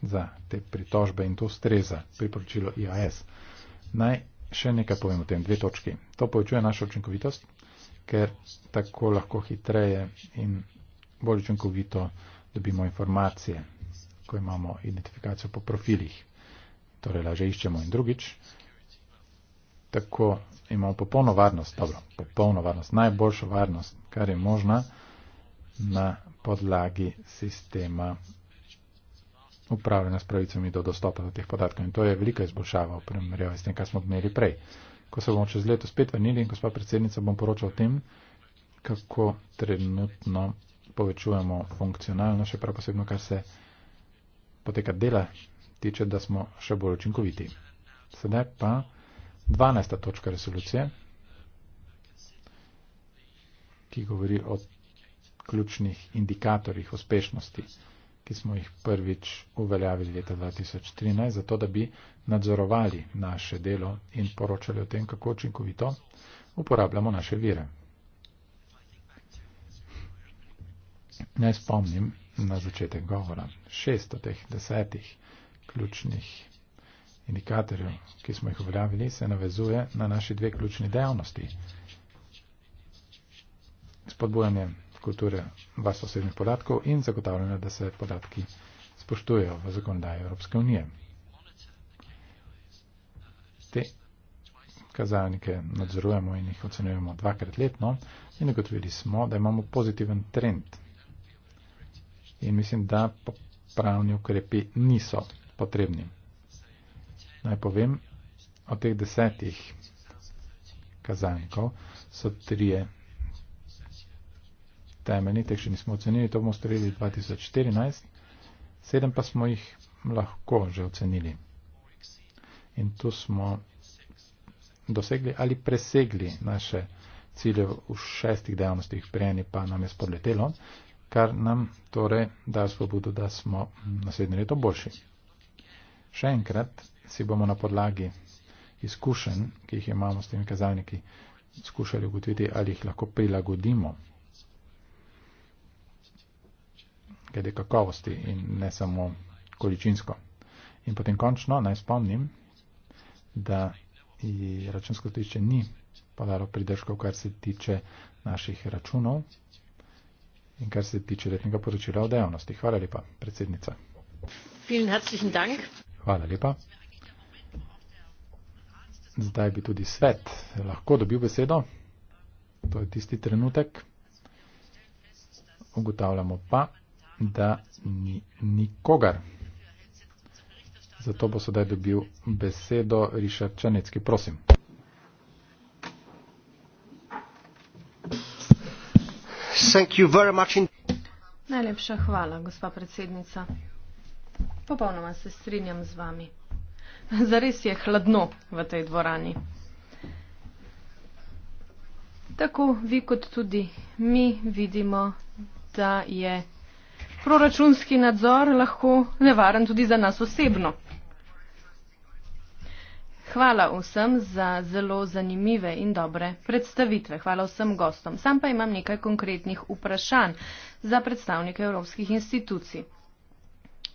za te pritožbe in to streza priporočilo IAS. Naj še nekaj povem o tem, dve točki. To povečuje našo učinkovitost, ker tako lahko hitreje in bolj učinkovito dobimo informacije, ko imamo identifikacijo po profilih, torej laže iščemo in drugič. Tako imamo popolno varnost, dobro, popolno varnost, najboljšo varnost, kar je možna na podlagi sistema upravljanja s pravicami do dostopa do teh podatkov. In to je velika izboljšava v primerjavi s tem, kar smo imeli prej. Ko se bomo čez leto spet vrnili in gospod predsednica bom poročal o tem, kako trenutno povečujemo funkcionalno, še prav posebno, kar se poteka dela, tiče, da smo še bolj učinkoviti. Sedaj pa. 12. točka resolucije, ki govori o ključnih indikatorjih uspešnosti, ki smo jih prvič uveljavili leta 2013, zato da bi nadzorovali naše delo in poročali o tem, kako učinkovito uporabljamo naše vire. Naj spomnim na začetek govora. Šest od teh desetih ključnih indikatorjev, ki smo jih uveljavili, se navezuje na naše dve ključne dejavnosti. Spodbujanje kulture varstva osebnih podatkov in zagotavljanje, da se podatki spoštujejo v zakonodaji Evropske unije. Te kazalnike nadzorujemo in jih ocenujemo dvakrat letno in ugotovili smo, da imamo pozitiven trend. In mislim, da pravni ukrepi niso potrebni. Naj povem, od teh desetih kazankov so trije temeljni, teh še nismo ocenili, to bomo storili 2014, sedem pa smo jih lahko že ocenili. In tu smo dosegli ali presegli naše cilje v šestih dejavnostih, prej eni pa nam je spodletelo, kar nam torej da svobodo, da smo naslednje leto boljši. Še enkrat, si bomo na podlagi izkušenj, ki jih imamo s temi kazalniki, skušali ugotoviti, ali jih lahko prilagodimo glede kakovosti in ne samo količinsko. In potem končno naj spomnim, da je računsko tišče ni podalo pridržkov, kar se tiče naših računov in kar se tiče letnega poročila o dejavnosti. Hvala lepa, predsednica. Hvala lepa zdaj bi tudi svet lahko dobil besedo. To je tisti trenutek. Ugotavljamo pa, da ni nikogar. Zato bo sedaj dobil besedo Rišar Čanecki. Prosim. Najlepša hvala, gospa predsednica. Popolnoma se strinjam z vami. Zares je hladno v tej dvorani. Tako vi kot tudi mi vidimo, da je proračunski nadzor lahko nevaren tudi za nas osebno. Hvala vsem za zelo zanimive in dobre predstavitve. Hvala vsem gostom. Sam pa imam nekaj konkretnih vprašanj za predstavnike evropskih institucij.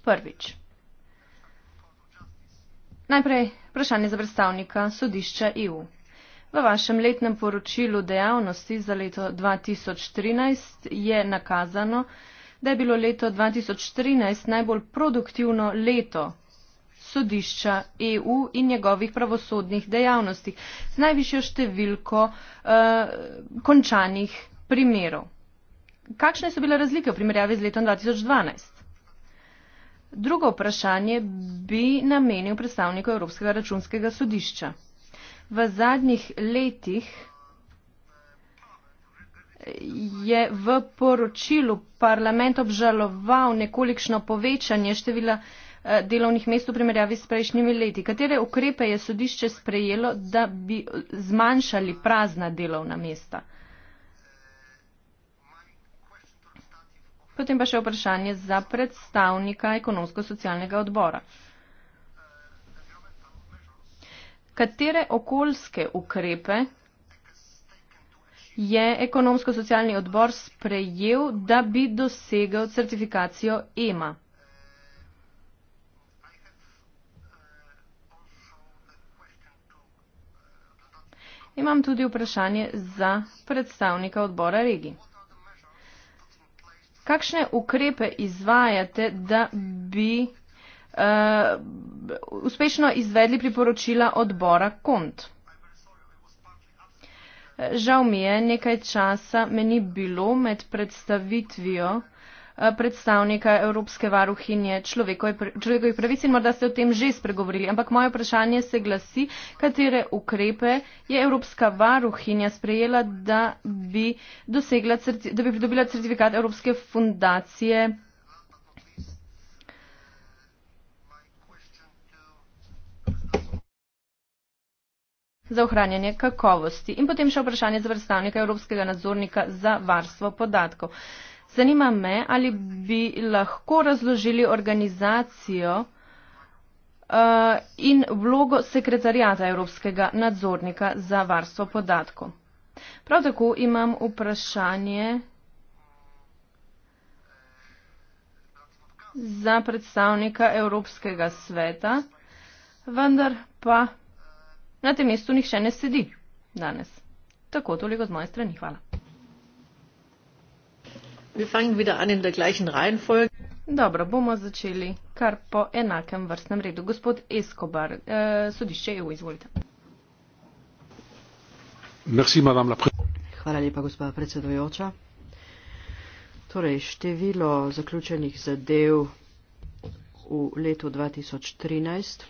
Prvič. Najprej vprašanje za predstavnika sodišča EU. V vašem letnem poročilu dejavnosti za leto 2013 je nakazano, da je bilo leto 2013 najbolj produktivno leto sodišča EU in njegovih pravosodnih dejavnosti z najvišjo številko uh, končanih primerov. Kakšne so bile razlike v primerjavi z letom 2012? Drugo vprašanje bi namenil predstavniku Evropskega računskega sodišča. V zadnjih letih je v poročilu parlament obžaloval nekolikšno povečanje števila eh, delovnih mest v primerjavi s prejšnjimi leti. Katere ukrepe je sodišče sprejelo, da bi zmanjšali prazna delovna mesta? Potem pa še vprašanje za predstavnika ekonomsko-socialnega odbora. Katere okoljske ukrepe je ekonomsko-socialni odbor sprejel, da bi dosegel certifikacijo EMA? Imam tudi vprašanje za predstavnika odbora regij kakšne ukrepe izvajate, da bi uh, uspešno izvedli priporočila odbora KONT? Žal mi je, nekaj časa meni bilo med predstavitvijo uh, predstavnika Evropske varuhinje človekovih pravic in morda ste o tem že spregovorili, ampak moje vprašanje se glasi, katere ukrepe je Evropska varuhinja sprejela, da bi, certi, da bi pridobila certifikat Evropske fundacije. za ohranjanje kakovosti. In potem še vprašanje za predstavnika Evropskega nadzornika za varstvo podatkov. Zanima me, ali bi lahko razložili organizacijo uh, in vlogo sekretarjata Evropskega nadzornika za varstvo podatkov. Prav tako imam vprašanje za predstavnika Evropskega sveta, vendar pa na tem mestu nihče ne sedi danes. Tako toliko z moje strani. Hvala. Dobro, bomo začeli kar po enakem vrstnem redu. Gospod Escobar, eh, sodišče EU, izvolite. Merci, Hvala lepa, gospa predsedujoča. Torej, število zaključenih zadev v letu 2013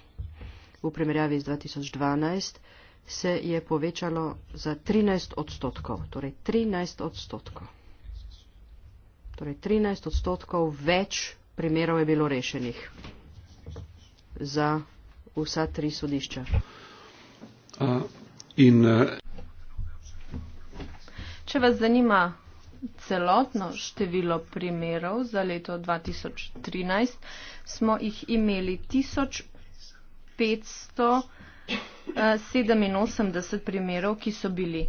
v primerjavi z 2012 se je povečalo za 13 odstotkov. Torej 13 odstotkov. Torej 13 odstotkov več primerov je bilo rešenih za vsa tri sodišča. Uh, in, uh... Če vas zanima celotno število primerov za leto 2013, smo jih imeli 1500. 87 eh, primerov, ki so bili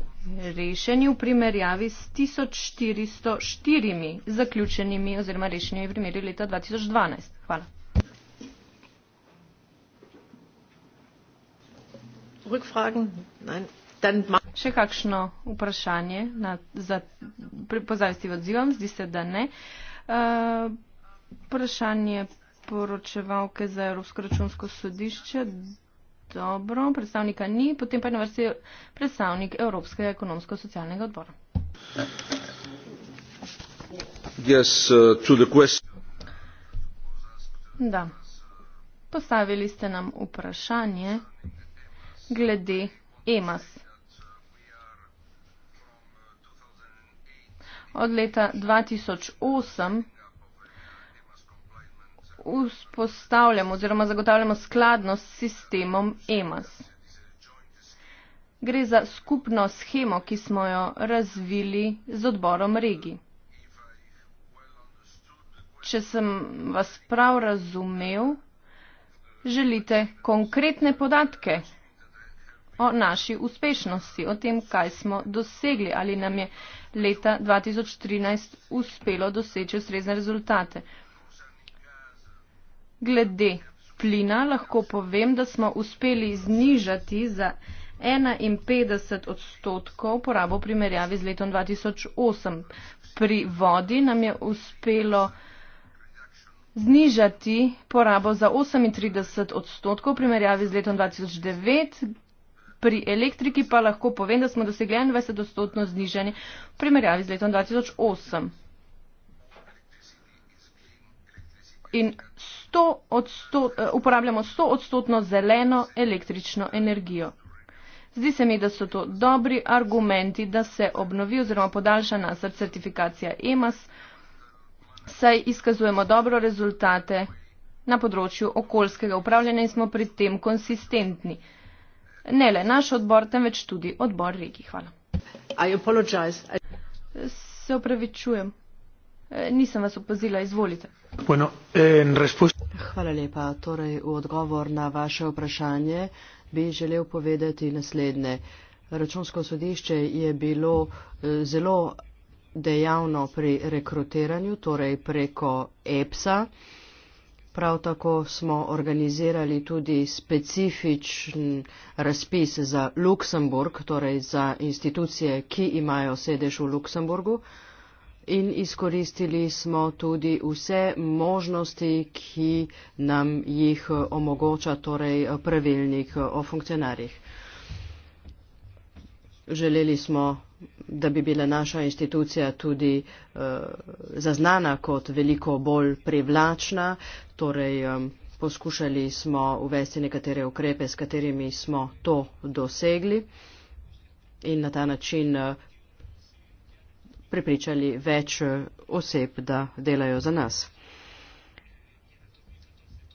rešeni v primerjavi s 1404 zaključenimi oziroma rešenimi primeri leta 2012. Hvala. Še kakšno vprašanje na, za pozavesti v odzivom? Zdi se, da ne. Eh, vprašanje uh, poročevalke za Evropsko računsko sodišče. Dobro, predstavnika ni, potem pa je na vrsti predstavnik Evropskega ekonomsko-socialnega odbora. Yes, uh, da, postavili ste nam vprašanje glede EMAS. Od leta 2008 vzpostavljamo oziroma zagotavljamo skladnost s sistemom EMAS. Gre za skupno schemo, ki smo jo razvili z odborom regi. Če sem vas prav razumel, želite konkretne podatke o naši uspešnosti, o tem, kaj smo dosegli, ali nam je leta 2013 uspelo doseči ustrezne rezultate. Glede plina lahko povem, da smo uspeli znižati za 51 odstotkov porabo primerjavi z letom 2008. Pri vodi nam je uspelo znižati porabo za 38 odstotkov primerjavi z letom 2009. Pri elektriki pa lahko povem, da smo dosegli 21 odstotno znižanje primerjavi z letom 2008. In 100 odsto, eh, uporabljamo 100 odstotno zeleno električno energijo. Zdi se mi, da so to dobri argumenti, da se obnovi oziroma podaljša nazad certifikacija EMAS, saj izkazujemo dobro rezultate na področju okoljskega upravljanja in smo pri tem konsistentni. Ne le naš odbor, temveč tudi odbor regi. Hvala. Se opravičujem. Eh, nisem vas opazila. Izvolite. Bueno, eh, Hvala lepa. Torej, v odgovor na vaše vprašanje bi želel povedati naslednje. Računsko sodišče je bilo eh, zelo dejavno pri rekrutiranju, torej preko EPSA. Prav tako smo organizirali tudi specifičen razpis za Luksemburg, torej za institucije, ki imajo sedež v Luksemburgu in izkoristili smo tudi vse možnosti, ki nam jih omogoča torej pravilnik o funkcionarjih. Želeli smo, da bi bila naša institucija tudi eh, zaznana kot veliko bolj privlačna, torej eh, poskušali smo uvesti nekatere ukrepe, s katerimi smo to dosegli in na ta način eh, prepričali več eh, oseb, da delajo za nas.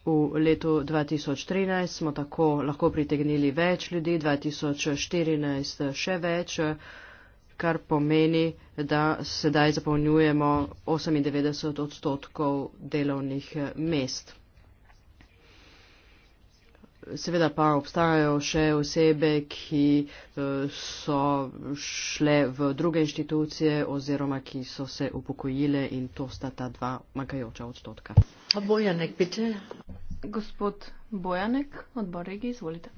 V letu 2013 smo tako lahko pritegnili več ljudi, 2014 še več, kar pomeni, da sedaj zapolnjujemo 98 odstotkov delovnih mest. Seveda pa obstajajo še osebe, ki eh, so šle v druge inštitucije oziroma ki so se upokojile in to sta ta dva manjkajoča odstotka. Bojanek, pite. Gospod Bojanek, odbor regi, izvolite.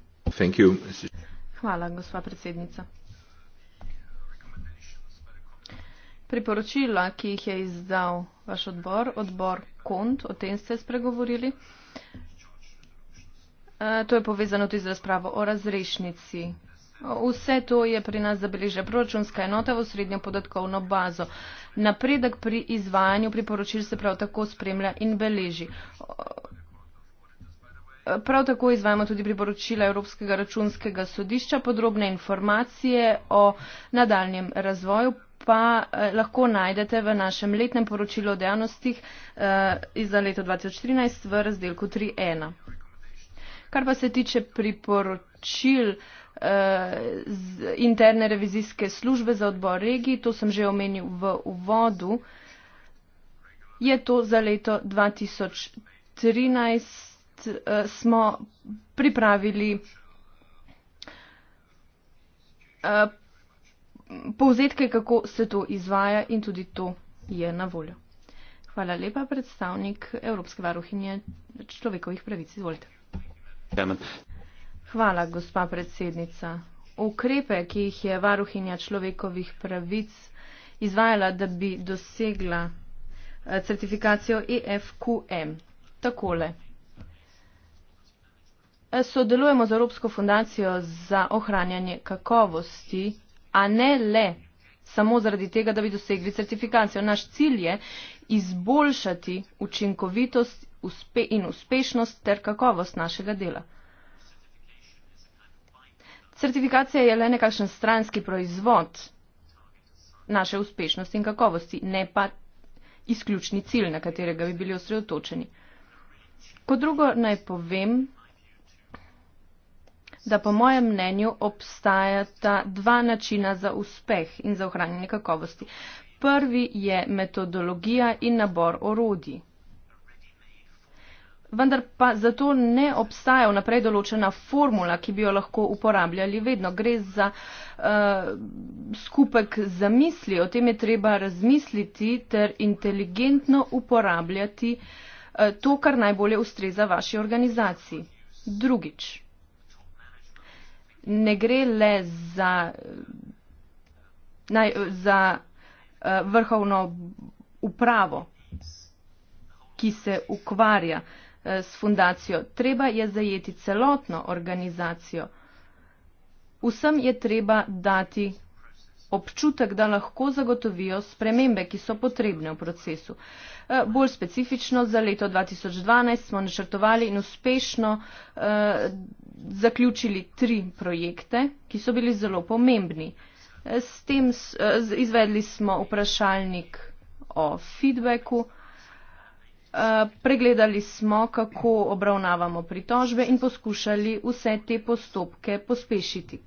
Hvala, gospa predsednica. Priporočila, ki jih je izdal vaš odbor, odbor KONT, o tem ste spregovorili. Eh, to je povezano tudi z razpravo o razrešnici. Vse to je pri nas zabeležila proračunska enota v srednjo podatkovno bazo. Napredek pri izvajanju priporočil se prav tako spremlja in beleži. Prav tako izvajamo tudi priporočila Evropskega računskega sodišča. Podrobne informacije o nadaljem razvoju pa eh, lahko najdete v našem letnem poročilu o dejavnostih eh, za leto 2014 v razdelku 3.1. Kar pa se tiče priporočil eh, interne revizijske službe za odbor regij, to sem že omenil v uvodu, je to za leto 2013 eh, smo pripravili eh, povzetke, kako se to izvaja in tudi to je na voljo. Hvala lepa, predstavnik Evropske varuhinje človekovih pravic. Izvolite. Hvala, gospa predsednica. Ukrepe, ki jih je varuhinja človekovih pravic izvajala, da bi dosegla eh, certifikacijo EFQM. Takole. Eh, sodelujemo z Evropsko fundacijo za ohranjanje kakovosti, a ne le samo zaradi tega, da bi dosegli certifikacijo. Naš cilj je izboljšati učinkovitost uspe in uspešnost ter kakovost našega dela. Certifikacija je le nekakšen stranski proizvod naše uspešnosti in kakovosti, ne pa izključni cilj, na katerega bi bili osredotočeni. Kot drugo naj povem, da po mojem mnenju obstajata dva načina za uspeh in za ohranjanje kakovosti. Prvi je metodologija in nabor orodij. Vendar pa zato ne obstaja vnaprej določena formula, ki bi jo lahko uporabljali. Vedno gre za uh, skupek zamisli, o tem je treba razmisliti ter inteligentno uporabljati uh, to, kar najbolje ustreza vaši organizaciji. Drugič. Ne gre le za, naj, za uh, vrhovno upravo, ki se ukvarja uh, Eh, s fundacijo. Treba je zajeti celotno organizacijo. Vsem je treba dati občutek, da lahko zagotovijo spremembe, ki so potrebne v procesu. Eh, bolj specifično za leto 2012 smo načrtovali in uspešno eh, zaključili tri projekte, ki so bili zelo pomembni. Eh, s tem eh, izvedli smo vprašalnik o feedbacku. Eh, pregledali smo, kako obravnavamo pritožbe in poskušali vse te postopke pospešiti.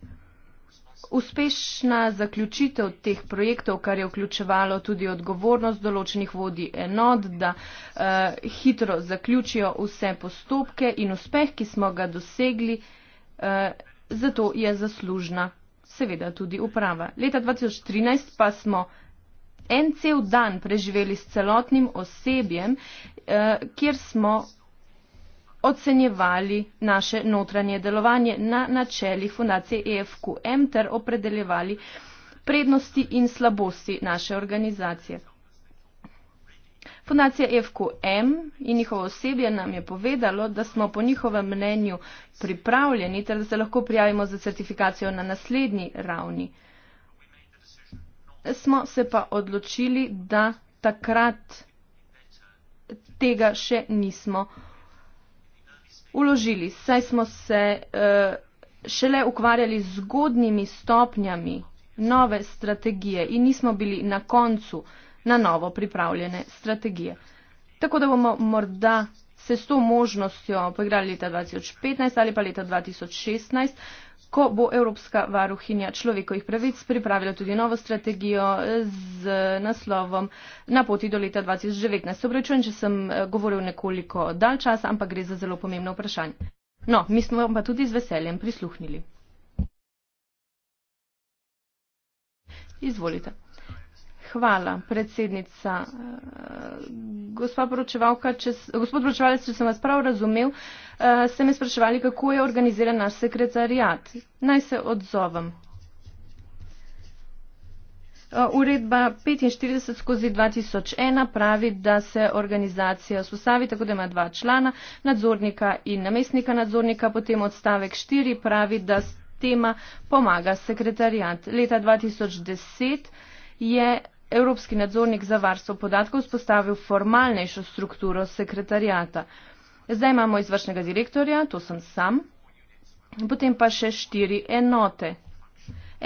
Uspešna zaključitev teh projektov, kar je vključevalo tudi odgovornost določenih vodij enot, da uh, hitro zaključijo vse postopke in uspeh, ki smo ga dosegli, uh, zato je zaslužna seveda tudi uprava. Leta 2013 pa smo en cel dan preživeli s celotnim osebjem, eh, kjer smo ocenjevali naše notranje delovanje na načelih fundacije EFQM ter opredeljevali prednosti in slabosti naše organizacije. Fundacija e FQM in njihovo osebje nam je povedalo, da smo po njihovem mnenju pripravljeni ter da se lahko prijavimo za certifikacijo na naslednji ravni smo se pa odločili, da takrat tega še nismo uložili. Saj smo se uh, šele ukvarjali z zgodnjimi stopnjami nove strategije in nismo bili na koncu na novo pripravljene strategije. Tako da bomo morda se s to možnostjo poigrali leta 2015 ali pa leta 2016 ko bo Evropska varuhinja človekovih pravic pripravila tudi novo strategijo z naslovom Na poti do leta 2019. Obrečujem, če sem eh, govoril nekoliko dalj časa, ampak gre za zelo pomembno vprašanje. No, mi smo vam pa tudi z veseljem prisluhnili. Izvolite. Hvala, predsednica. Eh, gospod poročevalec, če sem vas prav razumel, eh, ste me spraševali, kako je organiziran naš sekretarijat. Naj se odzovem. Eh, uredba 45 skozi 2001 pravi, da se organizacija vzpostavi tako, da ima dva člana, nadzornika in namestnika nadzornika, potem odstavek 4 pravi, da tema pomaga sekretarijat. Leta 2010 je Evropski nadzornik za varstvo podatkov spostavil formalnejšo strukturo sekretarijata. Zdaj imamo izvršnega direktorja, to sem sam, potem pa še štiri enote.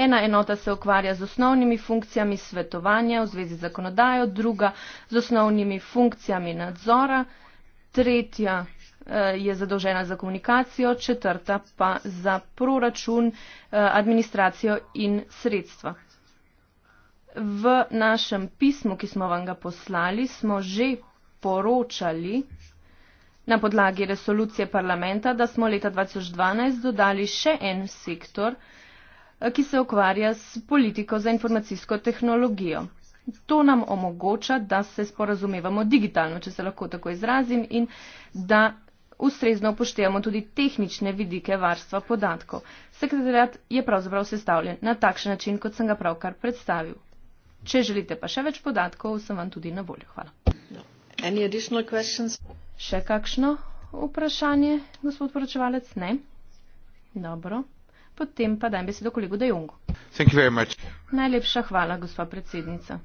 Ena enota se ukvarja z osnovnimi funkcijami svetovanja v zvezi z zakonodajo, druga z osnovnimi funkcijami nadzora, tretja eh, je zadolžena za komunikacijo, četrta pa za proračun, eh, administracijo in sredstva. V našem pismu, ki smo vam ga poslali, smo že poročali na podlagi resolucije parlamenta, da smo leta 2012 dodali še en sektor, eh, ki se ukvarja s politiko za informacijsko tehnologijo. To nam omogoča, da se sporazumevamo digitalno, če se lahko tako izrazim, in da ustrezno upoštevamo tudi tehnične vidike varstva podatkov. Sekretariat je pravzaprav sestavljen na takšen način, kot sem ga pravkar predstavil. Če želite pa še več podatkov, sem vam tudi na voljo. Hvala. Še kakšno vprašanje, gospod poročevalec? Ne? Dobro. Potem pa dajem besedo kolegu De Jongu. Najlepša hvala, gospa predsednica.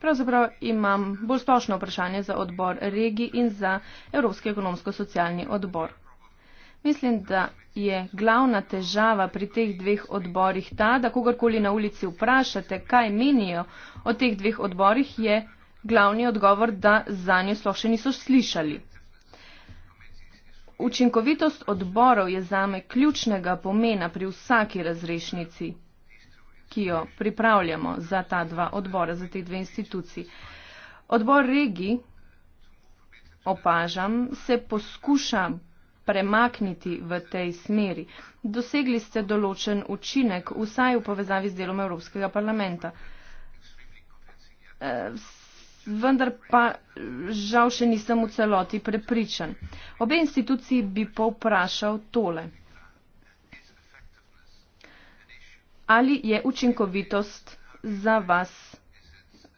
Pravzaprav imam bolj splošno vprašanje za odbor regij in za Evropski ekonomsko-socialni odbor. Mislim, da je glavna težava pri teh dveh odborih ta, da kogarkoli na ulici vprašate, kaj menijo o teh dveh odborih, je glavni odgovor, da za njo sploh še niso slišali. Učinkovitost odborov je zame ključnega pomena pri vsaki razrešnici, ki jo pripravljamo za ta dva odbora, za te dve instituciji. Odbor regi, opažam, se poskuša premakniti v tej smeri. Dosegli ste določen učinek, vsaj v povezavi z delom Evropskega parlamenta. Eh, vendar pa žal še nisem v celoti prepričan. Obe instituciji bi povprašal tole. Ali je učinkovitost za vas?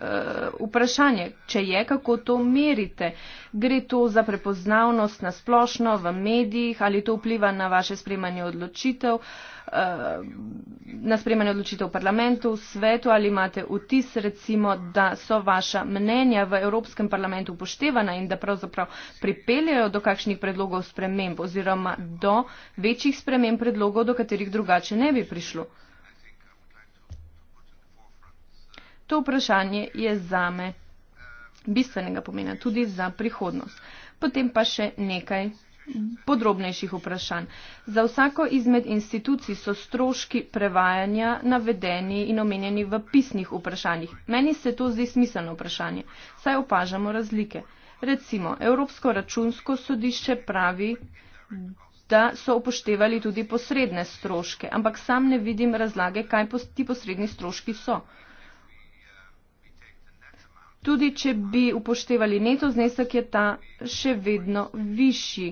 Eh, vprašanje. Če je, kako to merite? Gre to za prepoznavnost na splošno v medijih ali to vpliva na vaše spremanje odločitev, eh, na spremanje odločitev v parlamentu, v svetu ali imate vtis, recimo, da so vaša mnenja v Evropskem parlamentu upoštevana in da pravzaprav pripeljajo do kakšnih predlogov sprememb oziroma do večjih sprememb predlogov, do katerih drugače ne bi prišlo? To vprašanje je zame bistvenega pomena tudi za prihodnost. Potem pa še nekaj podrobnejših vprašanj. Za vsako izmed institucij so stroški prevajanja navedeni in omenjeni v pisnih vprašanjih. Meni se to zdi smiselno vprašanje, saj opažamo razlike. Recimo, Evropsko računsko sodišče pravi, da so upoštevali tudi posredne stroške, ampak sam ne vidim razlage, kaj ti posredni stroški so. Tudi če bi upoštevali neto znesek, je ta še vedno višji.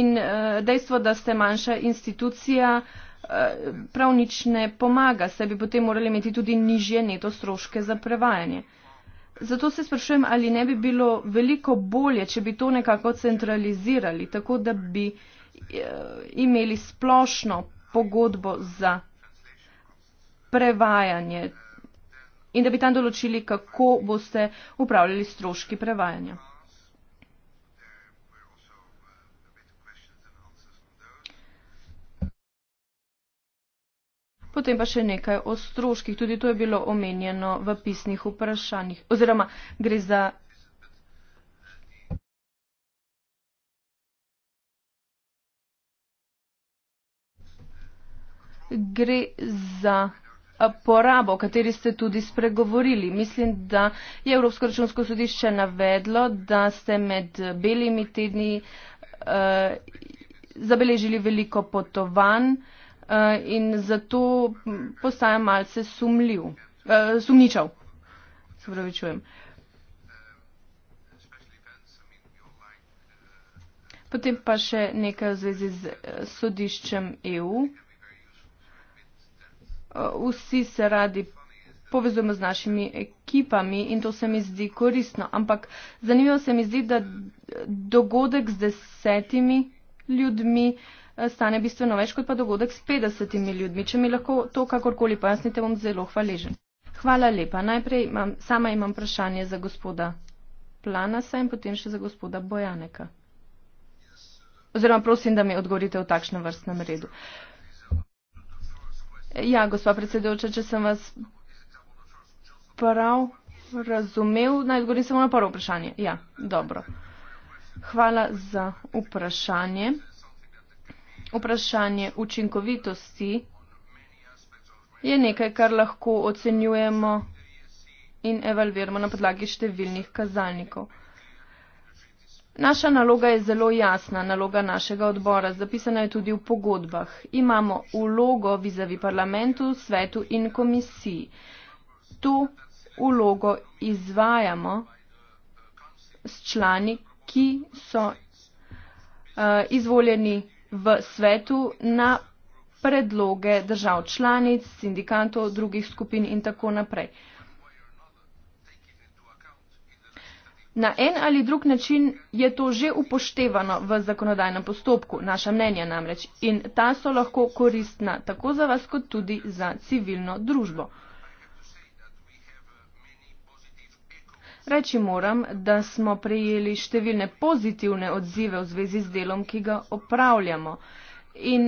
In eh, dejstvo, da ste manjša institucija, eh, prav nič ne pomaga, saj bi potem morali imeti tudi nižje neto stroške za prevajanje. Zato se sprašujem, ali ne bi bilo veliko bolje, če bi to nekako centralizirali, tako da bi eh, imeli splošno pogodbo za prevajanje in da bi tam določili, kako boste upravljali stroški prevajanja. Potem pa še nekaj o stroških. Tudi to je bilo omenjeno v pisnih vprašanjih. Oziroma, gre za. Gre za porabo, o kateri ste tudi spregovorili. Mislim, da je Evropsko računsko sodišče navedlo, da ste med belimi tedni eh, zabeležili veliko potovanj eh, in zato postaja malce sumljiv, eh, sumničav. Se pravi, čujem. Potem pa še nekaj v zvezi z sodiščem EU vsi se radi povezujemo z našimi ekipami in to se mi zdi koristno. Ampak zanimivo se mi zdi, da dogodek z desetimi ljudmi eh, stane bistveno več kot pa dogodek s 50 ljudmi. Če mi lahko to kakorkoli pojasnite, bom zelo hvaležen. Hvala lepa. Najprej imam, sama imam vprašanje za gospoda Planasa in potem še za gospoda Bojaneka. Oziroma prosim, da mi odgovorite v takšnem vrstnem redu. Uh, Ja, gospa predsedujoča, če sem vas prav razumel, naj odgovorim samo na prvo vprašanje. Ja, dobro. Hvala za vprašanje. Vprašanje učinkovitosti je nekaj, kar lahko ocenjujemo in evalviramo na podlagi številnih kazalnikov. Naša naloga je zelo jasna, naloga našega odbora, zapisana je tudi v pogodbah. Imamo vlogo vizavi parlamentu, svetu in komisiji. To vlogo izvajamo s člani, ki so uh, izvoljeni v svetu na predloge držav članic, sindikantov, drugih skupin in tako naprej. Na en ali drug način je to že upoštevano v zakonodajnem postopku, naša mnenja namreč, in ta so lahko koristna tako za vas, kot tudi za civilno družbo. Reči moram, da smo prejeli številne pozitivne odzive v zvezi z delom, ki ga opravljamo. In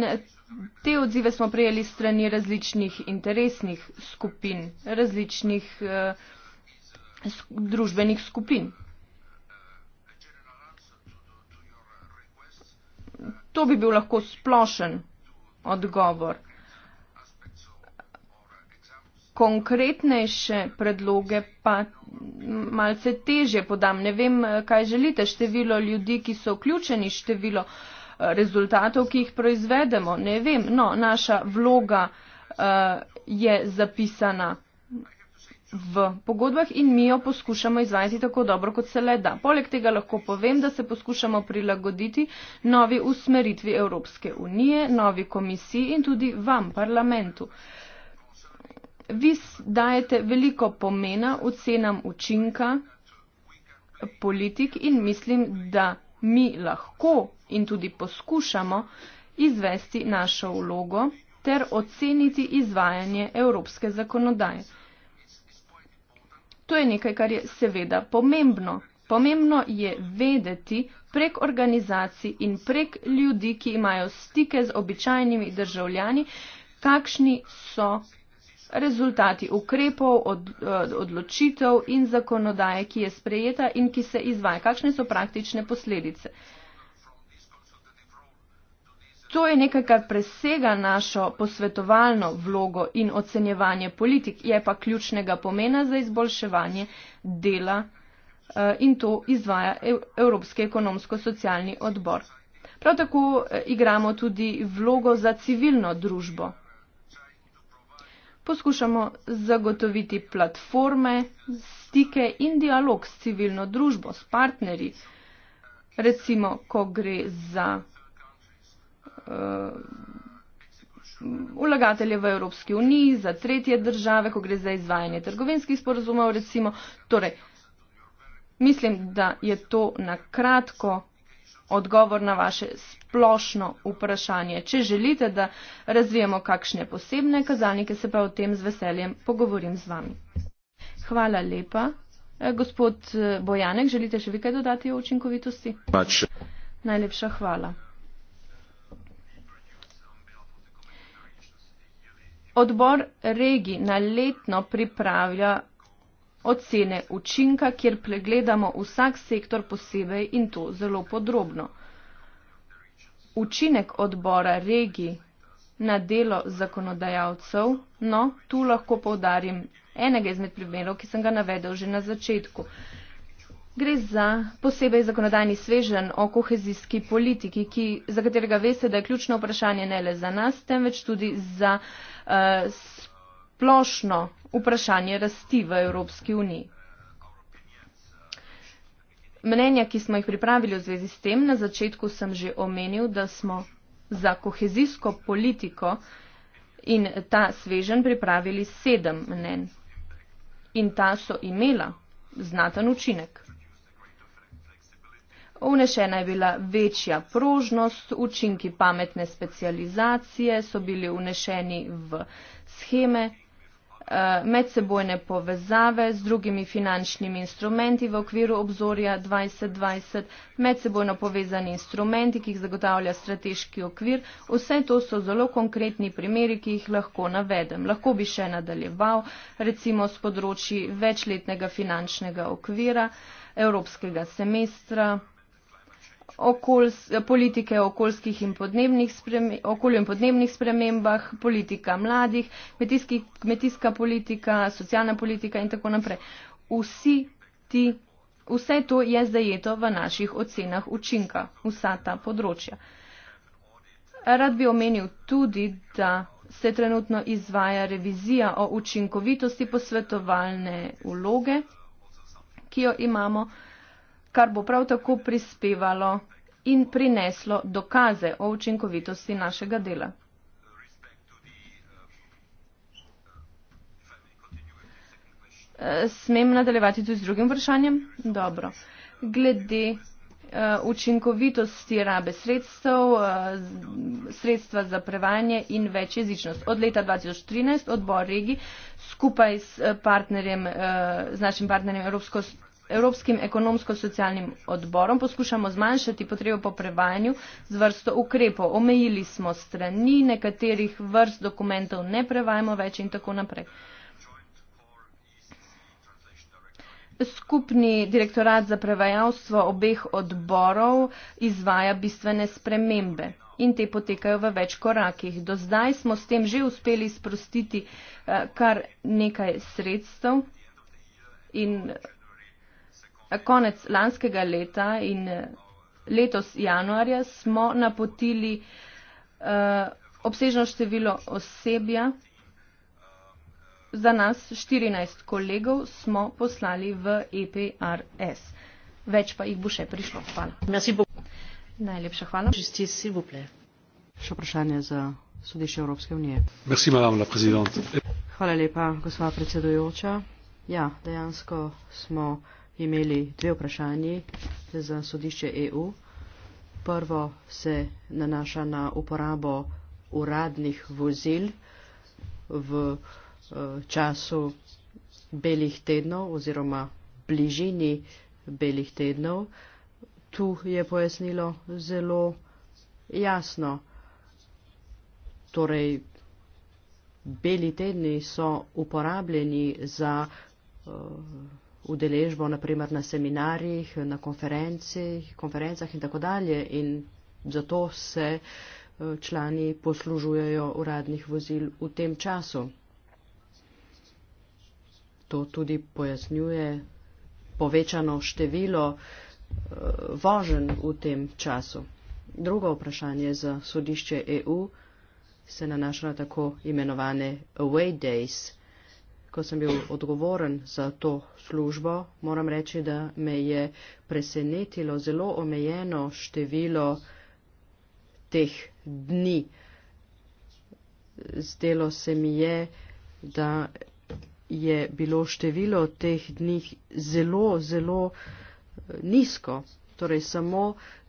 te odzive smo prejeli strani različnih interesnih skupin, različnih eh, sk družbenih skupin. to bi bil lahko splošen odgovor. Konkretnejše predloge pa malce teže podam. Ne vem, kaj želite. Število ljudi, ki so vključeni, število eh, rezultatov, ki jih proizvedemo. Ne vem. No, naša vloga uh, je zapisana. V pogodbah in mi jo poskušamo izvajati tako dobro, kot se le da. Poleg tega lahko povem, da se poskušamo prilagoditi novi usmeritvi Evropske unije, novi komisiji in tudi vam, parlamentu. Vi dajete veliko pomena ocenam učinka politik in mislim, da mi lahko in tudi poskušamo izvesti našo vlogo ter oceniti izvajanje evropske zakonodaje. To je nekaj, kar je seveda pomembno. Pomembno je vedeti prek organizacij in prek ljudi, ki imajo stike z običajnimi državljani, kakšni so rezultati ukrepov, od, eh, odločitev in zakonodaje, ki je sprejeta in ki se izvaja, kakšne so praktične posledice. To je nekaj, kar presega našo posvetovalno vlogo in ocenjevanje politik, je pa ključnega pomena za izboljševanje dela eh, in to izvaja Evropski ekonomsko-socialni odbor. Prav tako eh, igramo tudi vlogo za civilno družbo. Poskušamo zagotoviti platforme, stike in dialog s civilno družbo, s partnerji, recimo, ko gre za Eh, vlagatelje v Evropski uniji, za tretje države, ko gre za izvajanje trgovinskih sporozumov, recimo. Torej, mislim, da je to na kratko odgovor na vaše splošno vprašanje. Če želite, da razvijemo kakšne posebne kazalnike, se pa o tem z veseljem pogovorim z vami. Hvala lepa. Eh, gospod eh, Bojanek, želite še vi kaj dodati o učinkovitosti? Pač. Najlepša hvala. Odbor regi na letno pripravlja ocene učinka, kjer pregledamo vsak sektor posebej in to zelo podrobno. Učinek odbora regi na delo zakonodajalcev, no, tu lahko povdarim enega izmed primerov, ki sem ga navedel že na začetku. Gre za posebej zakonodajni svežen o kohezijski politiki, ki, za katerega veste, da je ključno vprašanje ne le za nas, temveč tudi za uh, splošno vprašanje rasti v Evropski uniji. Mnenja, ki smo jih pripravili v zvezi s tem, na začetku sem že omenil, da smo za kohezijsko politiko in ta svežen pripravili sedem mnen. In ta so imela znaten učinek. Vnešena je bila večja prožnost, učinki pametne specializacije so bili vnešeni v scheme, eh, medsebojne povezave z drugimi finančnimi instrumenti v okviru obzorja 2020, medsebojno povezani instrumenti, ki jih zagotavlja strateški okvir. Vse to so zelo konkretni primeri, ki jih lahko navedem. Lahko bi še nadaljeval, recimo s področji večletnega finančnega okvira, evropskega semestra okoljs, politike okoljskih in podnebnih, sprem, in podnebnih spremembah, politika mladih, kmetijska politika, socialna politika in tako naprej. Vsi ti, vse to je zajeto v naših ocenah učinka, vsa ta področja. Rad bi omenil tudi, da se trenutno izvaja revizija o učinkovitosti posvetovalne uloge, ki jo imamo. Uh, kar bo prav tako prispevalo in prineslo dokaze o učinkovitosti našega dela. Eh, smem nadaljevati tudi z drugim vprašanjem? Dobro. Glede uh, učinkovitosti rabe sredstev, uh, sredstva za prevajanje in večjezičnost. Od leta 2013 odbor regi skupaj s, uh, partnerjem, uh, z našim partnerjem Evropsko Evropskim ekonomsko-socialnim odborom poskušamo zmanjšati potrebo po prevajanju z vrsto ukrepov. Omejili smo strani, nekaterih vrst dokumentov ne prevajamo več in tako naprej. Skupni direktorat za prevajalstvo obeh odborov izvaja bistvene spremembe in te potekajo v več korakih. Do zdaj smo s tem že uspeli sprostiti eh, kar nekaj sredstev in konec lanskega leta in eh, letos januarja smo napotili eh, obsežno število osebja. Za nas 14 kolegov smo poslali v EPRS. Več pa jih bo še prišlo. Hvala. Najlepša hvala. Še vprašanje za sodišče Evropske unije. Hvala lepa, gospa predsedujoča. Ja, dejansko smo imeli dve vprašanji za sodišče EU. Prvo se nanaša na uporabo uradnih vozil v eh, času belih tednov oziroma bližini belih tednov. Tu je pojasnilo zelo jasno. Torej, beli tedni so uporabljeni za uh, udeležbo naprimer na seminarjih, na konferencah in tako dalje in zato se eh, člani poslužujejo uradnih vozil v tem času. To tudi pojasnjuje povečano število eh, vožen v tem času. Drugo vprašanje za sodišče EU se nanaša na tako imenovane away days ko sem bil odgovoren za to službo, moram reči, da me je presenetilo zelo omejeno število teh dni. Zdelo se mi je, da je bilo število teh dni zelo, zelo eh, nizko. Torej samo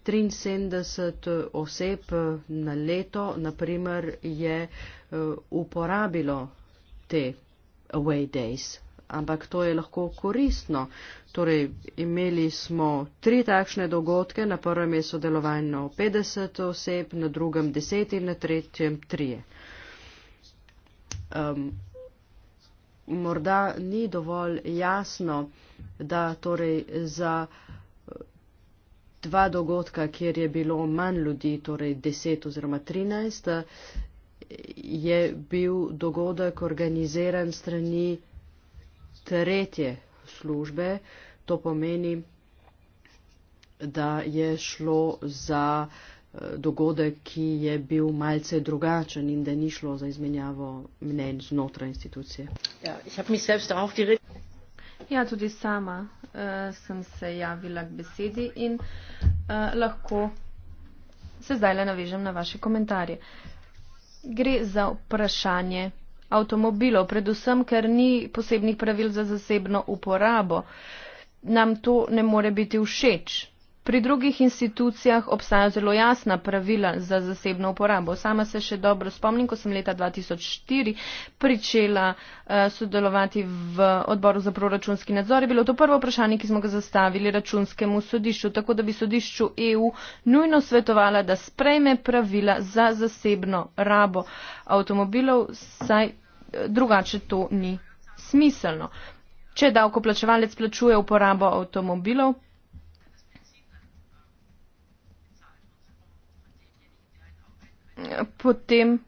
73 eh, oseb eh, na leto, naprimer, je uporabilo te away days. Ampak to je lahko koristno. Torej, imeli smo tri takšne dogodke, na prvem je sodelovanje 50 oseb, na drugem 10 in na tretjem 3. Um, morda ni dovolj jasno, da torej za eh, dva dogodka, kjer je bilo manj ljudi, torej 10 oziroma 13, je bil dogodek organiziran strani tretje službe. To pomeni, da je šlo za eh, dogodek, ki je bil malce drugačen in da ni šlo za izmenjavo mnen znotraj institucije. Ja, ja tudi sama uh, sem se javila k besedi in uh, lahko se zdaj le navežem na vaše komentarje gre za vprašanje avtomobilov, predvsem, ker ni posebnih pravil za zasebno uporabo. Nam to ne more biti všeč. Pri drugih institucijah obstajajo zelo jasna pravila za zasebno uporabo. Sama se še dobro spomnim, ko sem leta 2004 pričela uh, sodelovati v odboru za proračunski nadzor. Je bilo to prvo vprašanje, ki smo ga zastavili računskemu sodišču, tako da bi sodišču EU nujno svetovala, da sprejme pravila za zasebno rabo avtomobilov, saj eh, drugače to ni smiselno. Če davkoplačevalec plačuje uporabo avtomobilov, potem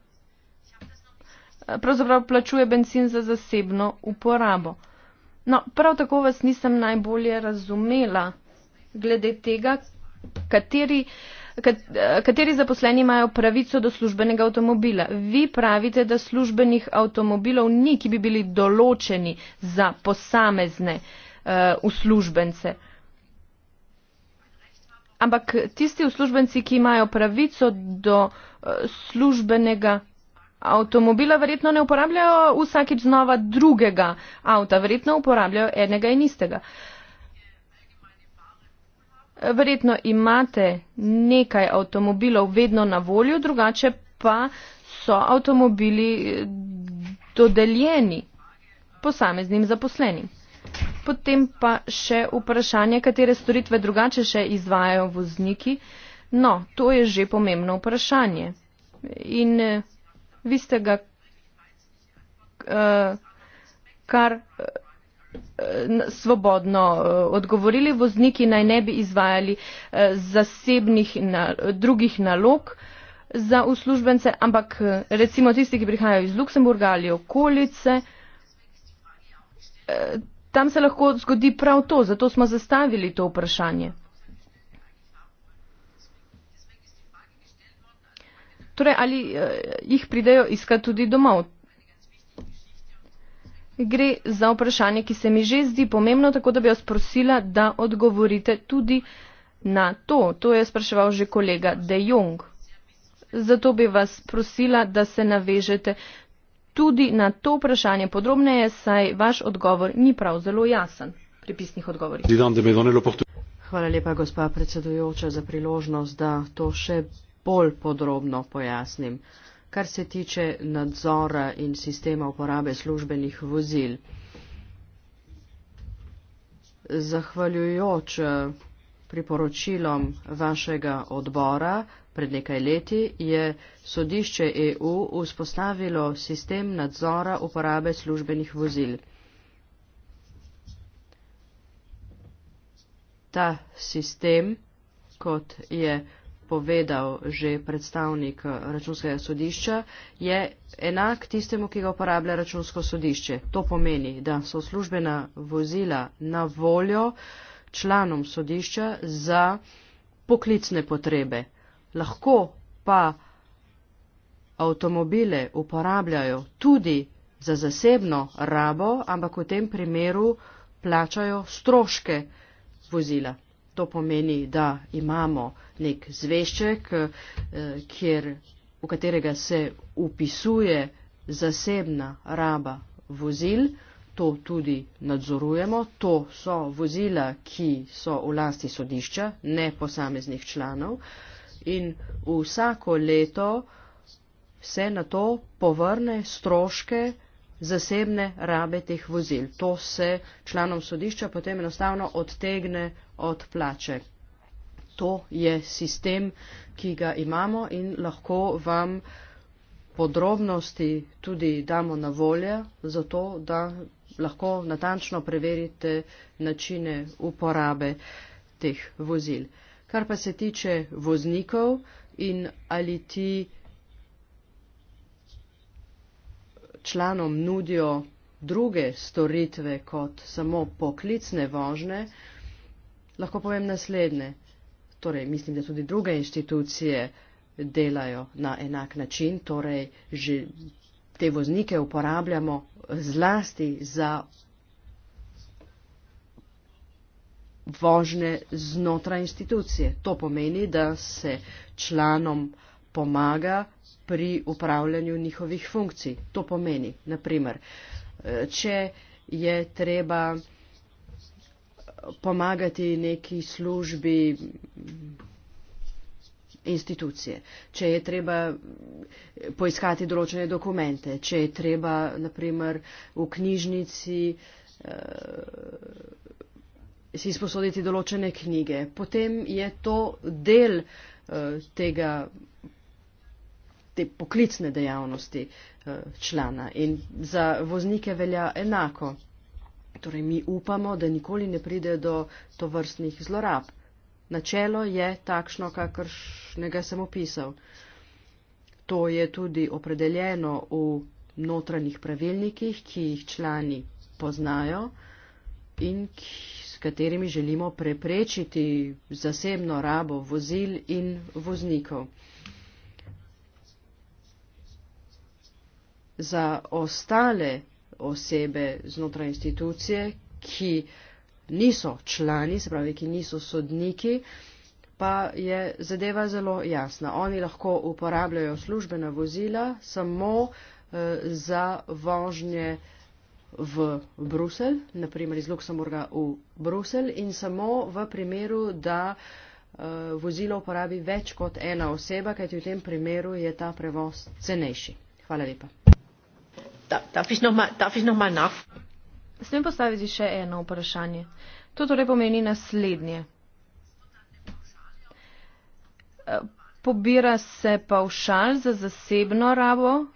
eh, pravzaprav plačuje benzin za zasebno uporabo. No, prav tako vas nisem najbolje razumela glede tega, kateri, eh, kateri zaposleni imajo pravico do službenega avtomobila. Vi pravite, da službenih avtomobilov ni, ki bi bili določeni za posamezne uh, uslužbence. Uh, ampak tisti uslužbenci, ki imajo pravico do eh, službenega avtomobila, verjetno ne uporabljajo vsakič znova drugega avta, verjetno uporabljajo enega in istega. Verjetno imate nekaj avtomobilov vedno na voljo, drugače pa so avtomobili dodeljeni posameznim zaposlenim. Potem pa še vprašanje, katere storitve drugače še izvajajo vozniki. No, to je že pomembno vprašanje. In eh, vi ste ga uh, kar uh, svobodno uh, odgovorili. Vozniki naj ne bi izvajali uh, zasebnih na, drugih nalog za uslužbence, ampak uh, recimo tisti, ki prihajajo iz Luksemburga ali okolice. Uh, tam se lahko zgodi prav to, zato smo zastavili to vprašanje. Torej, ali eh, jih pridejo iskat tudi domov? Gre za vprašanje, ki se mi že zdi pomembno, tako da bi vas prosila, da odgovorite tudi na to. To je spraševal že kolega De Jong. Zato bi vas prosila, da se navežete tudi na to vprašanje podrobneje, saj vaš odgovor ni prav zelo jasen pri pisnih odgovorih. Hvala lepa, gospa predsedujoča, za priložnost, da to še bolj podrobno pojasnim. Kar se tiče nadzora in sistema uporabe službenih vozil, zahvaljujoč eh, priporočilom vašega odbora, Pred nekaj leti je sodišče EU vzpostavilo sistem nadzora uporabe službenih vozil. Ta sistem, kot je povedal že predstavnik računskega sodišča, je enak tistemu, ki ga uporablja računsko sodišče. To pomeni, da so službena vozila na voljo članom sodišča za poklicne potrebe lahko pa avtomobile uporabljajo tudi za zasebno rabo, ampak v tem primeru plačajo stroške vozila. To pomeni, da imamo nek zvešček, eh, kjer, v katerega se upisuje zasebna raba vozil. To tudi nadzorujemo. To so vozila, ki so v lasti sodišča, ne posameznih članov. Uh, in vsako leto se na to povrne stroške zasebne rabe teh vozil. To se članom sodišča potem enostavno odtegne od plače. To je sistem, ki ga imamo in lahko vam podrobnosti tudi damo na voljo, zato da lahko natančno preverite načine uporabe teh vozil. Kar pa se tiče voznikov in ali ti članom nudijo druge storitve kot samo poklicne vožne, lahko povem naslednje. Torej, mislim, da tudi druge institucije delajo na enak način, torej že te voznike uporabljamo zlasti za vožnje znotraj institucije. To pomeni, da se članom pomaga pri upravljanju njihovih funkcij. To pomeni, naprimer, če je treba pomagati neki službi institucije, če je treba poiskati določene dokumente, če je treba, naprimer, v knjižnici eh, si izposoditi določene knjige. Potem je to del eh, tega, te poklicne dejavnosti eh, člana in za voznike velja enako. Torej, mi upamo, da nikoli ne pride do tovrstnih zlorab. Načelo je takšno, kakršnega sem opisal. To je tudi opredeljeno v notranjih pravilnikih, ki jih člani poznajo in katerimi želimo preprečiti zasebno rabo vozil in voznikov. Za ostale osebe znotraj institucije, ki niso člani, se pravi, ki niso sodniki, pa je zadeva zelo jasna. Oni lahko uporabljajo službena vozila samo eh, za vožnje eh, v Bruselj, naprimer iz Luksemburga v Bruselj in samo v primeru, da eh, vozilo uporabi več kot ena oseba, kajti v tem primeru je ta prevoz cenejši. Hvala lepa. Smem postaviti še eno vprašanje. To torej pomeni naslednje. Eh, pobira se paušal za zasebno rabo uh,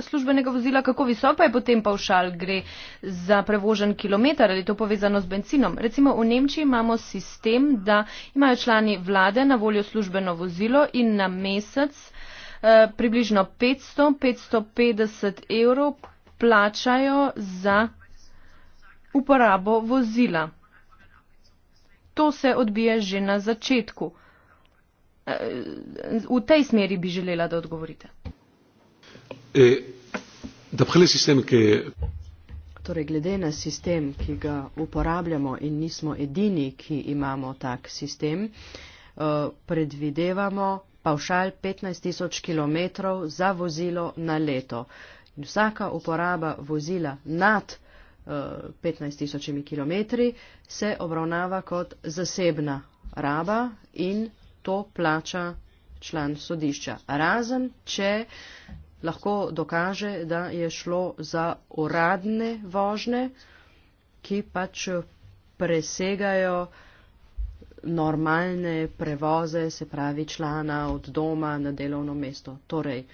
službenega vozila. Kako visok pa je potem paušal, gre za prevožen kilometr ali to povezano z benzinom? Recimo v Nemčiji imamo sistem, da imajo člani vlade na voljo službeno vozilo in na mesec uh, približno 500-550 evrov plačajo za uporabo vozila. To se odbije že na začetku v tej smeri bi želela, da odgovorite. E, torej, glede na sistem, ki ga uporabljamo in nismo edini, ki imamo tak sistem, e, predvidevamo pavšal 15 tisoč km za vozilo na leto. In vsaka uporaba vozila nad 15 e, tisočimi km se obravnava kot zasebna raba in to plača član sodišča. Razen, če lahko dokaže, da je šlo za uradne vožne, ki pač presegajo normalne prevoze, se pravi člana od doma na delovno mesto. Torej,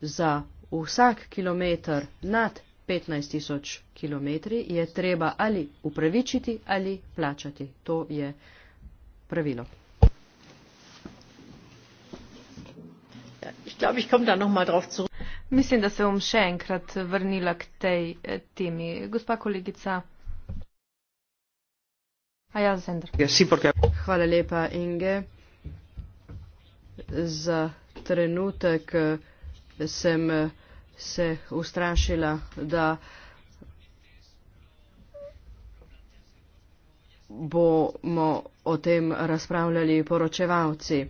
za vsak kilometr nad 15 tisoč kilometri je treba ali upravičiti ali plačati. To je pravilo. Mislim, da se bom še enkrat vrnila k tej eh, temi. Gospa kolegica. Ja, Hvala lepa, Inge. Za trenutek eh, sem eh, se ustrašila, da bomo o tem razpravljali poročevalci.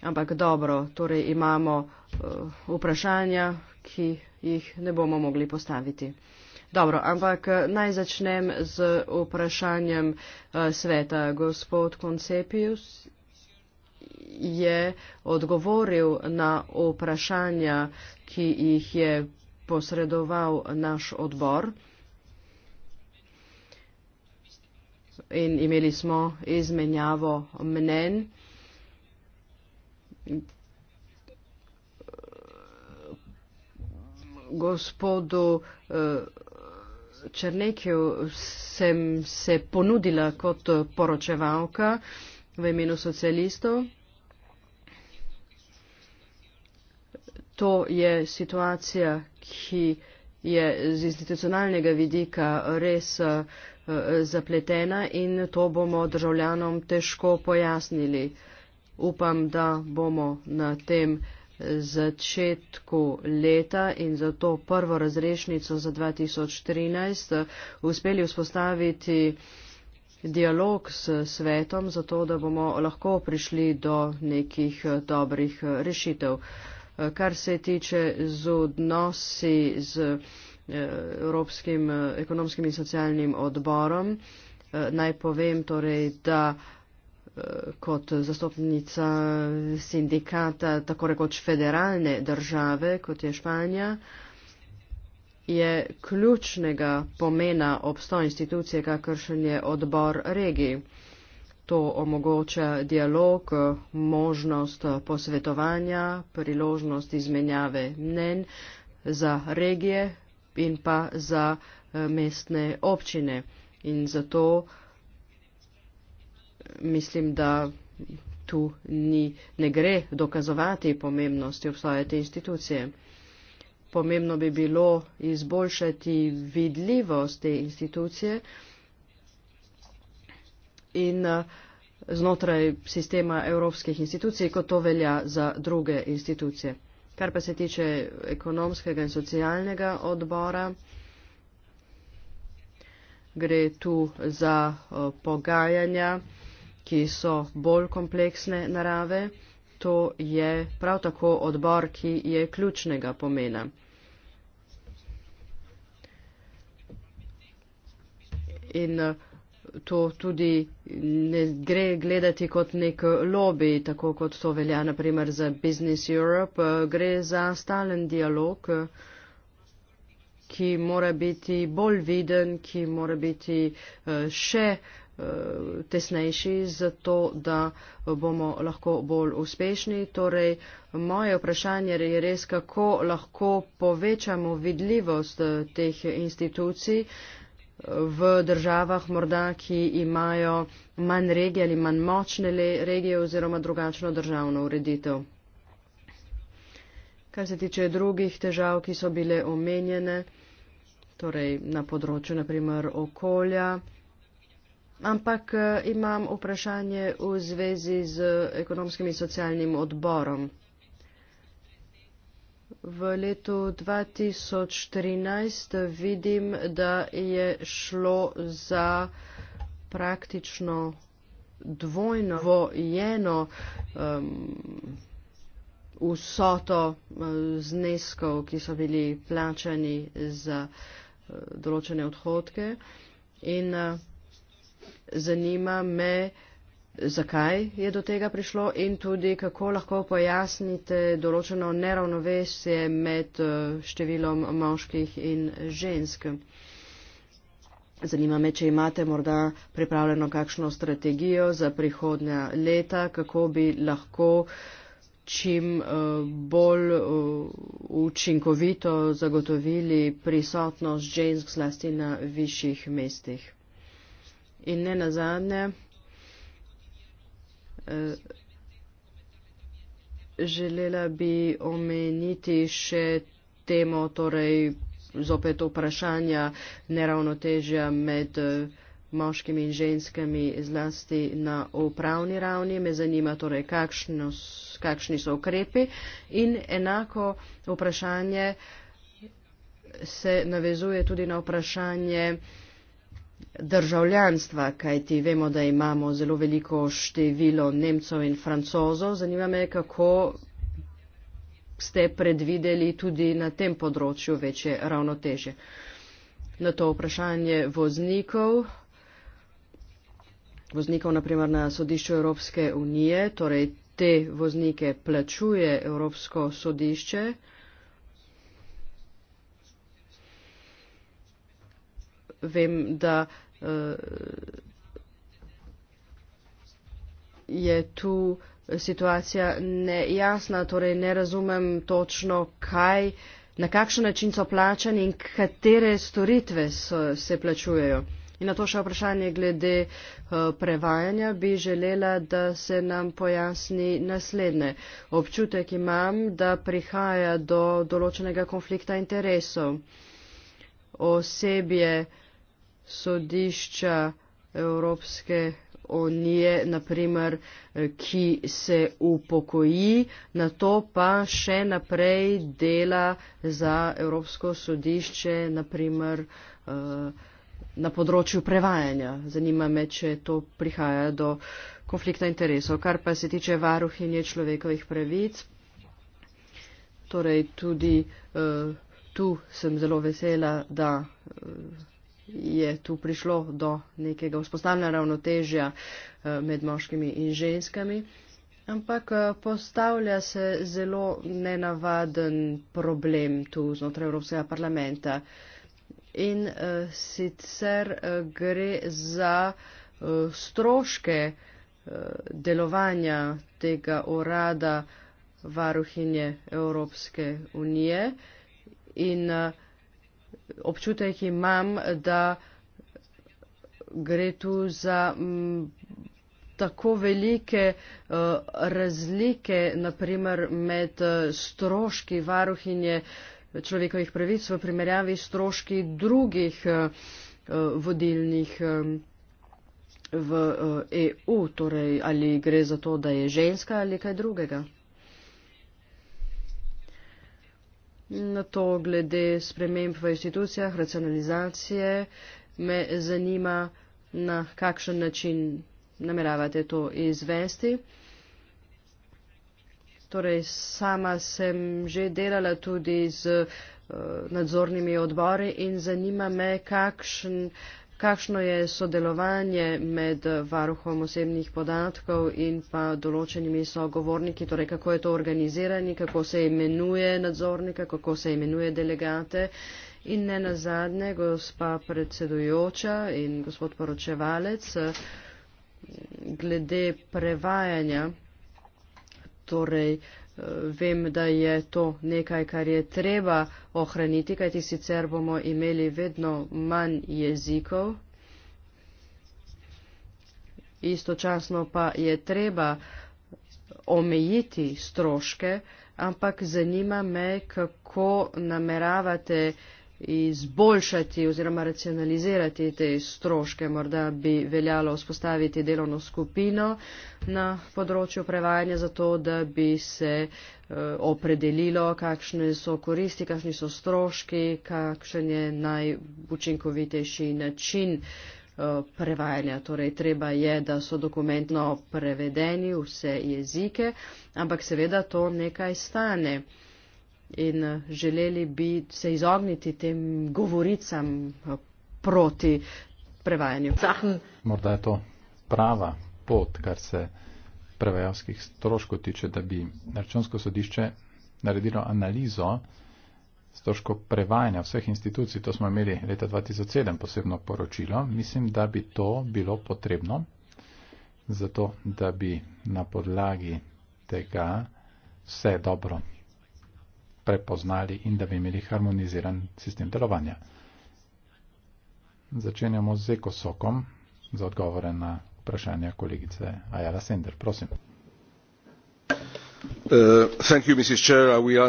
Ampak dobro, torej imamo uh, vprašanja, ki jih ne bomo mogli postaviti. Dobro, ampak eh, naj začnem z vprašanjem uh, sveta. Gospod Konsepius je odgovoril na vprašanja, ki jih je posredoval naš odbor. In imeli smo izmenjavo mnen gospodu eh, Černekju sem se ponudila kot poročevalka v imenu socialistov. To je situacija, ki je z institucionalnega vidika res eh, zapletena in to bomo državljanom težko pojasnili upam, da bomo na tem začetku leta in za to prvo razrešnico za 2013 uspeli vzpostaviti dialog s svetom, zato da bomo lahko prišli do nekih dobrih rešitev. Kar se tiče z odnosi z eh, Evropskim ekonomskim in socialnim odborom, eh, naj povem torej, da kot zastopnica sindikata tako rekoč federalne države, kot je Španija, je ključnega pomena obstoj institucije, kakršen je odbor regij. To omogoča dialog, možnost posvetovanja, priložnost izmenjave mnen za regije in pa za eh, mestne občine. In zato uh, mislim, da tu ni, ne gre dokazovati pomembnosti obstoje te institucije. Pomembno bi bilo izboljšati vidljivost te institucije in eh, znotraj sistema evropskih institucij, kot to velja za druge institucije. Kar pa se tiče ekonomskega in socialnega odbora, gre tu za eh, pogajanja ki so bolj kompleksne narave, to je prav tako odbor, ki je ključnega pomena. In eh, to tudi ne gre gledati kot nek lobby, tako kot to velja naprimer za Business Europe, eh, gre za stalen dialog, eh, ki mora biti bolj viden, ki mora biti še Eh, tesnejši, zato da bomo lahko bolj uspešni. Torej, moje vprašanje je res, kako lahko povečamo vidljivost eh, teh institucij eh, v državah, morda, ki imajo manj regije ali manj močne regije oziroma drugačno državno ureditev. Kar se tiče drugih težav, ki so bile omenjene, torej na področju naprimer okolja, ampak eh, imam vprašanje v zvezi z ekonomskim in socialnim odborom. V letu 2013 vidim, da je šlo za praktično dvojno vojeno um, vsoto eh, zneskov, ki so bili plačani za eh, določene odhodke. In, uh, zanima me, zakaj je do tega prišlo in tudi kako lahko pojasnite določeno neravnovesje med eh, številom moških in žensk. Zanima me, če imate morda pripravljeno kakšno strategijo za prihodnja leta, kako bi lahko čim eh, bolj eh, učinkovito zagotovili prisotnost žensk zlasti na višjih mestih in ne nazadnje eh, želela bi omeniti še temo, torej zopet vprašanja neravnotežja med eh, moškimi in ženskami zlasti na upravni ravni. Me zanima torej, kakšno, kakšni so ukrepi in enako vprašanje se navezuje tudi na vprašanje eh, državljanstva, kajti vemo, da imamo zelo veliko število Nemcev in Francozov. Zanima me, kako ste predvideli tudi na tem področju večje ravnoteže. Na to vprašanje voznikov, voznikov naprimer na sodišču Evropske unije, torej te voznike plačuje Evropsko sodišče. vem, da uh, je tu situacija nejasna, torej ne razumem točno, kaj, na kakšen način so plačani in katere storitve so, se plačujejo. In na to še vprašanje glede uh, prevajanja bi želela, da se nam pojasni naslednje. Občutek imam, da prihaja do določenega konflikta interesov. Osebje uh, sodišča Evropske unije, naprimer, ki se upokoji, na to pa še naprej dela za Evropsko sodišče, naprimer, eh, na področju prevajanja. Zanima me, če to prihaja do konflikta interesov. Kar pa se tiče varuhinje človekovih pravic, torej tudi uh, tu sem zelo vesela, da uh, je tu prišlo do nekega vzpostavljena ravnotežja eh, med moškimi in ženskami. Ampak eh, postavlja se zelo nenavaden problem tu znotraj Evropskega parlamenta. In uh, sicer uh, gre za uh, stroške uh, delovanja tega urada varuhinje Evropske unije in uh, občutek imam, da gre tu za mm, tako velike eh, razlike, naprimer med eh, stroški varuhinje človekovih pravic v primerjavi stroški drugih eh, vodilnih v EU, e torej ali gre za to, da je ženska ali kaj drugega. Na to glede sprememb v institucijah, racionalizacije, me zanima, na kakšen način nameravate to izvesti. Torej, sama sem že delala tudi z uh, nadzornimi odbori in zanima me, kakšen uh, kakšno je sodelovanje med varuhom osebnih podatkov in pa določenimi sogovorniki, torej kako je to organizirani, kako se imenuje nadzornika, kako se imenuje delegate. In ne nazadnje, gospa predsedujoča in gospod poročevalec, glede prevajanja, torej vem, da je to nekaj, kar je treba ohraniti, kajti sicer bomo imeli vedno manj jezikov. Istočasno pa je treba omejiti stroške, ampak zanima me, kako nameravate uh, izboljšati oziroma racionalizirati te stroške. Morda bi veljalo vzpostaviti delovno skupino na področju prevajanja za to, da bi se eh, opredelilo, kakšne so koristi, kakšni so stroški, kakšen je najučinkovitejši način eh, prevajanja. Torej, treba je, da so dokumentno prevedeni vse jezike, ampak seveda to nekaj stane in eh, želeli bi se izogniti tem govoricam eh, proti prevajanju. Morda je to prava pot, kar se prevajalskih stroškov tiče, da bi računsko sodišče naredilo analizo stroškov prevajanja vseh institucij. To smo imeli leta 2007 posebno poročilo. Mislim, da bi to bilo potrebno, zato da bi na podlagi tega vse dobro prepoznali in da bi imeli harmoniziran sistem delovanja. Začenjamo z ekosokom za odgovore na vprašanja kolegice Ajala Sender. Prosim. Uh,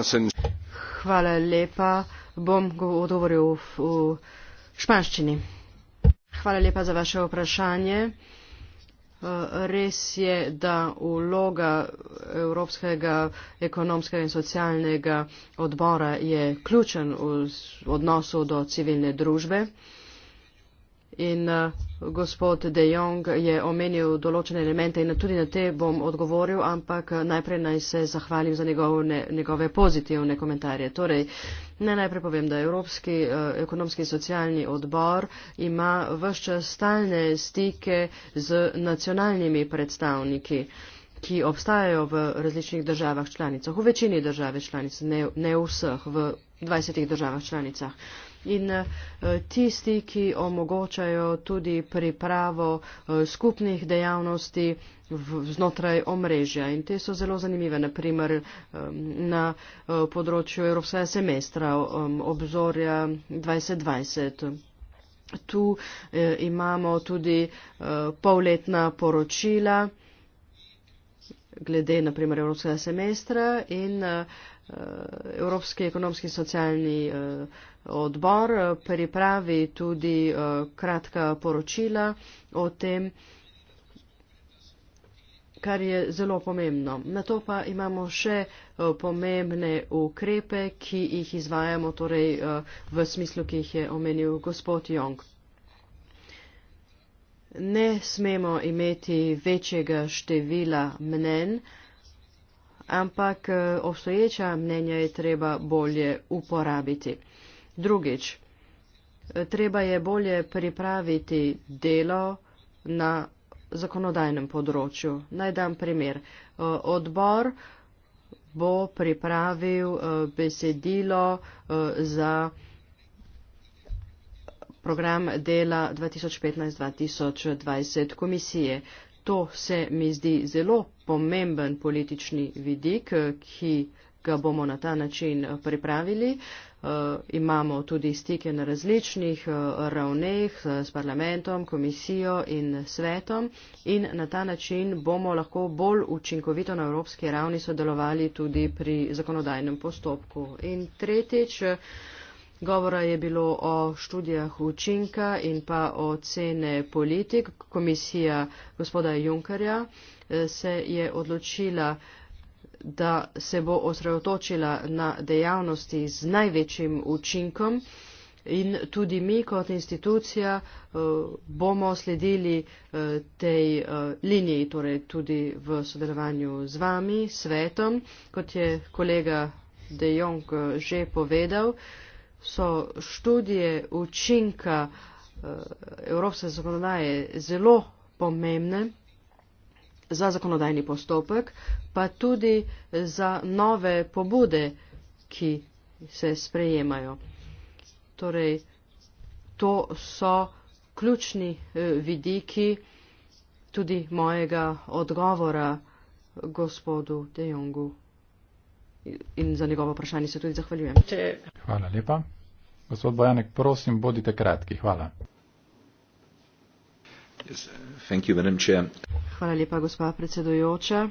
Hvala lepa. Bom odgovoril v španščini. Hvala lepa za vaše vprašanje. Eh, res je, da vloga Evropskega ekonomskega in socialnega odbora je ključen v odnosu do civilne družbe in eh, gospod de jong je omenil določene elemente in tudi na te bom odgovoril ampak eh, najprej naj se zahvalim za njegove, njegove pozitivne komentarje torej ne najprej povem da evropski eh, ekonomski in socialni odbor ima vse stalne stike z nacionalnimi predstavniki ki obstajajo v različnih državah članicah v večini države članic ne, ne vseh v 20 državah članicah in eh, tisti, ki omogočajo tudi pripravo eh, skupnih dejavnosti znotraj omrežja. In te so zelo zanimive, naprimer na eh, področju Evropskega semestra obzorja 2020. Tu imamo tudi polletna poročila glede naprimer Evropskega semestra in uh, Eh, Evropski ekonomski in socialni eh, odbor eh, pripravi tudi kratka poročila o tem, kar je zelo pomembno. Na to pa imamo še pomembne ukrepe, ki jih izvajamo torej, v smislu, ki jih je omenil gospod Jong. Ne smemo imeti večjega števila mnen, ampak eh, obstoječa mnenja je treba bolje uporabiti. Drugič, eh, treba je bolje pripraviti delo na zakonodajnem področju. Naj dam primer. Eh, odbor bo pripravil besedilo za program dela 2015-2020 komisije. To se mi zdi zelo pomemben politični vidik, ki ga bomo na ta način pripravili. Eh, imamo tudi stike na različnih eh, ravneh eh, s parlamentom, komisijo in svetom in na ta način bomo lahko bolj učinkovito na evropski ravni sodelovali tudi pri zakonodajnem postopku. In tretjič, Govora je bilo o študijah učinka in pa o cene politik. Komisija gospoda Junkarja eh, se je odločila, da se bo osredotočila na dejavnosti z največjim učinkom in tudi mi kot institucija eh, bomo sledili eh, tej liniji, torej tudi v sodelovanju z vami, svetom, kot je kolega De Jong že povedal so študije učinka eh, evropske zakonodaje zelo pomembne za zakonodajni postopek, pa tudi za nove pobude, ki se sprejemajo. Torej, to so ključni eh, vidiki tudi mojega odgovora gospodu De Jongu in za njegovo vprašanje se tudi zahvaljujem. Hvala lepa. Gospod Bojanek, prosim, bodite kratki. Hvala. Yes, Hvala lepa, gospa predsedujoča.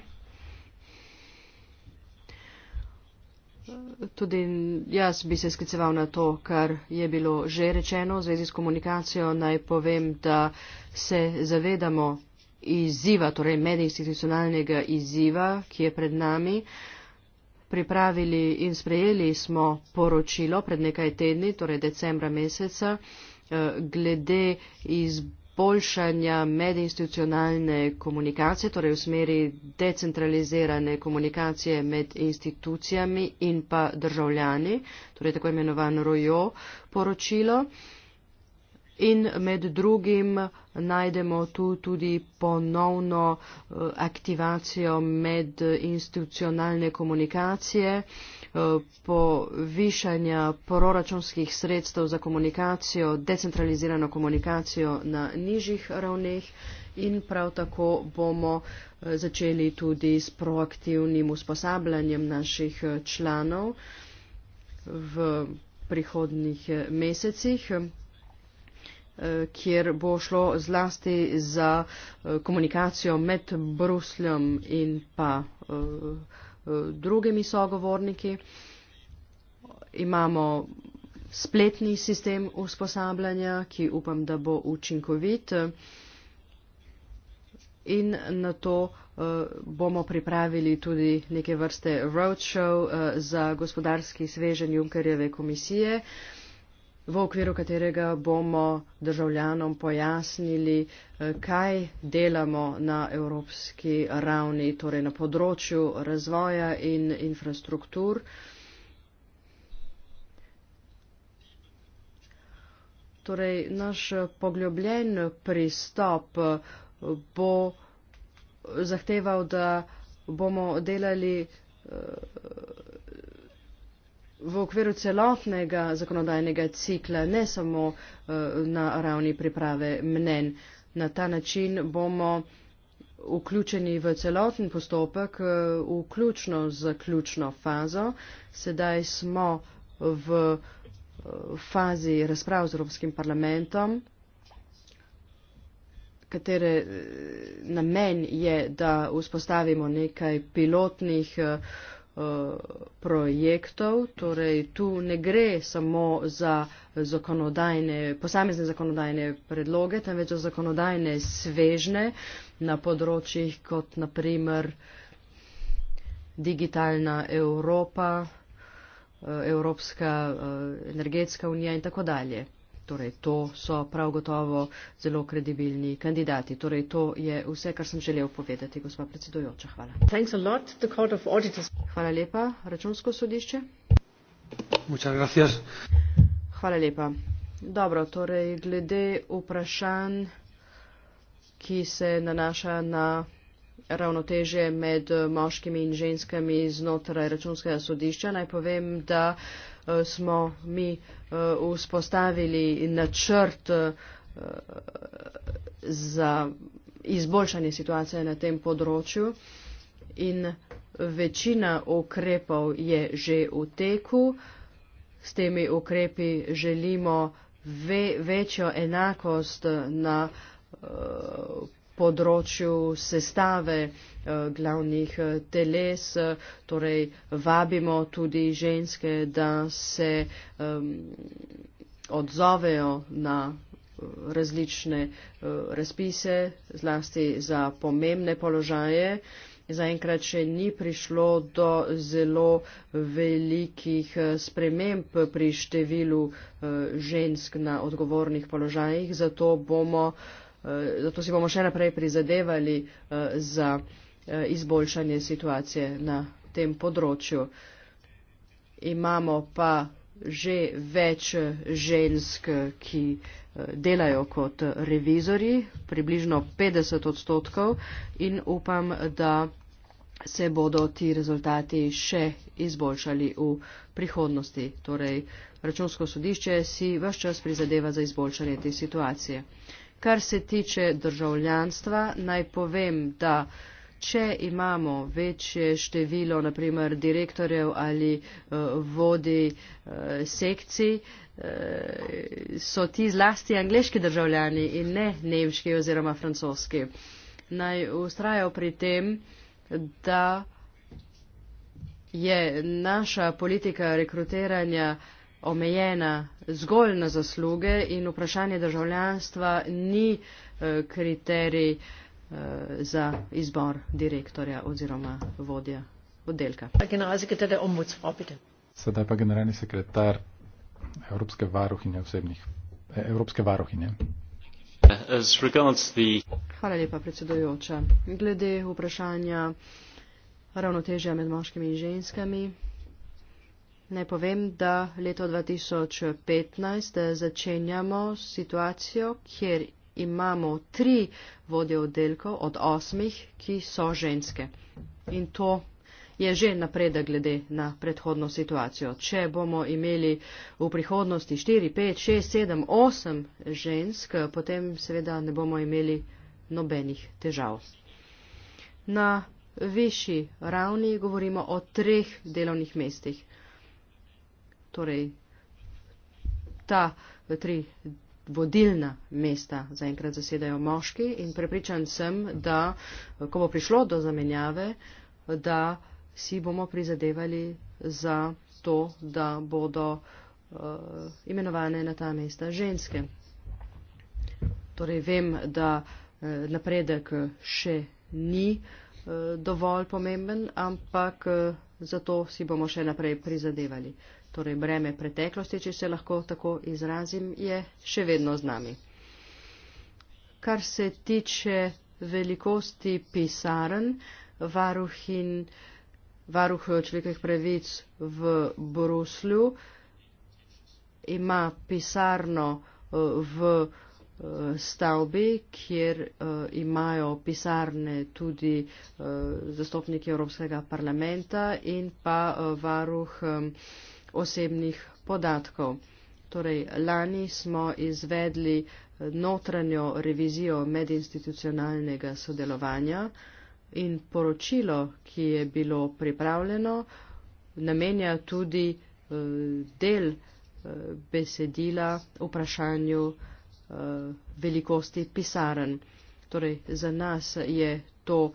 Tudi jaz bi se skliceval na to, kar je bilo že rečeno v zvezi s komunikacijo. Naj povem, da se zavedamo izziva, torej medinstitucionalnega izziva, ki je pred nami. Uh, pripravili in sprejeli smo poročilo pred nekaj tedni, torej decembra meseca, eh, glede izboljšanja medinstitucionalne komunikacije, torej v smeri decentralizirane komunikacije med institucijami in pa državljani, torej tako imenovano rojo poročilo in med drugim najdemo tu tudi ponovno eh, aktivacijo medinstitucionalne komunikacije, eh, povišanja proračunskih sredstev za komunikacijo, decentralizirano komunikacijo na nižjih ravneh in prav tako bomo eh, začeli tudi s proaktivnim usposabljanjem naših članov v prihodnih mesecih. Eh, kjer bo šlo zlasti za eh, komunikacijo med Brusljem in pa eh, drugimi sogovorniki. Imamo spletni sistem usposabljanja, ki upam, da bo učinkovit. In na to uh, bomo pripravili tudi neke vrste roadshow uh, za gospodarski sveženj Junkerjeve komisije. Uh, v okviru katerega bomo državljanom pojasnili, eh, kaj delamo na evropski ravni, torej na področju razvoja in infrastruktur. Torej, naš pogljobljen pristop eh, bo zahteval, da bomo delali eh, v okviru celotnega zakonodajnega cikla, ne samo eh, na ravni priprave mnen. Na ta način bomo vključeni v celoten postopek, eh, vključno z ključno fazo. Sedaj smo v eh, fazi razprav z Evropskim parlamentom, katere namen je, da vzpostavimo nekaj pilotnih uh, Eh, projektov, torej tu ne gre samo za zakonodajne, posamezne zakonodajne predloge, temveč za zakonodajne svežne na področjih kot naprimer digitalna Evropa, eh, Evropska eh, energetska unija in tako dalje. Torej, to so prav gotovo zelo kredibilni kandidati. Torej, to je vse, kar sem želel povedati, gospa predsedujoča. Hvala. Hvala lepa, računsko sodišče. Hvala lepa. Dobro, torej, glede vprašanj, ki se nanaša na ravnoteže med moškimi in ženskami znotraj računskega sodišča, naj povem, da. Uh, smo mi eh, vzpostavili načrt eh, za izboljšanje situacije na tem področju in večina ukrepov je že v teku. S temi ukrepi želimo ve, večjo enakost na eh, področju sestave eh, glavnih eh, teles, torej vabimo tudi ženske, da se ehm, odzovejo na eh, različne razpise, zlasti za pomembne položaje. Zaenkrat še ni prišlo do zelo velikih sprememb pri številu žensk na odgovornih položajih, zato bomo uh, Eh, zato si bomo še naprej prizadevali eh, za eh, izboljšanje situacije na tem področju. Imamo pa že več žensk, ki delajo kot revizori, približno 50 odstotkov in upam, da se bodo ti rezultati še izboljšali v prihodnosti. Torej, računsko sodišče si vse čas prizadeva za izboljšanje te situacije. Kar se tiče državljanstva, naj povem, da če imamo večje število, naprimer direktorjev ali uh, eh, vodi uh, eh, sekcij, eh, so ti zlasti angliški državljani in ne nemški oziroma francoski. Naj ustrajo pri tem, da je naša politika rekrutiranja uh, omejena zgolj na zasluge in vprašanje državljanstva ni eh, kriterij eh, za izbor direktorja oziroma vodja oddelka. Sedaj pa generalni sekretar Evropske varuhinje osebnih. Eh, Evropske varuhinje. Hvala lepa, predsedojoča. Glede vprašanja ravnotežja med moškimi in ženskami, Naj povem, da leto 2015 eh, začenjamo situacijo, kjer imamo tri vodje oddelkov od osmih, ki so ženske. In to je že napredek glede na predhodno situacijo. Če bomo imeli v prihodnosti 4, 5, 6, 7, 8 žensk, eh, potem seveda ne bomo imeli nobenih težav. Na višji ravni govorimo o treh delovnih mestih torej ta tri vodilna mesta zaenkrat zasedajo moški in prepričan sem, da ko bo prišlo do zamenjave, da si bomo prizadevali za to, da bodo uh, imenovane na ta mesta ženske. Torej vem, da uh, napredek eh, še ni uh, dovolj pomemben, ampak uh, zato si bomo še naprej prizadevali. Uh, torej breme preteklosti, če se lahko tako izrazim, je še vedno z nami. Kar se tiče velikosti pisaren, varuhin, varuh človekovih pravic v Bruslju ima pisarno eh, v eh, stavbi, kjer eh, imajo pisarne tudi zastopniki Evropskega parlamenta in pa varuh osebnih podatkov. Torej, lani smo izvedli notranjo revizijo medinstitucionalnega sodelovanja in poročilo, ki je bilo pripravljeno, namenja tudi eh, del eh, besedila vprašanju eh, velikosti pisaren. Torej, za nas je to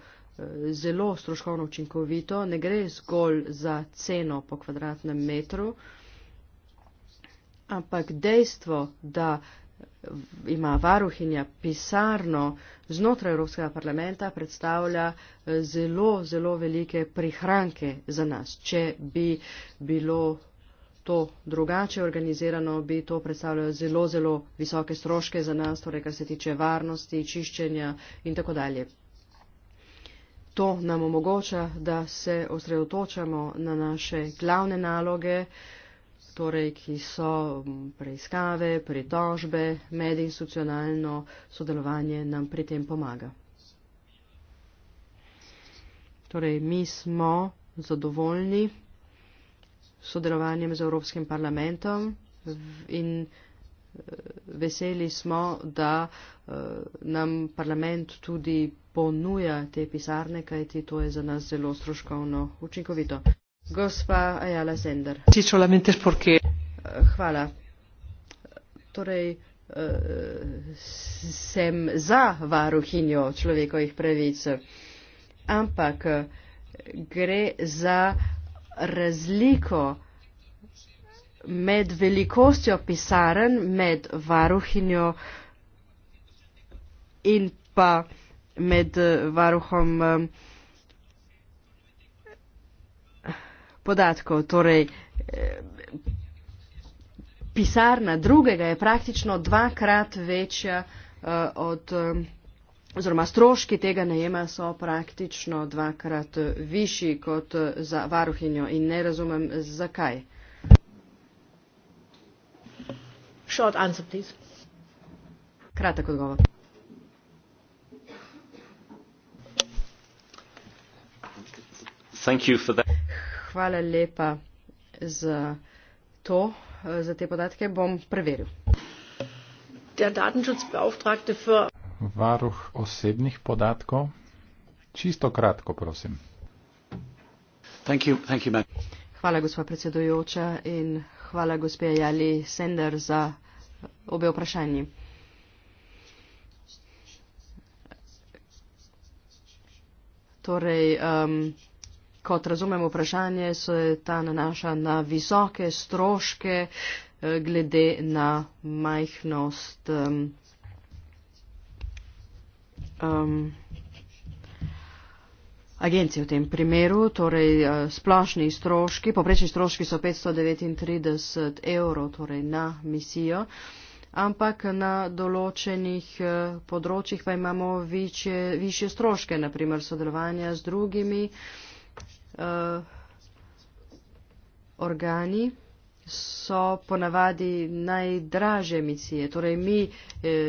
zelo stroškovno učinkovito, ne gre zgolj za ceno po kvadratnem metru, ampak dejstvo, da ima varuhinja pisarno znotraj Evropskega parlamenta, predstavlja eh, zelo, zelo velike prihranke za nas. Če bi bilo to drugače organizirano, bi to predstavljalo zelo, zelo visoke stroške za nas, torej kar se tiče varnosti, čiščenja in tako dalje. To nam omogoča, da se osredotočamo na naše glavne naloge, torej, ki so preiskave, pritožbe, medinstitucionalno sodelovanje nam pri tem pomaga. Torej, mi smo zadovoljni sodelovanjem z Evropskim parlamentom in veseli smo, da eh, nam parlament tudi ponuja te pisarne, kajti to je za nas zelo stroškovno učinkovito. Gospa Ajala Sender. Eh, hvala. Torej, eh, sem za varuhinjo človekovih pravic, ampak gre za razliko med velikostjo pisaren, med varuhinjo in pa med eh, varuhom eh, podatkov. Torej, eh, pisarna drugega je praktično dvakrat večja od oziroma stroški tega najema so praktično dvakrat višji kot za varuhinjo in ne razumem zakaj. Short answer, please. Kratek odgovor. Hvala lepa za to, za te podatke. Bom preveril. Varuh osebnih podatkov. Čisto kratko, prosim. Thank you, thank you, hvala, gospa predsedujoča, in hvala, gospe Jali Sender, za obe vprašanji. Torej, um, kot razumem vprašanje, se ta nanaša na visoke stroške eh, glede na majhnost um, um, agencij v tem primeru, torej eh, splošni stroški, poprečni stroški so 539 evrov torej na misijo, ampak na določenih eh, področjih pa imamo više, više stroške, naprimer sodelovanja z drugimi uh, organi so ponavadi najdraže misije. Torej, mi eh,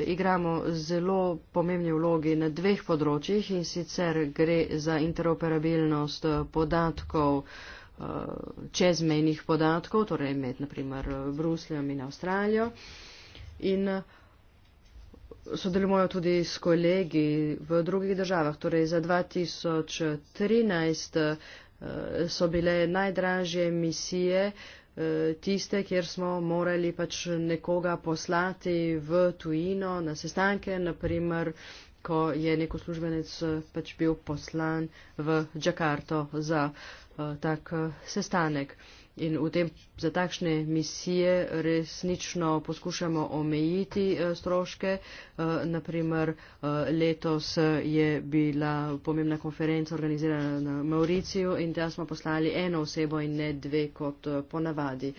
igramo zelo pomembni vlogi na dveh področjih in sicer gre za interoperabilnost eh, podatkov, eh, čezmejnih podatkov, torej med naprimer Brusljem in Avstralijo. In eh, sodelujemo tudi s kolegi v drugih državah. Torej, za 2013 eh, so bile najdraže misije. Eh, Eh, tiste, kjer smo morali pač nekoga poslati v tujino na sestanke, naprimer, ko je nek uslužbenec eh, pač bil poslan v Džakarto za eh, tak sestanek in v tem za takšne misije resnično poskušamo omejiti eh, stroške. Eh, Naprimer, eh, letos je bila pomembna konferenca organizirana na Mauriciju in tam smo poslali eno osebo in ne dve kot ponavadi.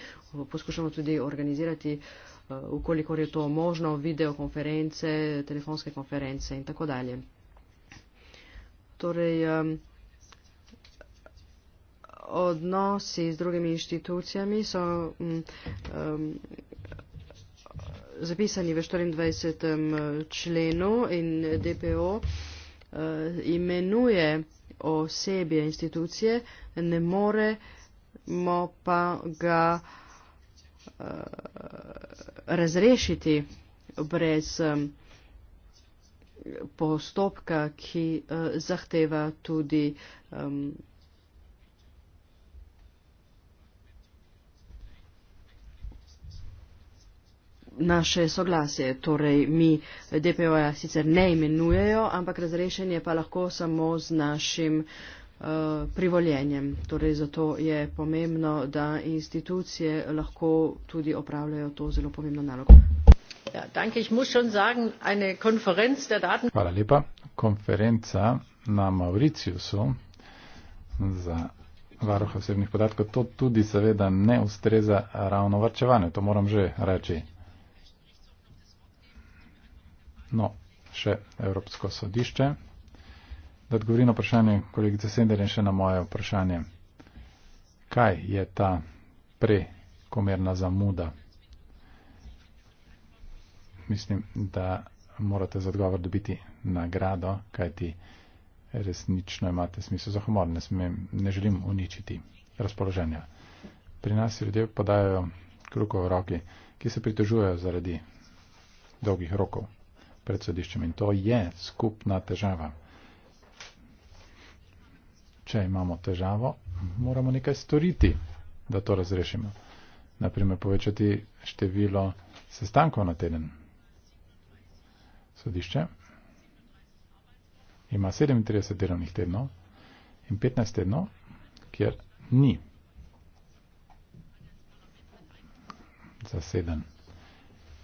Poskušamo tudi organizirati, ukoliko je to možno, videokonference, telefonske konference in tako dalje. Torej, um, odnosi z drugimi inštitucijami so um, um, zapisani v 24. Eh, členu in DPO uh, eh, imenuje osebje institucije, ne moremo pa ga uh, razrešiti brez um, postopka, ki uh, zahteva tudi um, naše soglasje. Torej, mi DPO-ja sicer ne imenujejo, ampak razrešen je pa lahko samo z našim uh, privoljenjem. Torej, zato je pomembno, da institucije lahko tudi opravljajo to zelo pomembno nalogo. Ja, danke, sagen, daten... Hvala lepa. Konferenca na Mauriciusu za varuha osebnih podatkov, to tudi seveda ne ustreza ravno varčevanju, to moram že reči no, še Evropsko sodišče. Da odgovori na vprašanje kolegice Sender in še na moje vprašanje. Kaj je ta prekomerna zamuda? Mislim, da morate za odgovor dobiti nagrado, kaj ti resnično imate smisel za humor. Ne, smem, ne želim uničiti razpoloženja. Pri nas ljudje podajajo kruko v roki, ki se pritožujejo zaradi dolgih rokov pred sodiščem. In to je skupna težava. Če imamo težavo, moramo nekaj storiti, da to razrešimo. Naprimer, povečati število sestankov na teden. Sodišče ima 37 delovnih tednov in 15 tednov, kjer ni zaseden.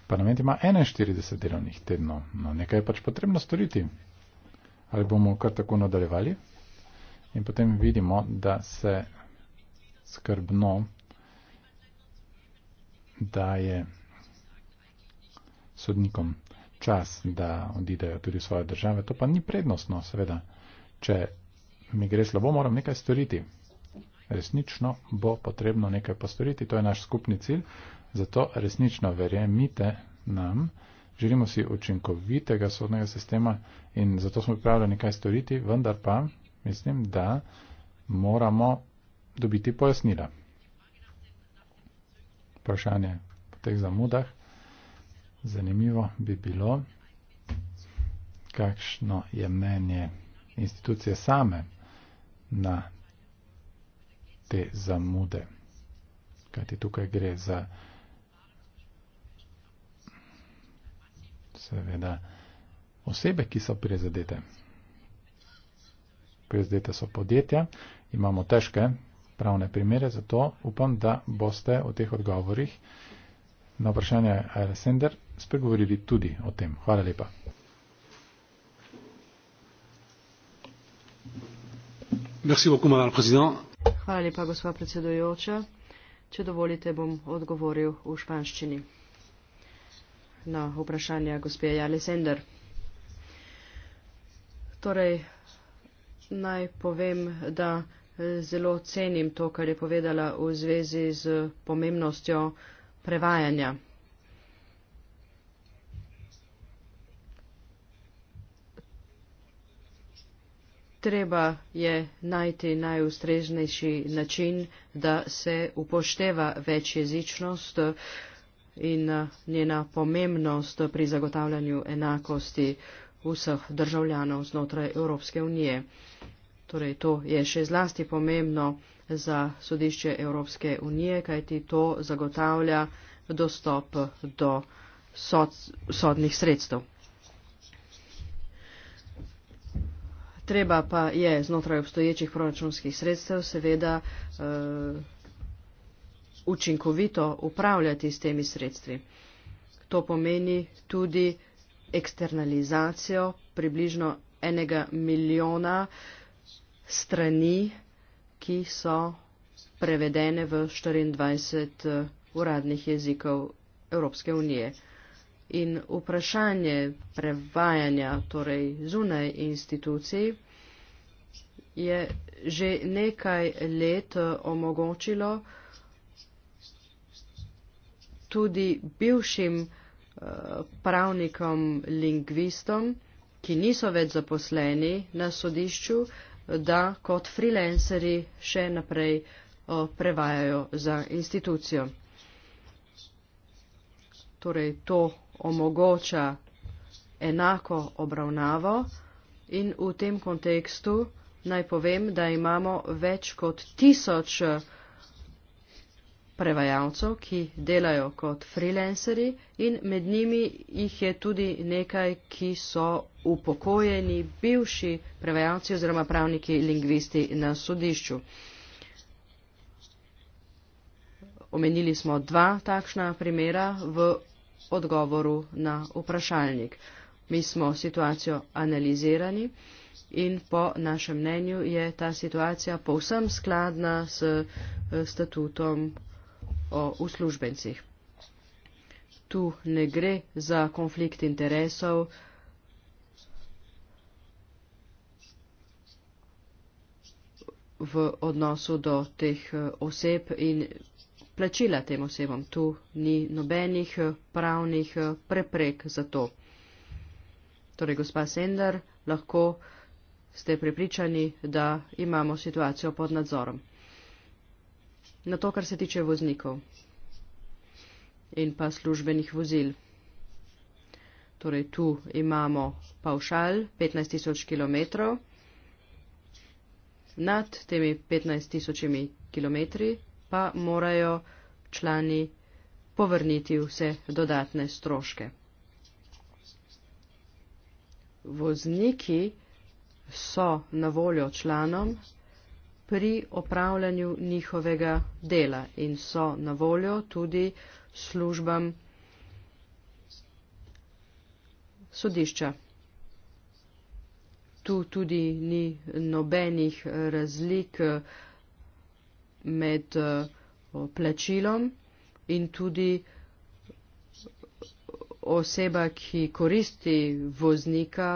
Parlament ima 41 delovnih tednov, no nekaj je pač potrebno storiti. Ali bomo kar tako nadaljevali? In potem vidimo, da se skrbno daje sodnikom čas, da odidejo tudi v svoje države. To pa ni prednostno, seveda. Če mi gre slabo, moram nekaj storiti. Resnično bo potrebno nekaj postoriti, to je naš skupni cilj. Zato resnično verjemite nam, želimo si učinkovitega sodnega sistema in zato smo pripravljeni kaj storiti, vendar pa mislim, da moramo dobiti pojasnila. Vprašanje po teh zamudah. Zanimivo bi bilo, kakšno je mnenje institucije same na te zamude. Kajti tukaj gre za vprašanje seveda osebe, ki so prizadete. Prizadete so podjetja, imamo težke pravne primere, zato upam, da boste v teh odgovorih na vprašanje Alessandra spregovorili tudi o tem. Hvala lepa. Hvala lepa, gospod predsedujoča. Če dovolite, bom odgovoril v španščini na vprašanja gospe Jale Sender. Torej, naj povem, da zelo cenim to, kar je povedala v zvezi z pomembnostjo prevajanja. Treba je najti najustreznejši način, da se upošteva večjezičnost in eh, njena pomembnost pri zagotavljanju enakosti vseh državljanov znotraj Evropske unije. Torej, to je še zlasti pomembno za sodišče Evropske unije, kajti to zagotavlja dostop do sod, sodnih sredstev. Treba pa je znotraj obstoječih proračunskih sredstev seveda eh, učinkovito upravljati s temi sredstvi. To pomeni tudi eksternalizacijo približno enega milijona strani, ki so prevedene v 24 eh, uradnih jezikov Evropske unije. In vprašanje prevajanja, torej zunaj institucij, je že nekaj let eh, omogočilo, tudi bivšim uh, pravnikom, lingvistom, ki niso več zaposleni na sodišču, da kot freelanceri še naprej uh, prevajajo za institucijo. Torej, to omogoča enako obravnavo in v tem kontekstu naj povem, da imamo več kot tisoč uh, prevajalcev, ki delajo kot freelanceri in med njimi jih je tudi nekaj, ki so upokojeni bivši prevajalci oziroma pravniki lingvisti na sodišču. Omenili smo dva takšna primera v odgovoru na vprašalnik. Mi smo situacijo analizirali in po našem mnenju je ta situacija povsem skladna s eh, statutom o uslužbencih. Tu ne gre za konflikt interesov, v odnosu do teh eh, oseb in plačila tem osebom. Tu ni nobenih eh, pravnih eh, preprek za to. Torej, gospa Sender, lahko ste prepričani, da imamo situacijo pod nadzorom na to, kar se tiče voznikov in pa službenih vozil. Torej, tu imamo paušal 15 tisoč km. Nad temi 15 tisočimi km pa morajo člani povrniti vse dodatne stroške. Vozniki so na voljo članom pri opravljanju njihovega dela in so na voljo tudi službam sodišča. Tu tudi ni nobenih razlik med plačilom in tudi oseba, ki koristi voznika,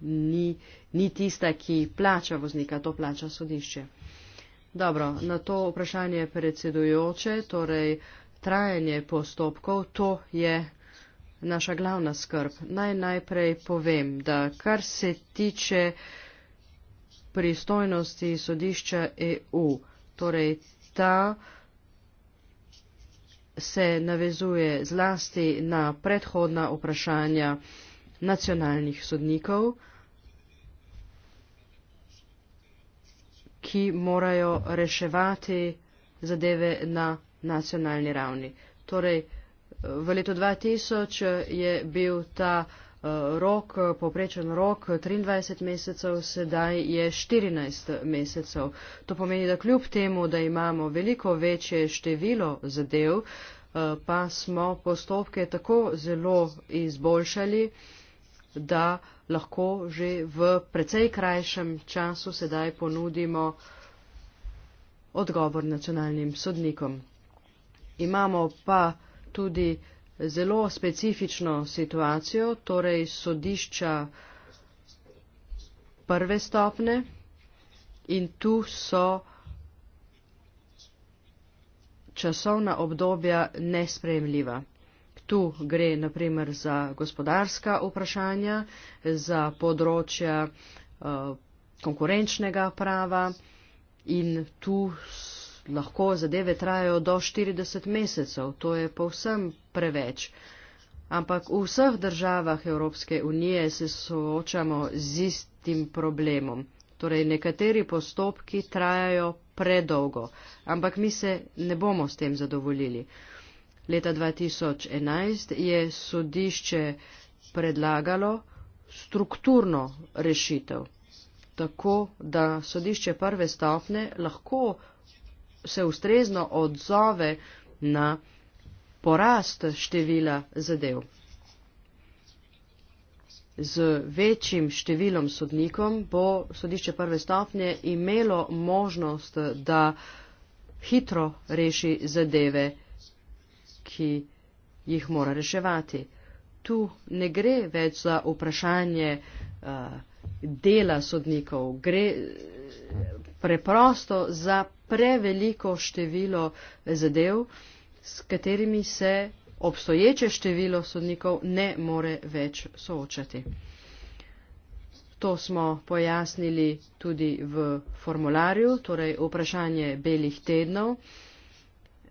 ni, ni tista, ki plača voznika, to plača sodišče. Dobro, na to vprašanje predsedujoče, torej trajanje postopkov, to je naša glavna skrb. Naj najprej povem, da kar se tiče pristojnosti sodišča EU, torej ta se navezuje zlasti na predhodna vprašanja nacionalnih sodnikov, ki morajo reševati zadeve na nacionalni ravni. Torej, v letu 2000 je bil ta eh, rok, poprečen rok 23 mesecev, sedaj je 14 mesecev. To pomeni, da kljub temu, da imamo veliko večje število zadev, eh, pa smo postopke tako zelo izboljšali, da lahko že v precej krajšem času sedaj ponudimo odgovor nacionalnim sodnikom. Imamo pa tudi zelo specifično situacijo, torej sodišča prve stopne in tu so časovna obdobja nespremljiva. Tu gre naprimer za gospodarska vprašanja, za področja eh, konkurenčnega prava in tu lahko zadeve trajajo do 40 mesecev. To je povsem preveč. Ampak v vseh državah Evropske unije se soočamo z istim problemom. Torej, nekateri postopki trajajo predolgo, ampak mi se ne bomo s tem zadovoljili. Leta 2011 je sodišče predlagalo strukturno rešitev, tako da sodišče prve stopne lahko se ustrezno odzove na porast števila zadev. Z večjim številom sodnikom bo sodišče prve stopnje imelo možnost, da hitro reši zadeve ki jih mora reševati. Tu ne gre več za vprašanje uh, dela sodnikov, gre eh, preprosto za preveliko število eh, zadev, s katerimi se obstoječe število sodnikov ne more več soočati. To smo pojasnili tudi v formularju, torej vprašanje belih tednov. Uh,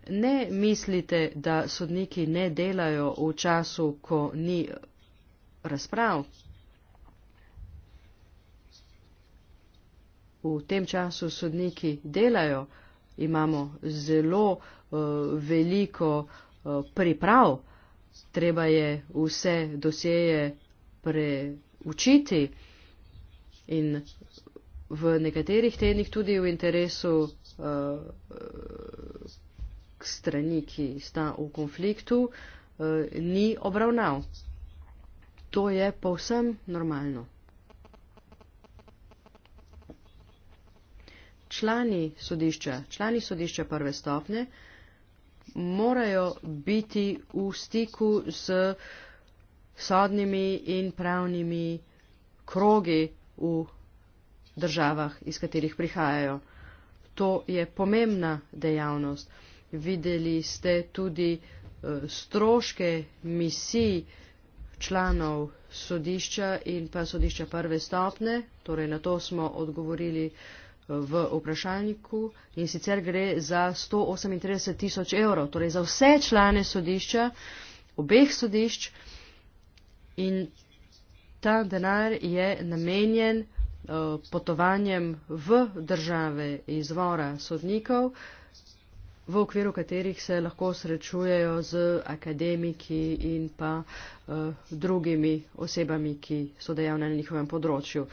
ne mislite, da sodniki ne delajo v času, ko ni razprav. V tem času sodniki delajo, imamo zelo uh, veliko uh, priprav, treba je vse dosjeje preučiti in v nekaterih tednih tudi v interesu uh, strani, ki sta v konfliktu, eh, ni obravnav. To je povsem normalno. Člani sodišča, člani sodišča prve stopne morajo biti v stiku s sodnimi in pravnimi krogi v državah, iz katerih prihajajo. To je pomembna dejavnost videli ste tudi eh, stroške misij članov sodišča in pa sodišča prve stopne, torej na to smo odgovorili eh, v vprašalniku in sicer gre za 138 tisoč evrov, torej za vse člane sodišča, obeh sodišč in ta denar je namenjen eh, potovanjem v države izvora sodnikov, v okviru katerih se lahko srečujejo z akademiki in pa uh, drugimi osebami, ki so dejavne na njihovem področju.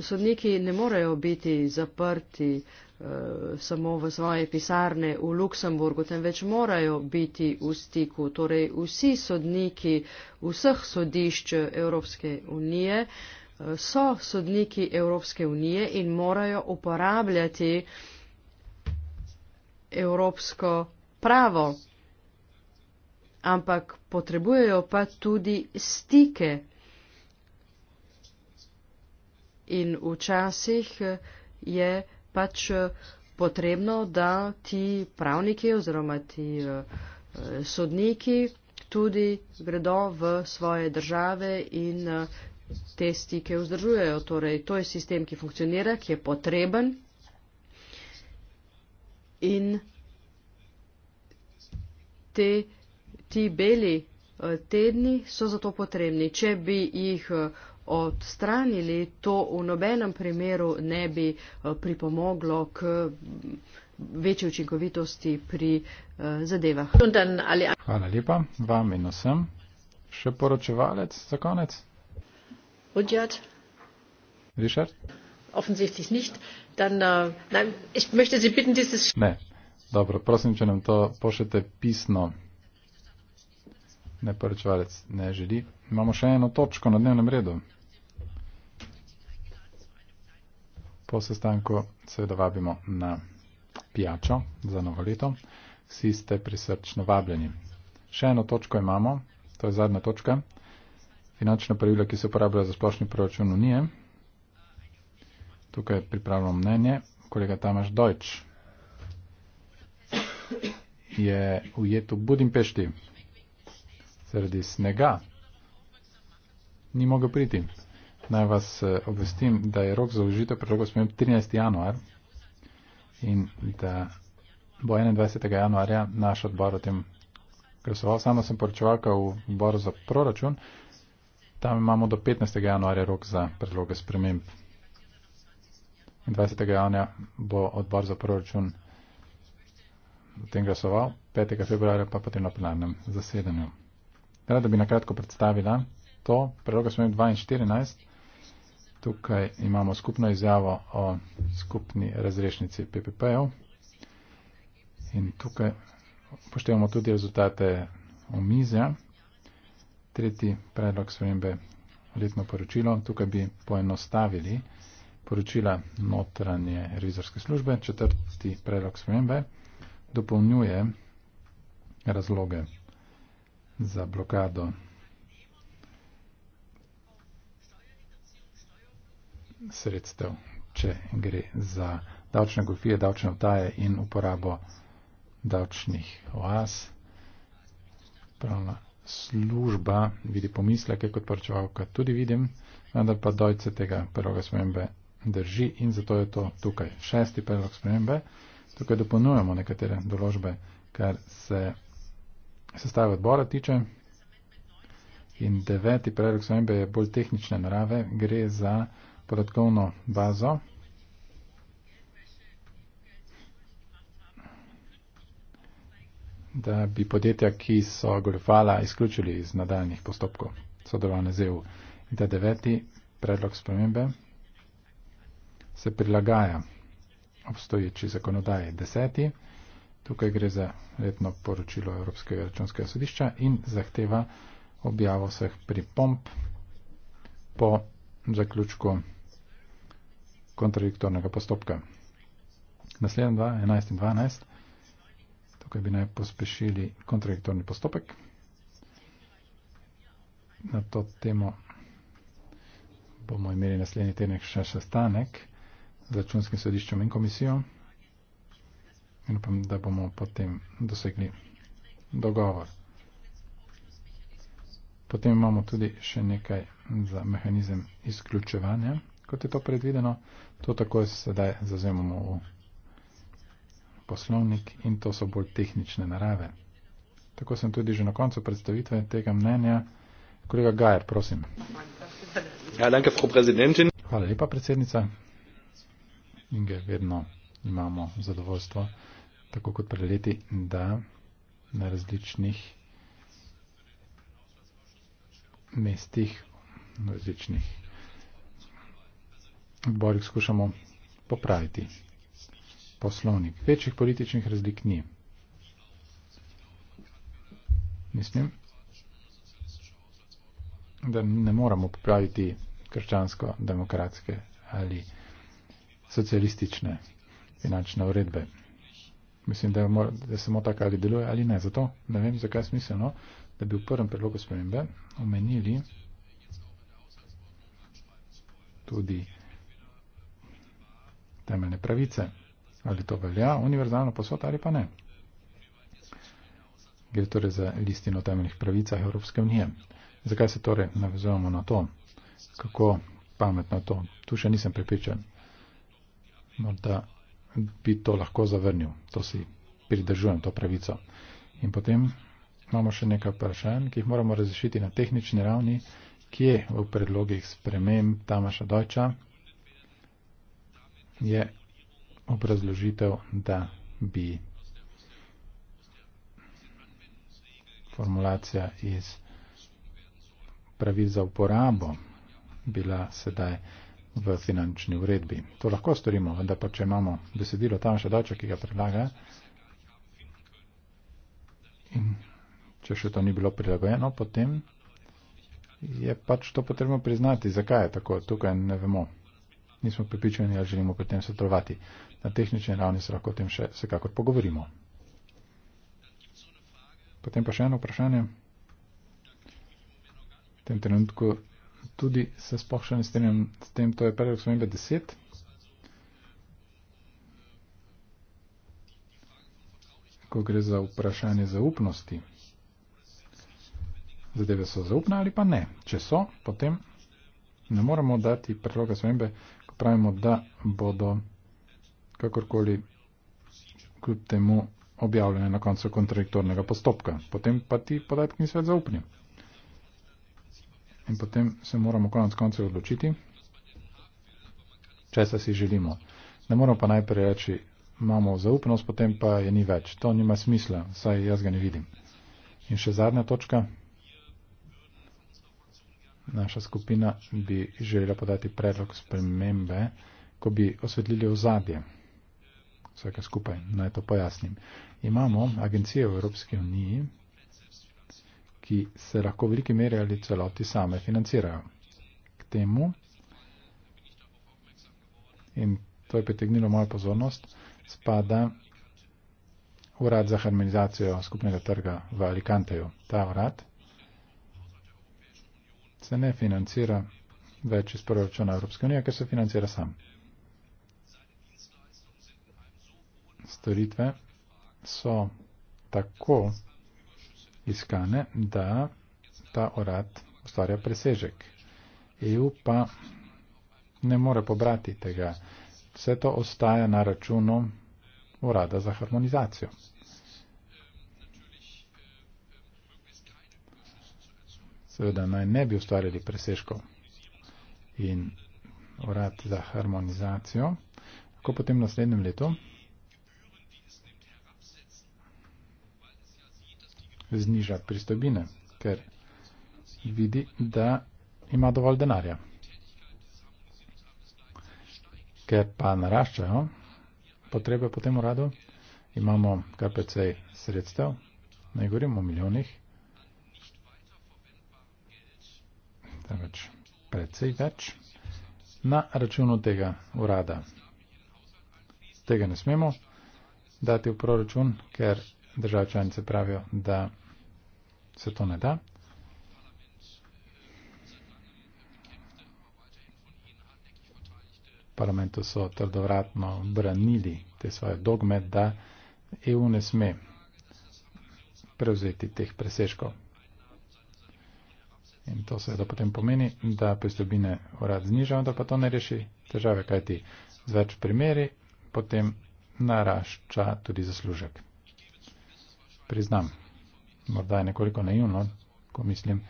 Sodniki ne morejo biti zaprti uh, samo v svoje pisarne v Luksemburgu, temveč morajo biti v stiku. Torej vsi sodniki vseh sodišč Evropske unije uh, so sodniki Evropske unije in morajo uporabljati uh, evropsko pravo, ampak potrebujejo pa tudi stike. In včasih je pač potrebno, da ti pravniki oziroma ti eh, sodniki tudi gredo v svoje države in eh, te stike vzdržujejo. Torej, to je sistem, ki funkcionira, ki je potreben in te, ti beli eh, tedni so zato potrebni. Če bi jih eh, odstranili, to v nobenem primeru ne bi eh, pripomoglo k mm, večji učinkovitosti pri zadevah. Hvala lepa vam in vsem. Še poročevalec za konec. Richard? offensichtlich nicht. Dann, äh, nein, ich möchte Sie bitten, dieses. Ne, dobro, prosim, če nam to pošljete pisno. Ne, poročevalec ne želi. Imamo še eno točko na dnevnem redu. Po sestanku seveda vabimo na pijačo za novo leto. Vsi ste prisrčno vabljeni. Še eno točko imamo, to je zadnja točka. Finančna pravila, ki se uporabljajo za splošni proračun Unije, Tukaj je pripravljeno mnenje. Kolega Tamaš Dojč je ujet v Budimpešti zaradi snega. Ni mogel priti. Naj vas eh, obvestim, da je rok za užitev predlogov sprememb 13. januar in da bo 21. januarja naš odbor o tem glasoval. Sama sem poročevalka v boru za proračun. Tam imamo do 15. januarja rok za predloge sprememb in 20. janja bo odbor za proračun v tem glasoval, 5. februarja pa potem na plenarnem zasedanju. Rada bi nakratko predstavila to, predloga smo imeli 2014, tukaj imamo skupno izjavo o skupni razrešnici PPP-ev in tukaj poštevamo tudi rezultate omizja. Tretji predlog spremembe letno poročilo, tukaj bi poenostavili poročila notranje revizorske službe, četrti predlog spremembe, dopolnjuje razloge za blokado sredstev, če gre za davčne gofije, davčne vtaje in uporabo davčnih oaz. Pravna služba vidi pomisleke kot poročevalka, tudi vidim, vendar pa dojce tega prvega spremembe drži in zato je to tukaj. Šesti predlog spremembe, tukaj dopolnujemo nekatere določbe, kar se sestave odbora tiče. In deveti predlog spremembe je bolj tehnične narave, gre za podatkovno bazo. da bi podjetja, ki so goljofala, izključili iz nadaljnih postopkov sodelovanja z EU. In ta deveti predlog spremembe se prilagaja obstoječi zakonodaji deseti, tukaj gre za letno poročilo Evropskega računskega sodišča in zahteva objavo vseh pripomp po zaključku kontradiktornega postopka. Naslednja dva, 11 in 12, tukaj bi naj pospešili kontradiktorni postopek. Na to temo bomo imeli naslednji tenek še sestanek z računskim središčem in komisijo. In upam, da bomo potem dosegli dogovor. Potem imamo tudi še nekaj za mehanizem izključevanja, kot je to predvideno. To tako je sedaj zazemamo v poslovnik in to so bolj tehnične narave. Tako sem tudi že na koncu predstavitve tega mnenja. Kolega Gajer, prosim. Ja, Hvala lepa, predsednica in ga vedno imamo zadovoljstvo, tako kot pred leti, da na različnih mestih, na različnih odborih skušamo popraviti poslovnik. Večjih političnih razlik ni. Mislim, da ne moramo popraviti krščansko-demokratske ali socialistične finančne uredbe. Mislim, da je, mora, da je samo tak ali deluje ali ne. Zato ne vem, zakaj je smiselno, da bi v prvem predlogu spremembe omenili tudi temeljne pravice. Ali to velja univerzalno posod ali pa ne. Gre torej za listino o temeljnih pravicah Evropske unije. Zakaj se torej navezujemo na to? Kako pametno je to? Tu še nisem pripričan morda bi to lahko zavrnil. To si pridržujem, to pravico. In potem imamo še nekaj vprašanj, ki jih moramo razrešiti na tehnični ravni, ki je v predlogih sprememb Tamaša Dojča, je obrazložitev, da bi formulacija iz pravil za uporabo bila sedaj v finančni uredbi. To lahko storimo, vendar pa če imamo besedilo tam še dača, ki ga predlaga in če še to ni bilo prilagojeno, potem je pač to potrebno priznati, zakaj je tako. Tukaj ne vemo. Nismo pripričani, ali želimo pri tem sodelovati. Na tehnični ravni se lahko o tem še vsekakor pogovorimo. Potem pa še eno vprašanje. V tem trenutku tudi se sploh še ne strinjam s tem, to je predlog spremembe 10. Ko gre za vprašanje zaupnosti, zadeve so zaupne ali pa ne. Če so, potem ne moremo dati predloga spremembe, ko pravimo, da bodo kakorkoli kljub temu objavljene na koncu kontradiktornega postopka. Potem pa ti podatki niso več zaupni in potem se moramo konec koncev odločiti, česa si želimo. Ne moramo pa najprej reči, imamo zaupnost, potem pa je ni več. To nima smisla, saj jaz ga ne vidim. In še zadnja točka. Naša skupina bi želela podati predlog spremembe, ko bi osvetlili ozadje. Vsega skupaj, naj to pojasnim. Imamo agencije v Evropski uniji, ki se lahko v veliki meri ali celoti same financirajo. K temu in to je pritegnilo mojo pozornost, spada Urad za harmonizacijo skupnega trga v Alicanteju. Ta urad se ne financira več iz proračuna Evropske unije, ker se financira sam. Storitve so tako iskane, da ta orat ustvarja presežek. EU pa ne more pobrati tega. Vse to ostaja na računu urada za harmonizacijo. Seveda naj ne bi ustvarjali presežkov in urad za harmonizacijo, lahko potem v naslednjem letu zniža pristojbine, ker vidi, da ima dovolj denarja. Ker pa naraščajo potrebe po tem uradu, imamo kar precej sredstev, naj govorimo o milijonih, več, precej več, na računu tega urada. Tega ne smemo dati v proračun, ker državčanice pravijo, da se to ne da. parlamentu so trdovratno branili te svoje dogme, da EU ne sme prevzeti teh preseškov. In to seveda potem pomeni, da pristobine urad zniža, vendar pa to ne reši težave, kajti z več primeri potem narašča tudi zaslužek. Priznam morda je nekoliko naivno, ko mislim,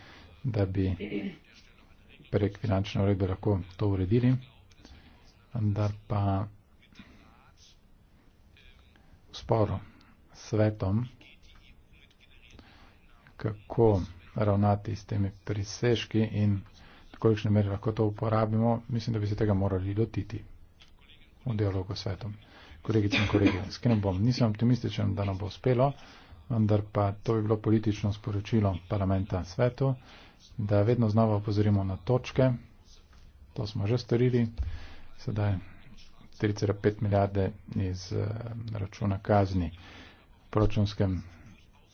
da bi prek finančne uredbe lahko to uredili, vendar pa v sporu s svetom, kako ravnati s temi priseški in kolikšne mere lahko to uporabimo, mislim, da bi se tega morali dotiti v dialogu s svetom. Kolegice in kolegi, s kim bom? Nisem optimističen, da nam bo uspelo vendar pa to bi bilo politično sporočilo parlamenta svetu, da vedno znova opozorimo na točke. To smo že storili, sedaj 3,5 milijarde iz eh, računa kazni. V proračunskem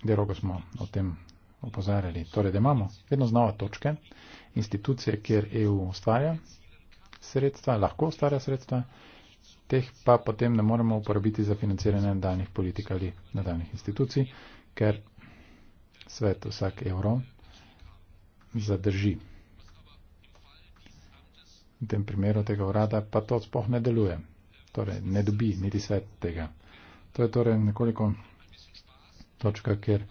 dialogu smo o tem opozarjali. Torej, da imamo vedno znova točke, institucije, kjer EU ustvarja sredstva, lahko ustvarja sredstva teh pa potem ne moremo uporabiti za financiranje danih politik ali danih institucij, ker svet vsak evro zadrži. V tem primeru tega urada pa to spoh ne deluje. Torej, ne dobi niti svet tega. To je torej nekoliko točka, kjer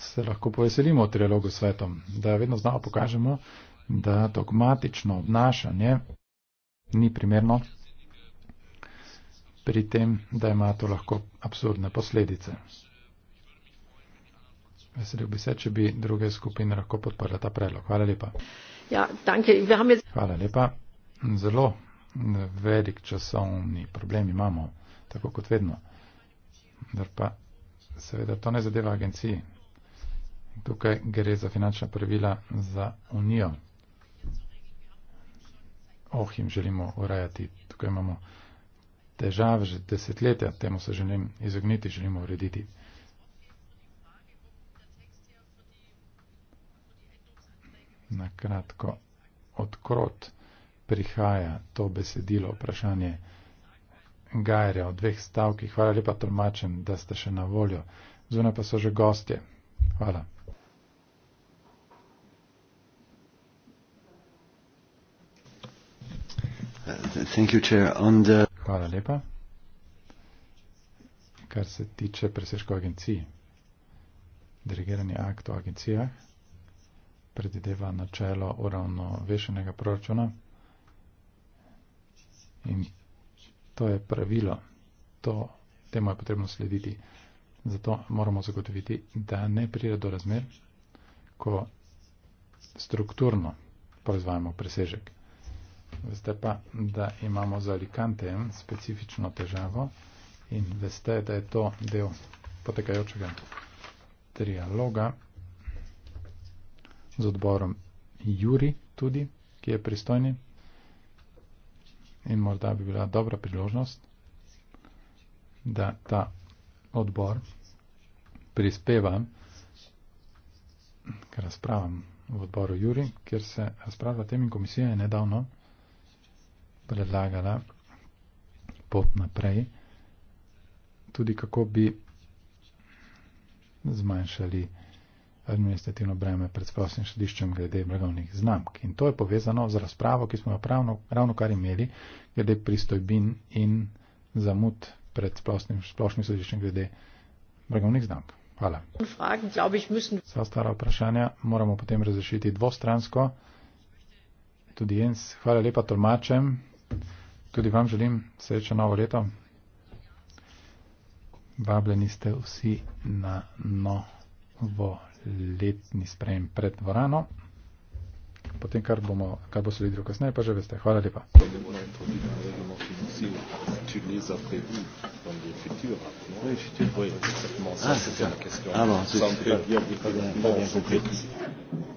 se lahko poveselimo v trialogu s svetom, da vedno znova pokažemo, da dogmatično obnašanje ni primerno pri tem, da ima to lahko absurdne posledice. Veselil bi se, če bi druge skupine lahko podprle ta predlog. Hvala lepa. Ja, Hvala lepa. Zelo velik časovni problem imamo, tako kot vedno. Dar pa seveda to ne zadeva agenciji. Tukaj gre za finančna pravila za Unijo. Oh, jim želimo urajati. Tukaj imamo težav že desetletja, temu se želim izogniti, želimo urediti. Na kratko, odkrot prihaja to besedilo, vprašanje Gajerja o dveh stavkih. Hvala lepa, tolmačen, da ste še na voljo. Zunaj pa so že gostje. Hvala. Thank you, Chair. On the Hvala lepa. Kar se tiče presežkov agencij, dirigirani akt o agencijah predideva načelo uravnovešenega proračuna in to je pravilo, to, temu je potrebno slediti. Zato moramo zagotoviti, da ne pride do razmer, ko strukturno proizvajamo presežek. Veste pa, da imamo za Alicante specifično težavo in veste, da je to del potekajočega trialoga z odborom Juri tudi, ki je pristojni in morda bi bila dobra priložnost, da ta odbor prispeva k razpravam v odboru Juri, kjer se razprava tem in komisija je nedavno predlagala pot naprej, tudi kako bi zmanjšali administrativno breme pred splošnim središčem glede blagovnih znamk. In to je povezano z razpravo, ki smo jo pravno, ravno kar imeli, glede pristojbin in zamud pred splošnim, splošnim središčem glede blagovnih znamk. Hvala. Vsa ostala vprašanja moramo potem razrešiti dvostransko. Tudi jaz, hvala lepa tolmačem. Tudi vam želim srečno novo leto. Vabljeni ste vsi na novo letni sprejem pred dvorano. Potem, kar, bomo, kar bo sledilo kasneje, pa že veste. Hvala lepa. Oui, je suis très heureux. Ah, c'était la question. Ah, non, c'est très bien. Très bien compris.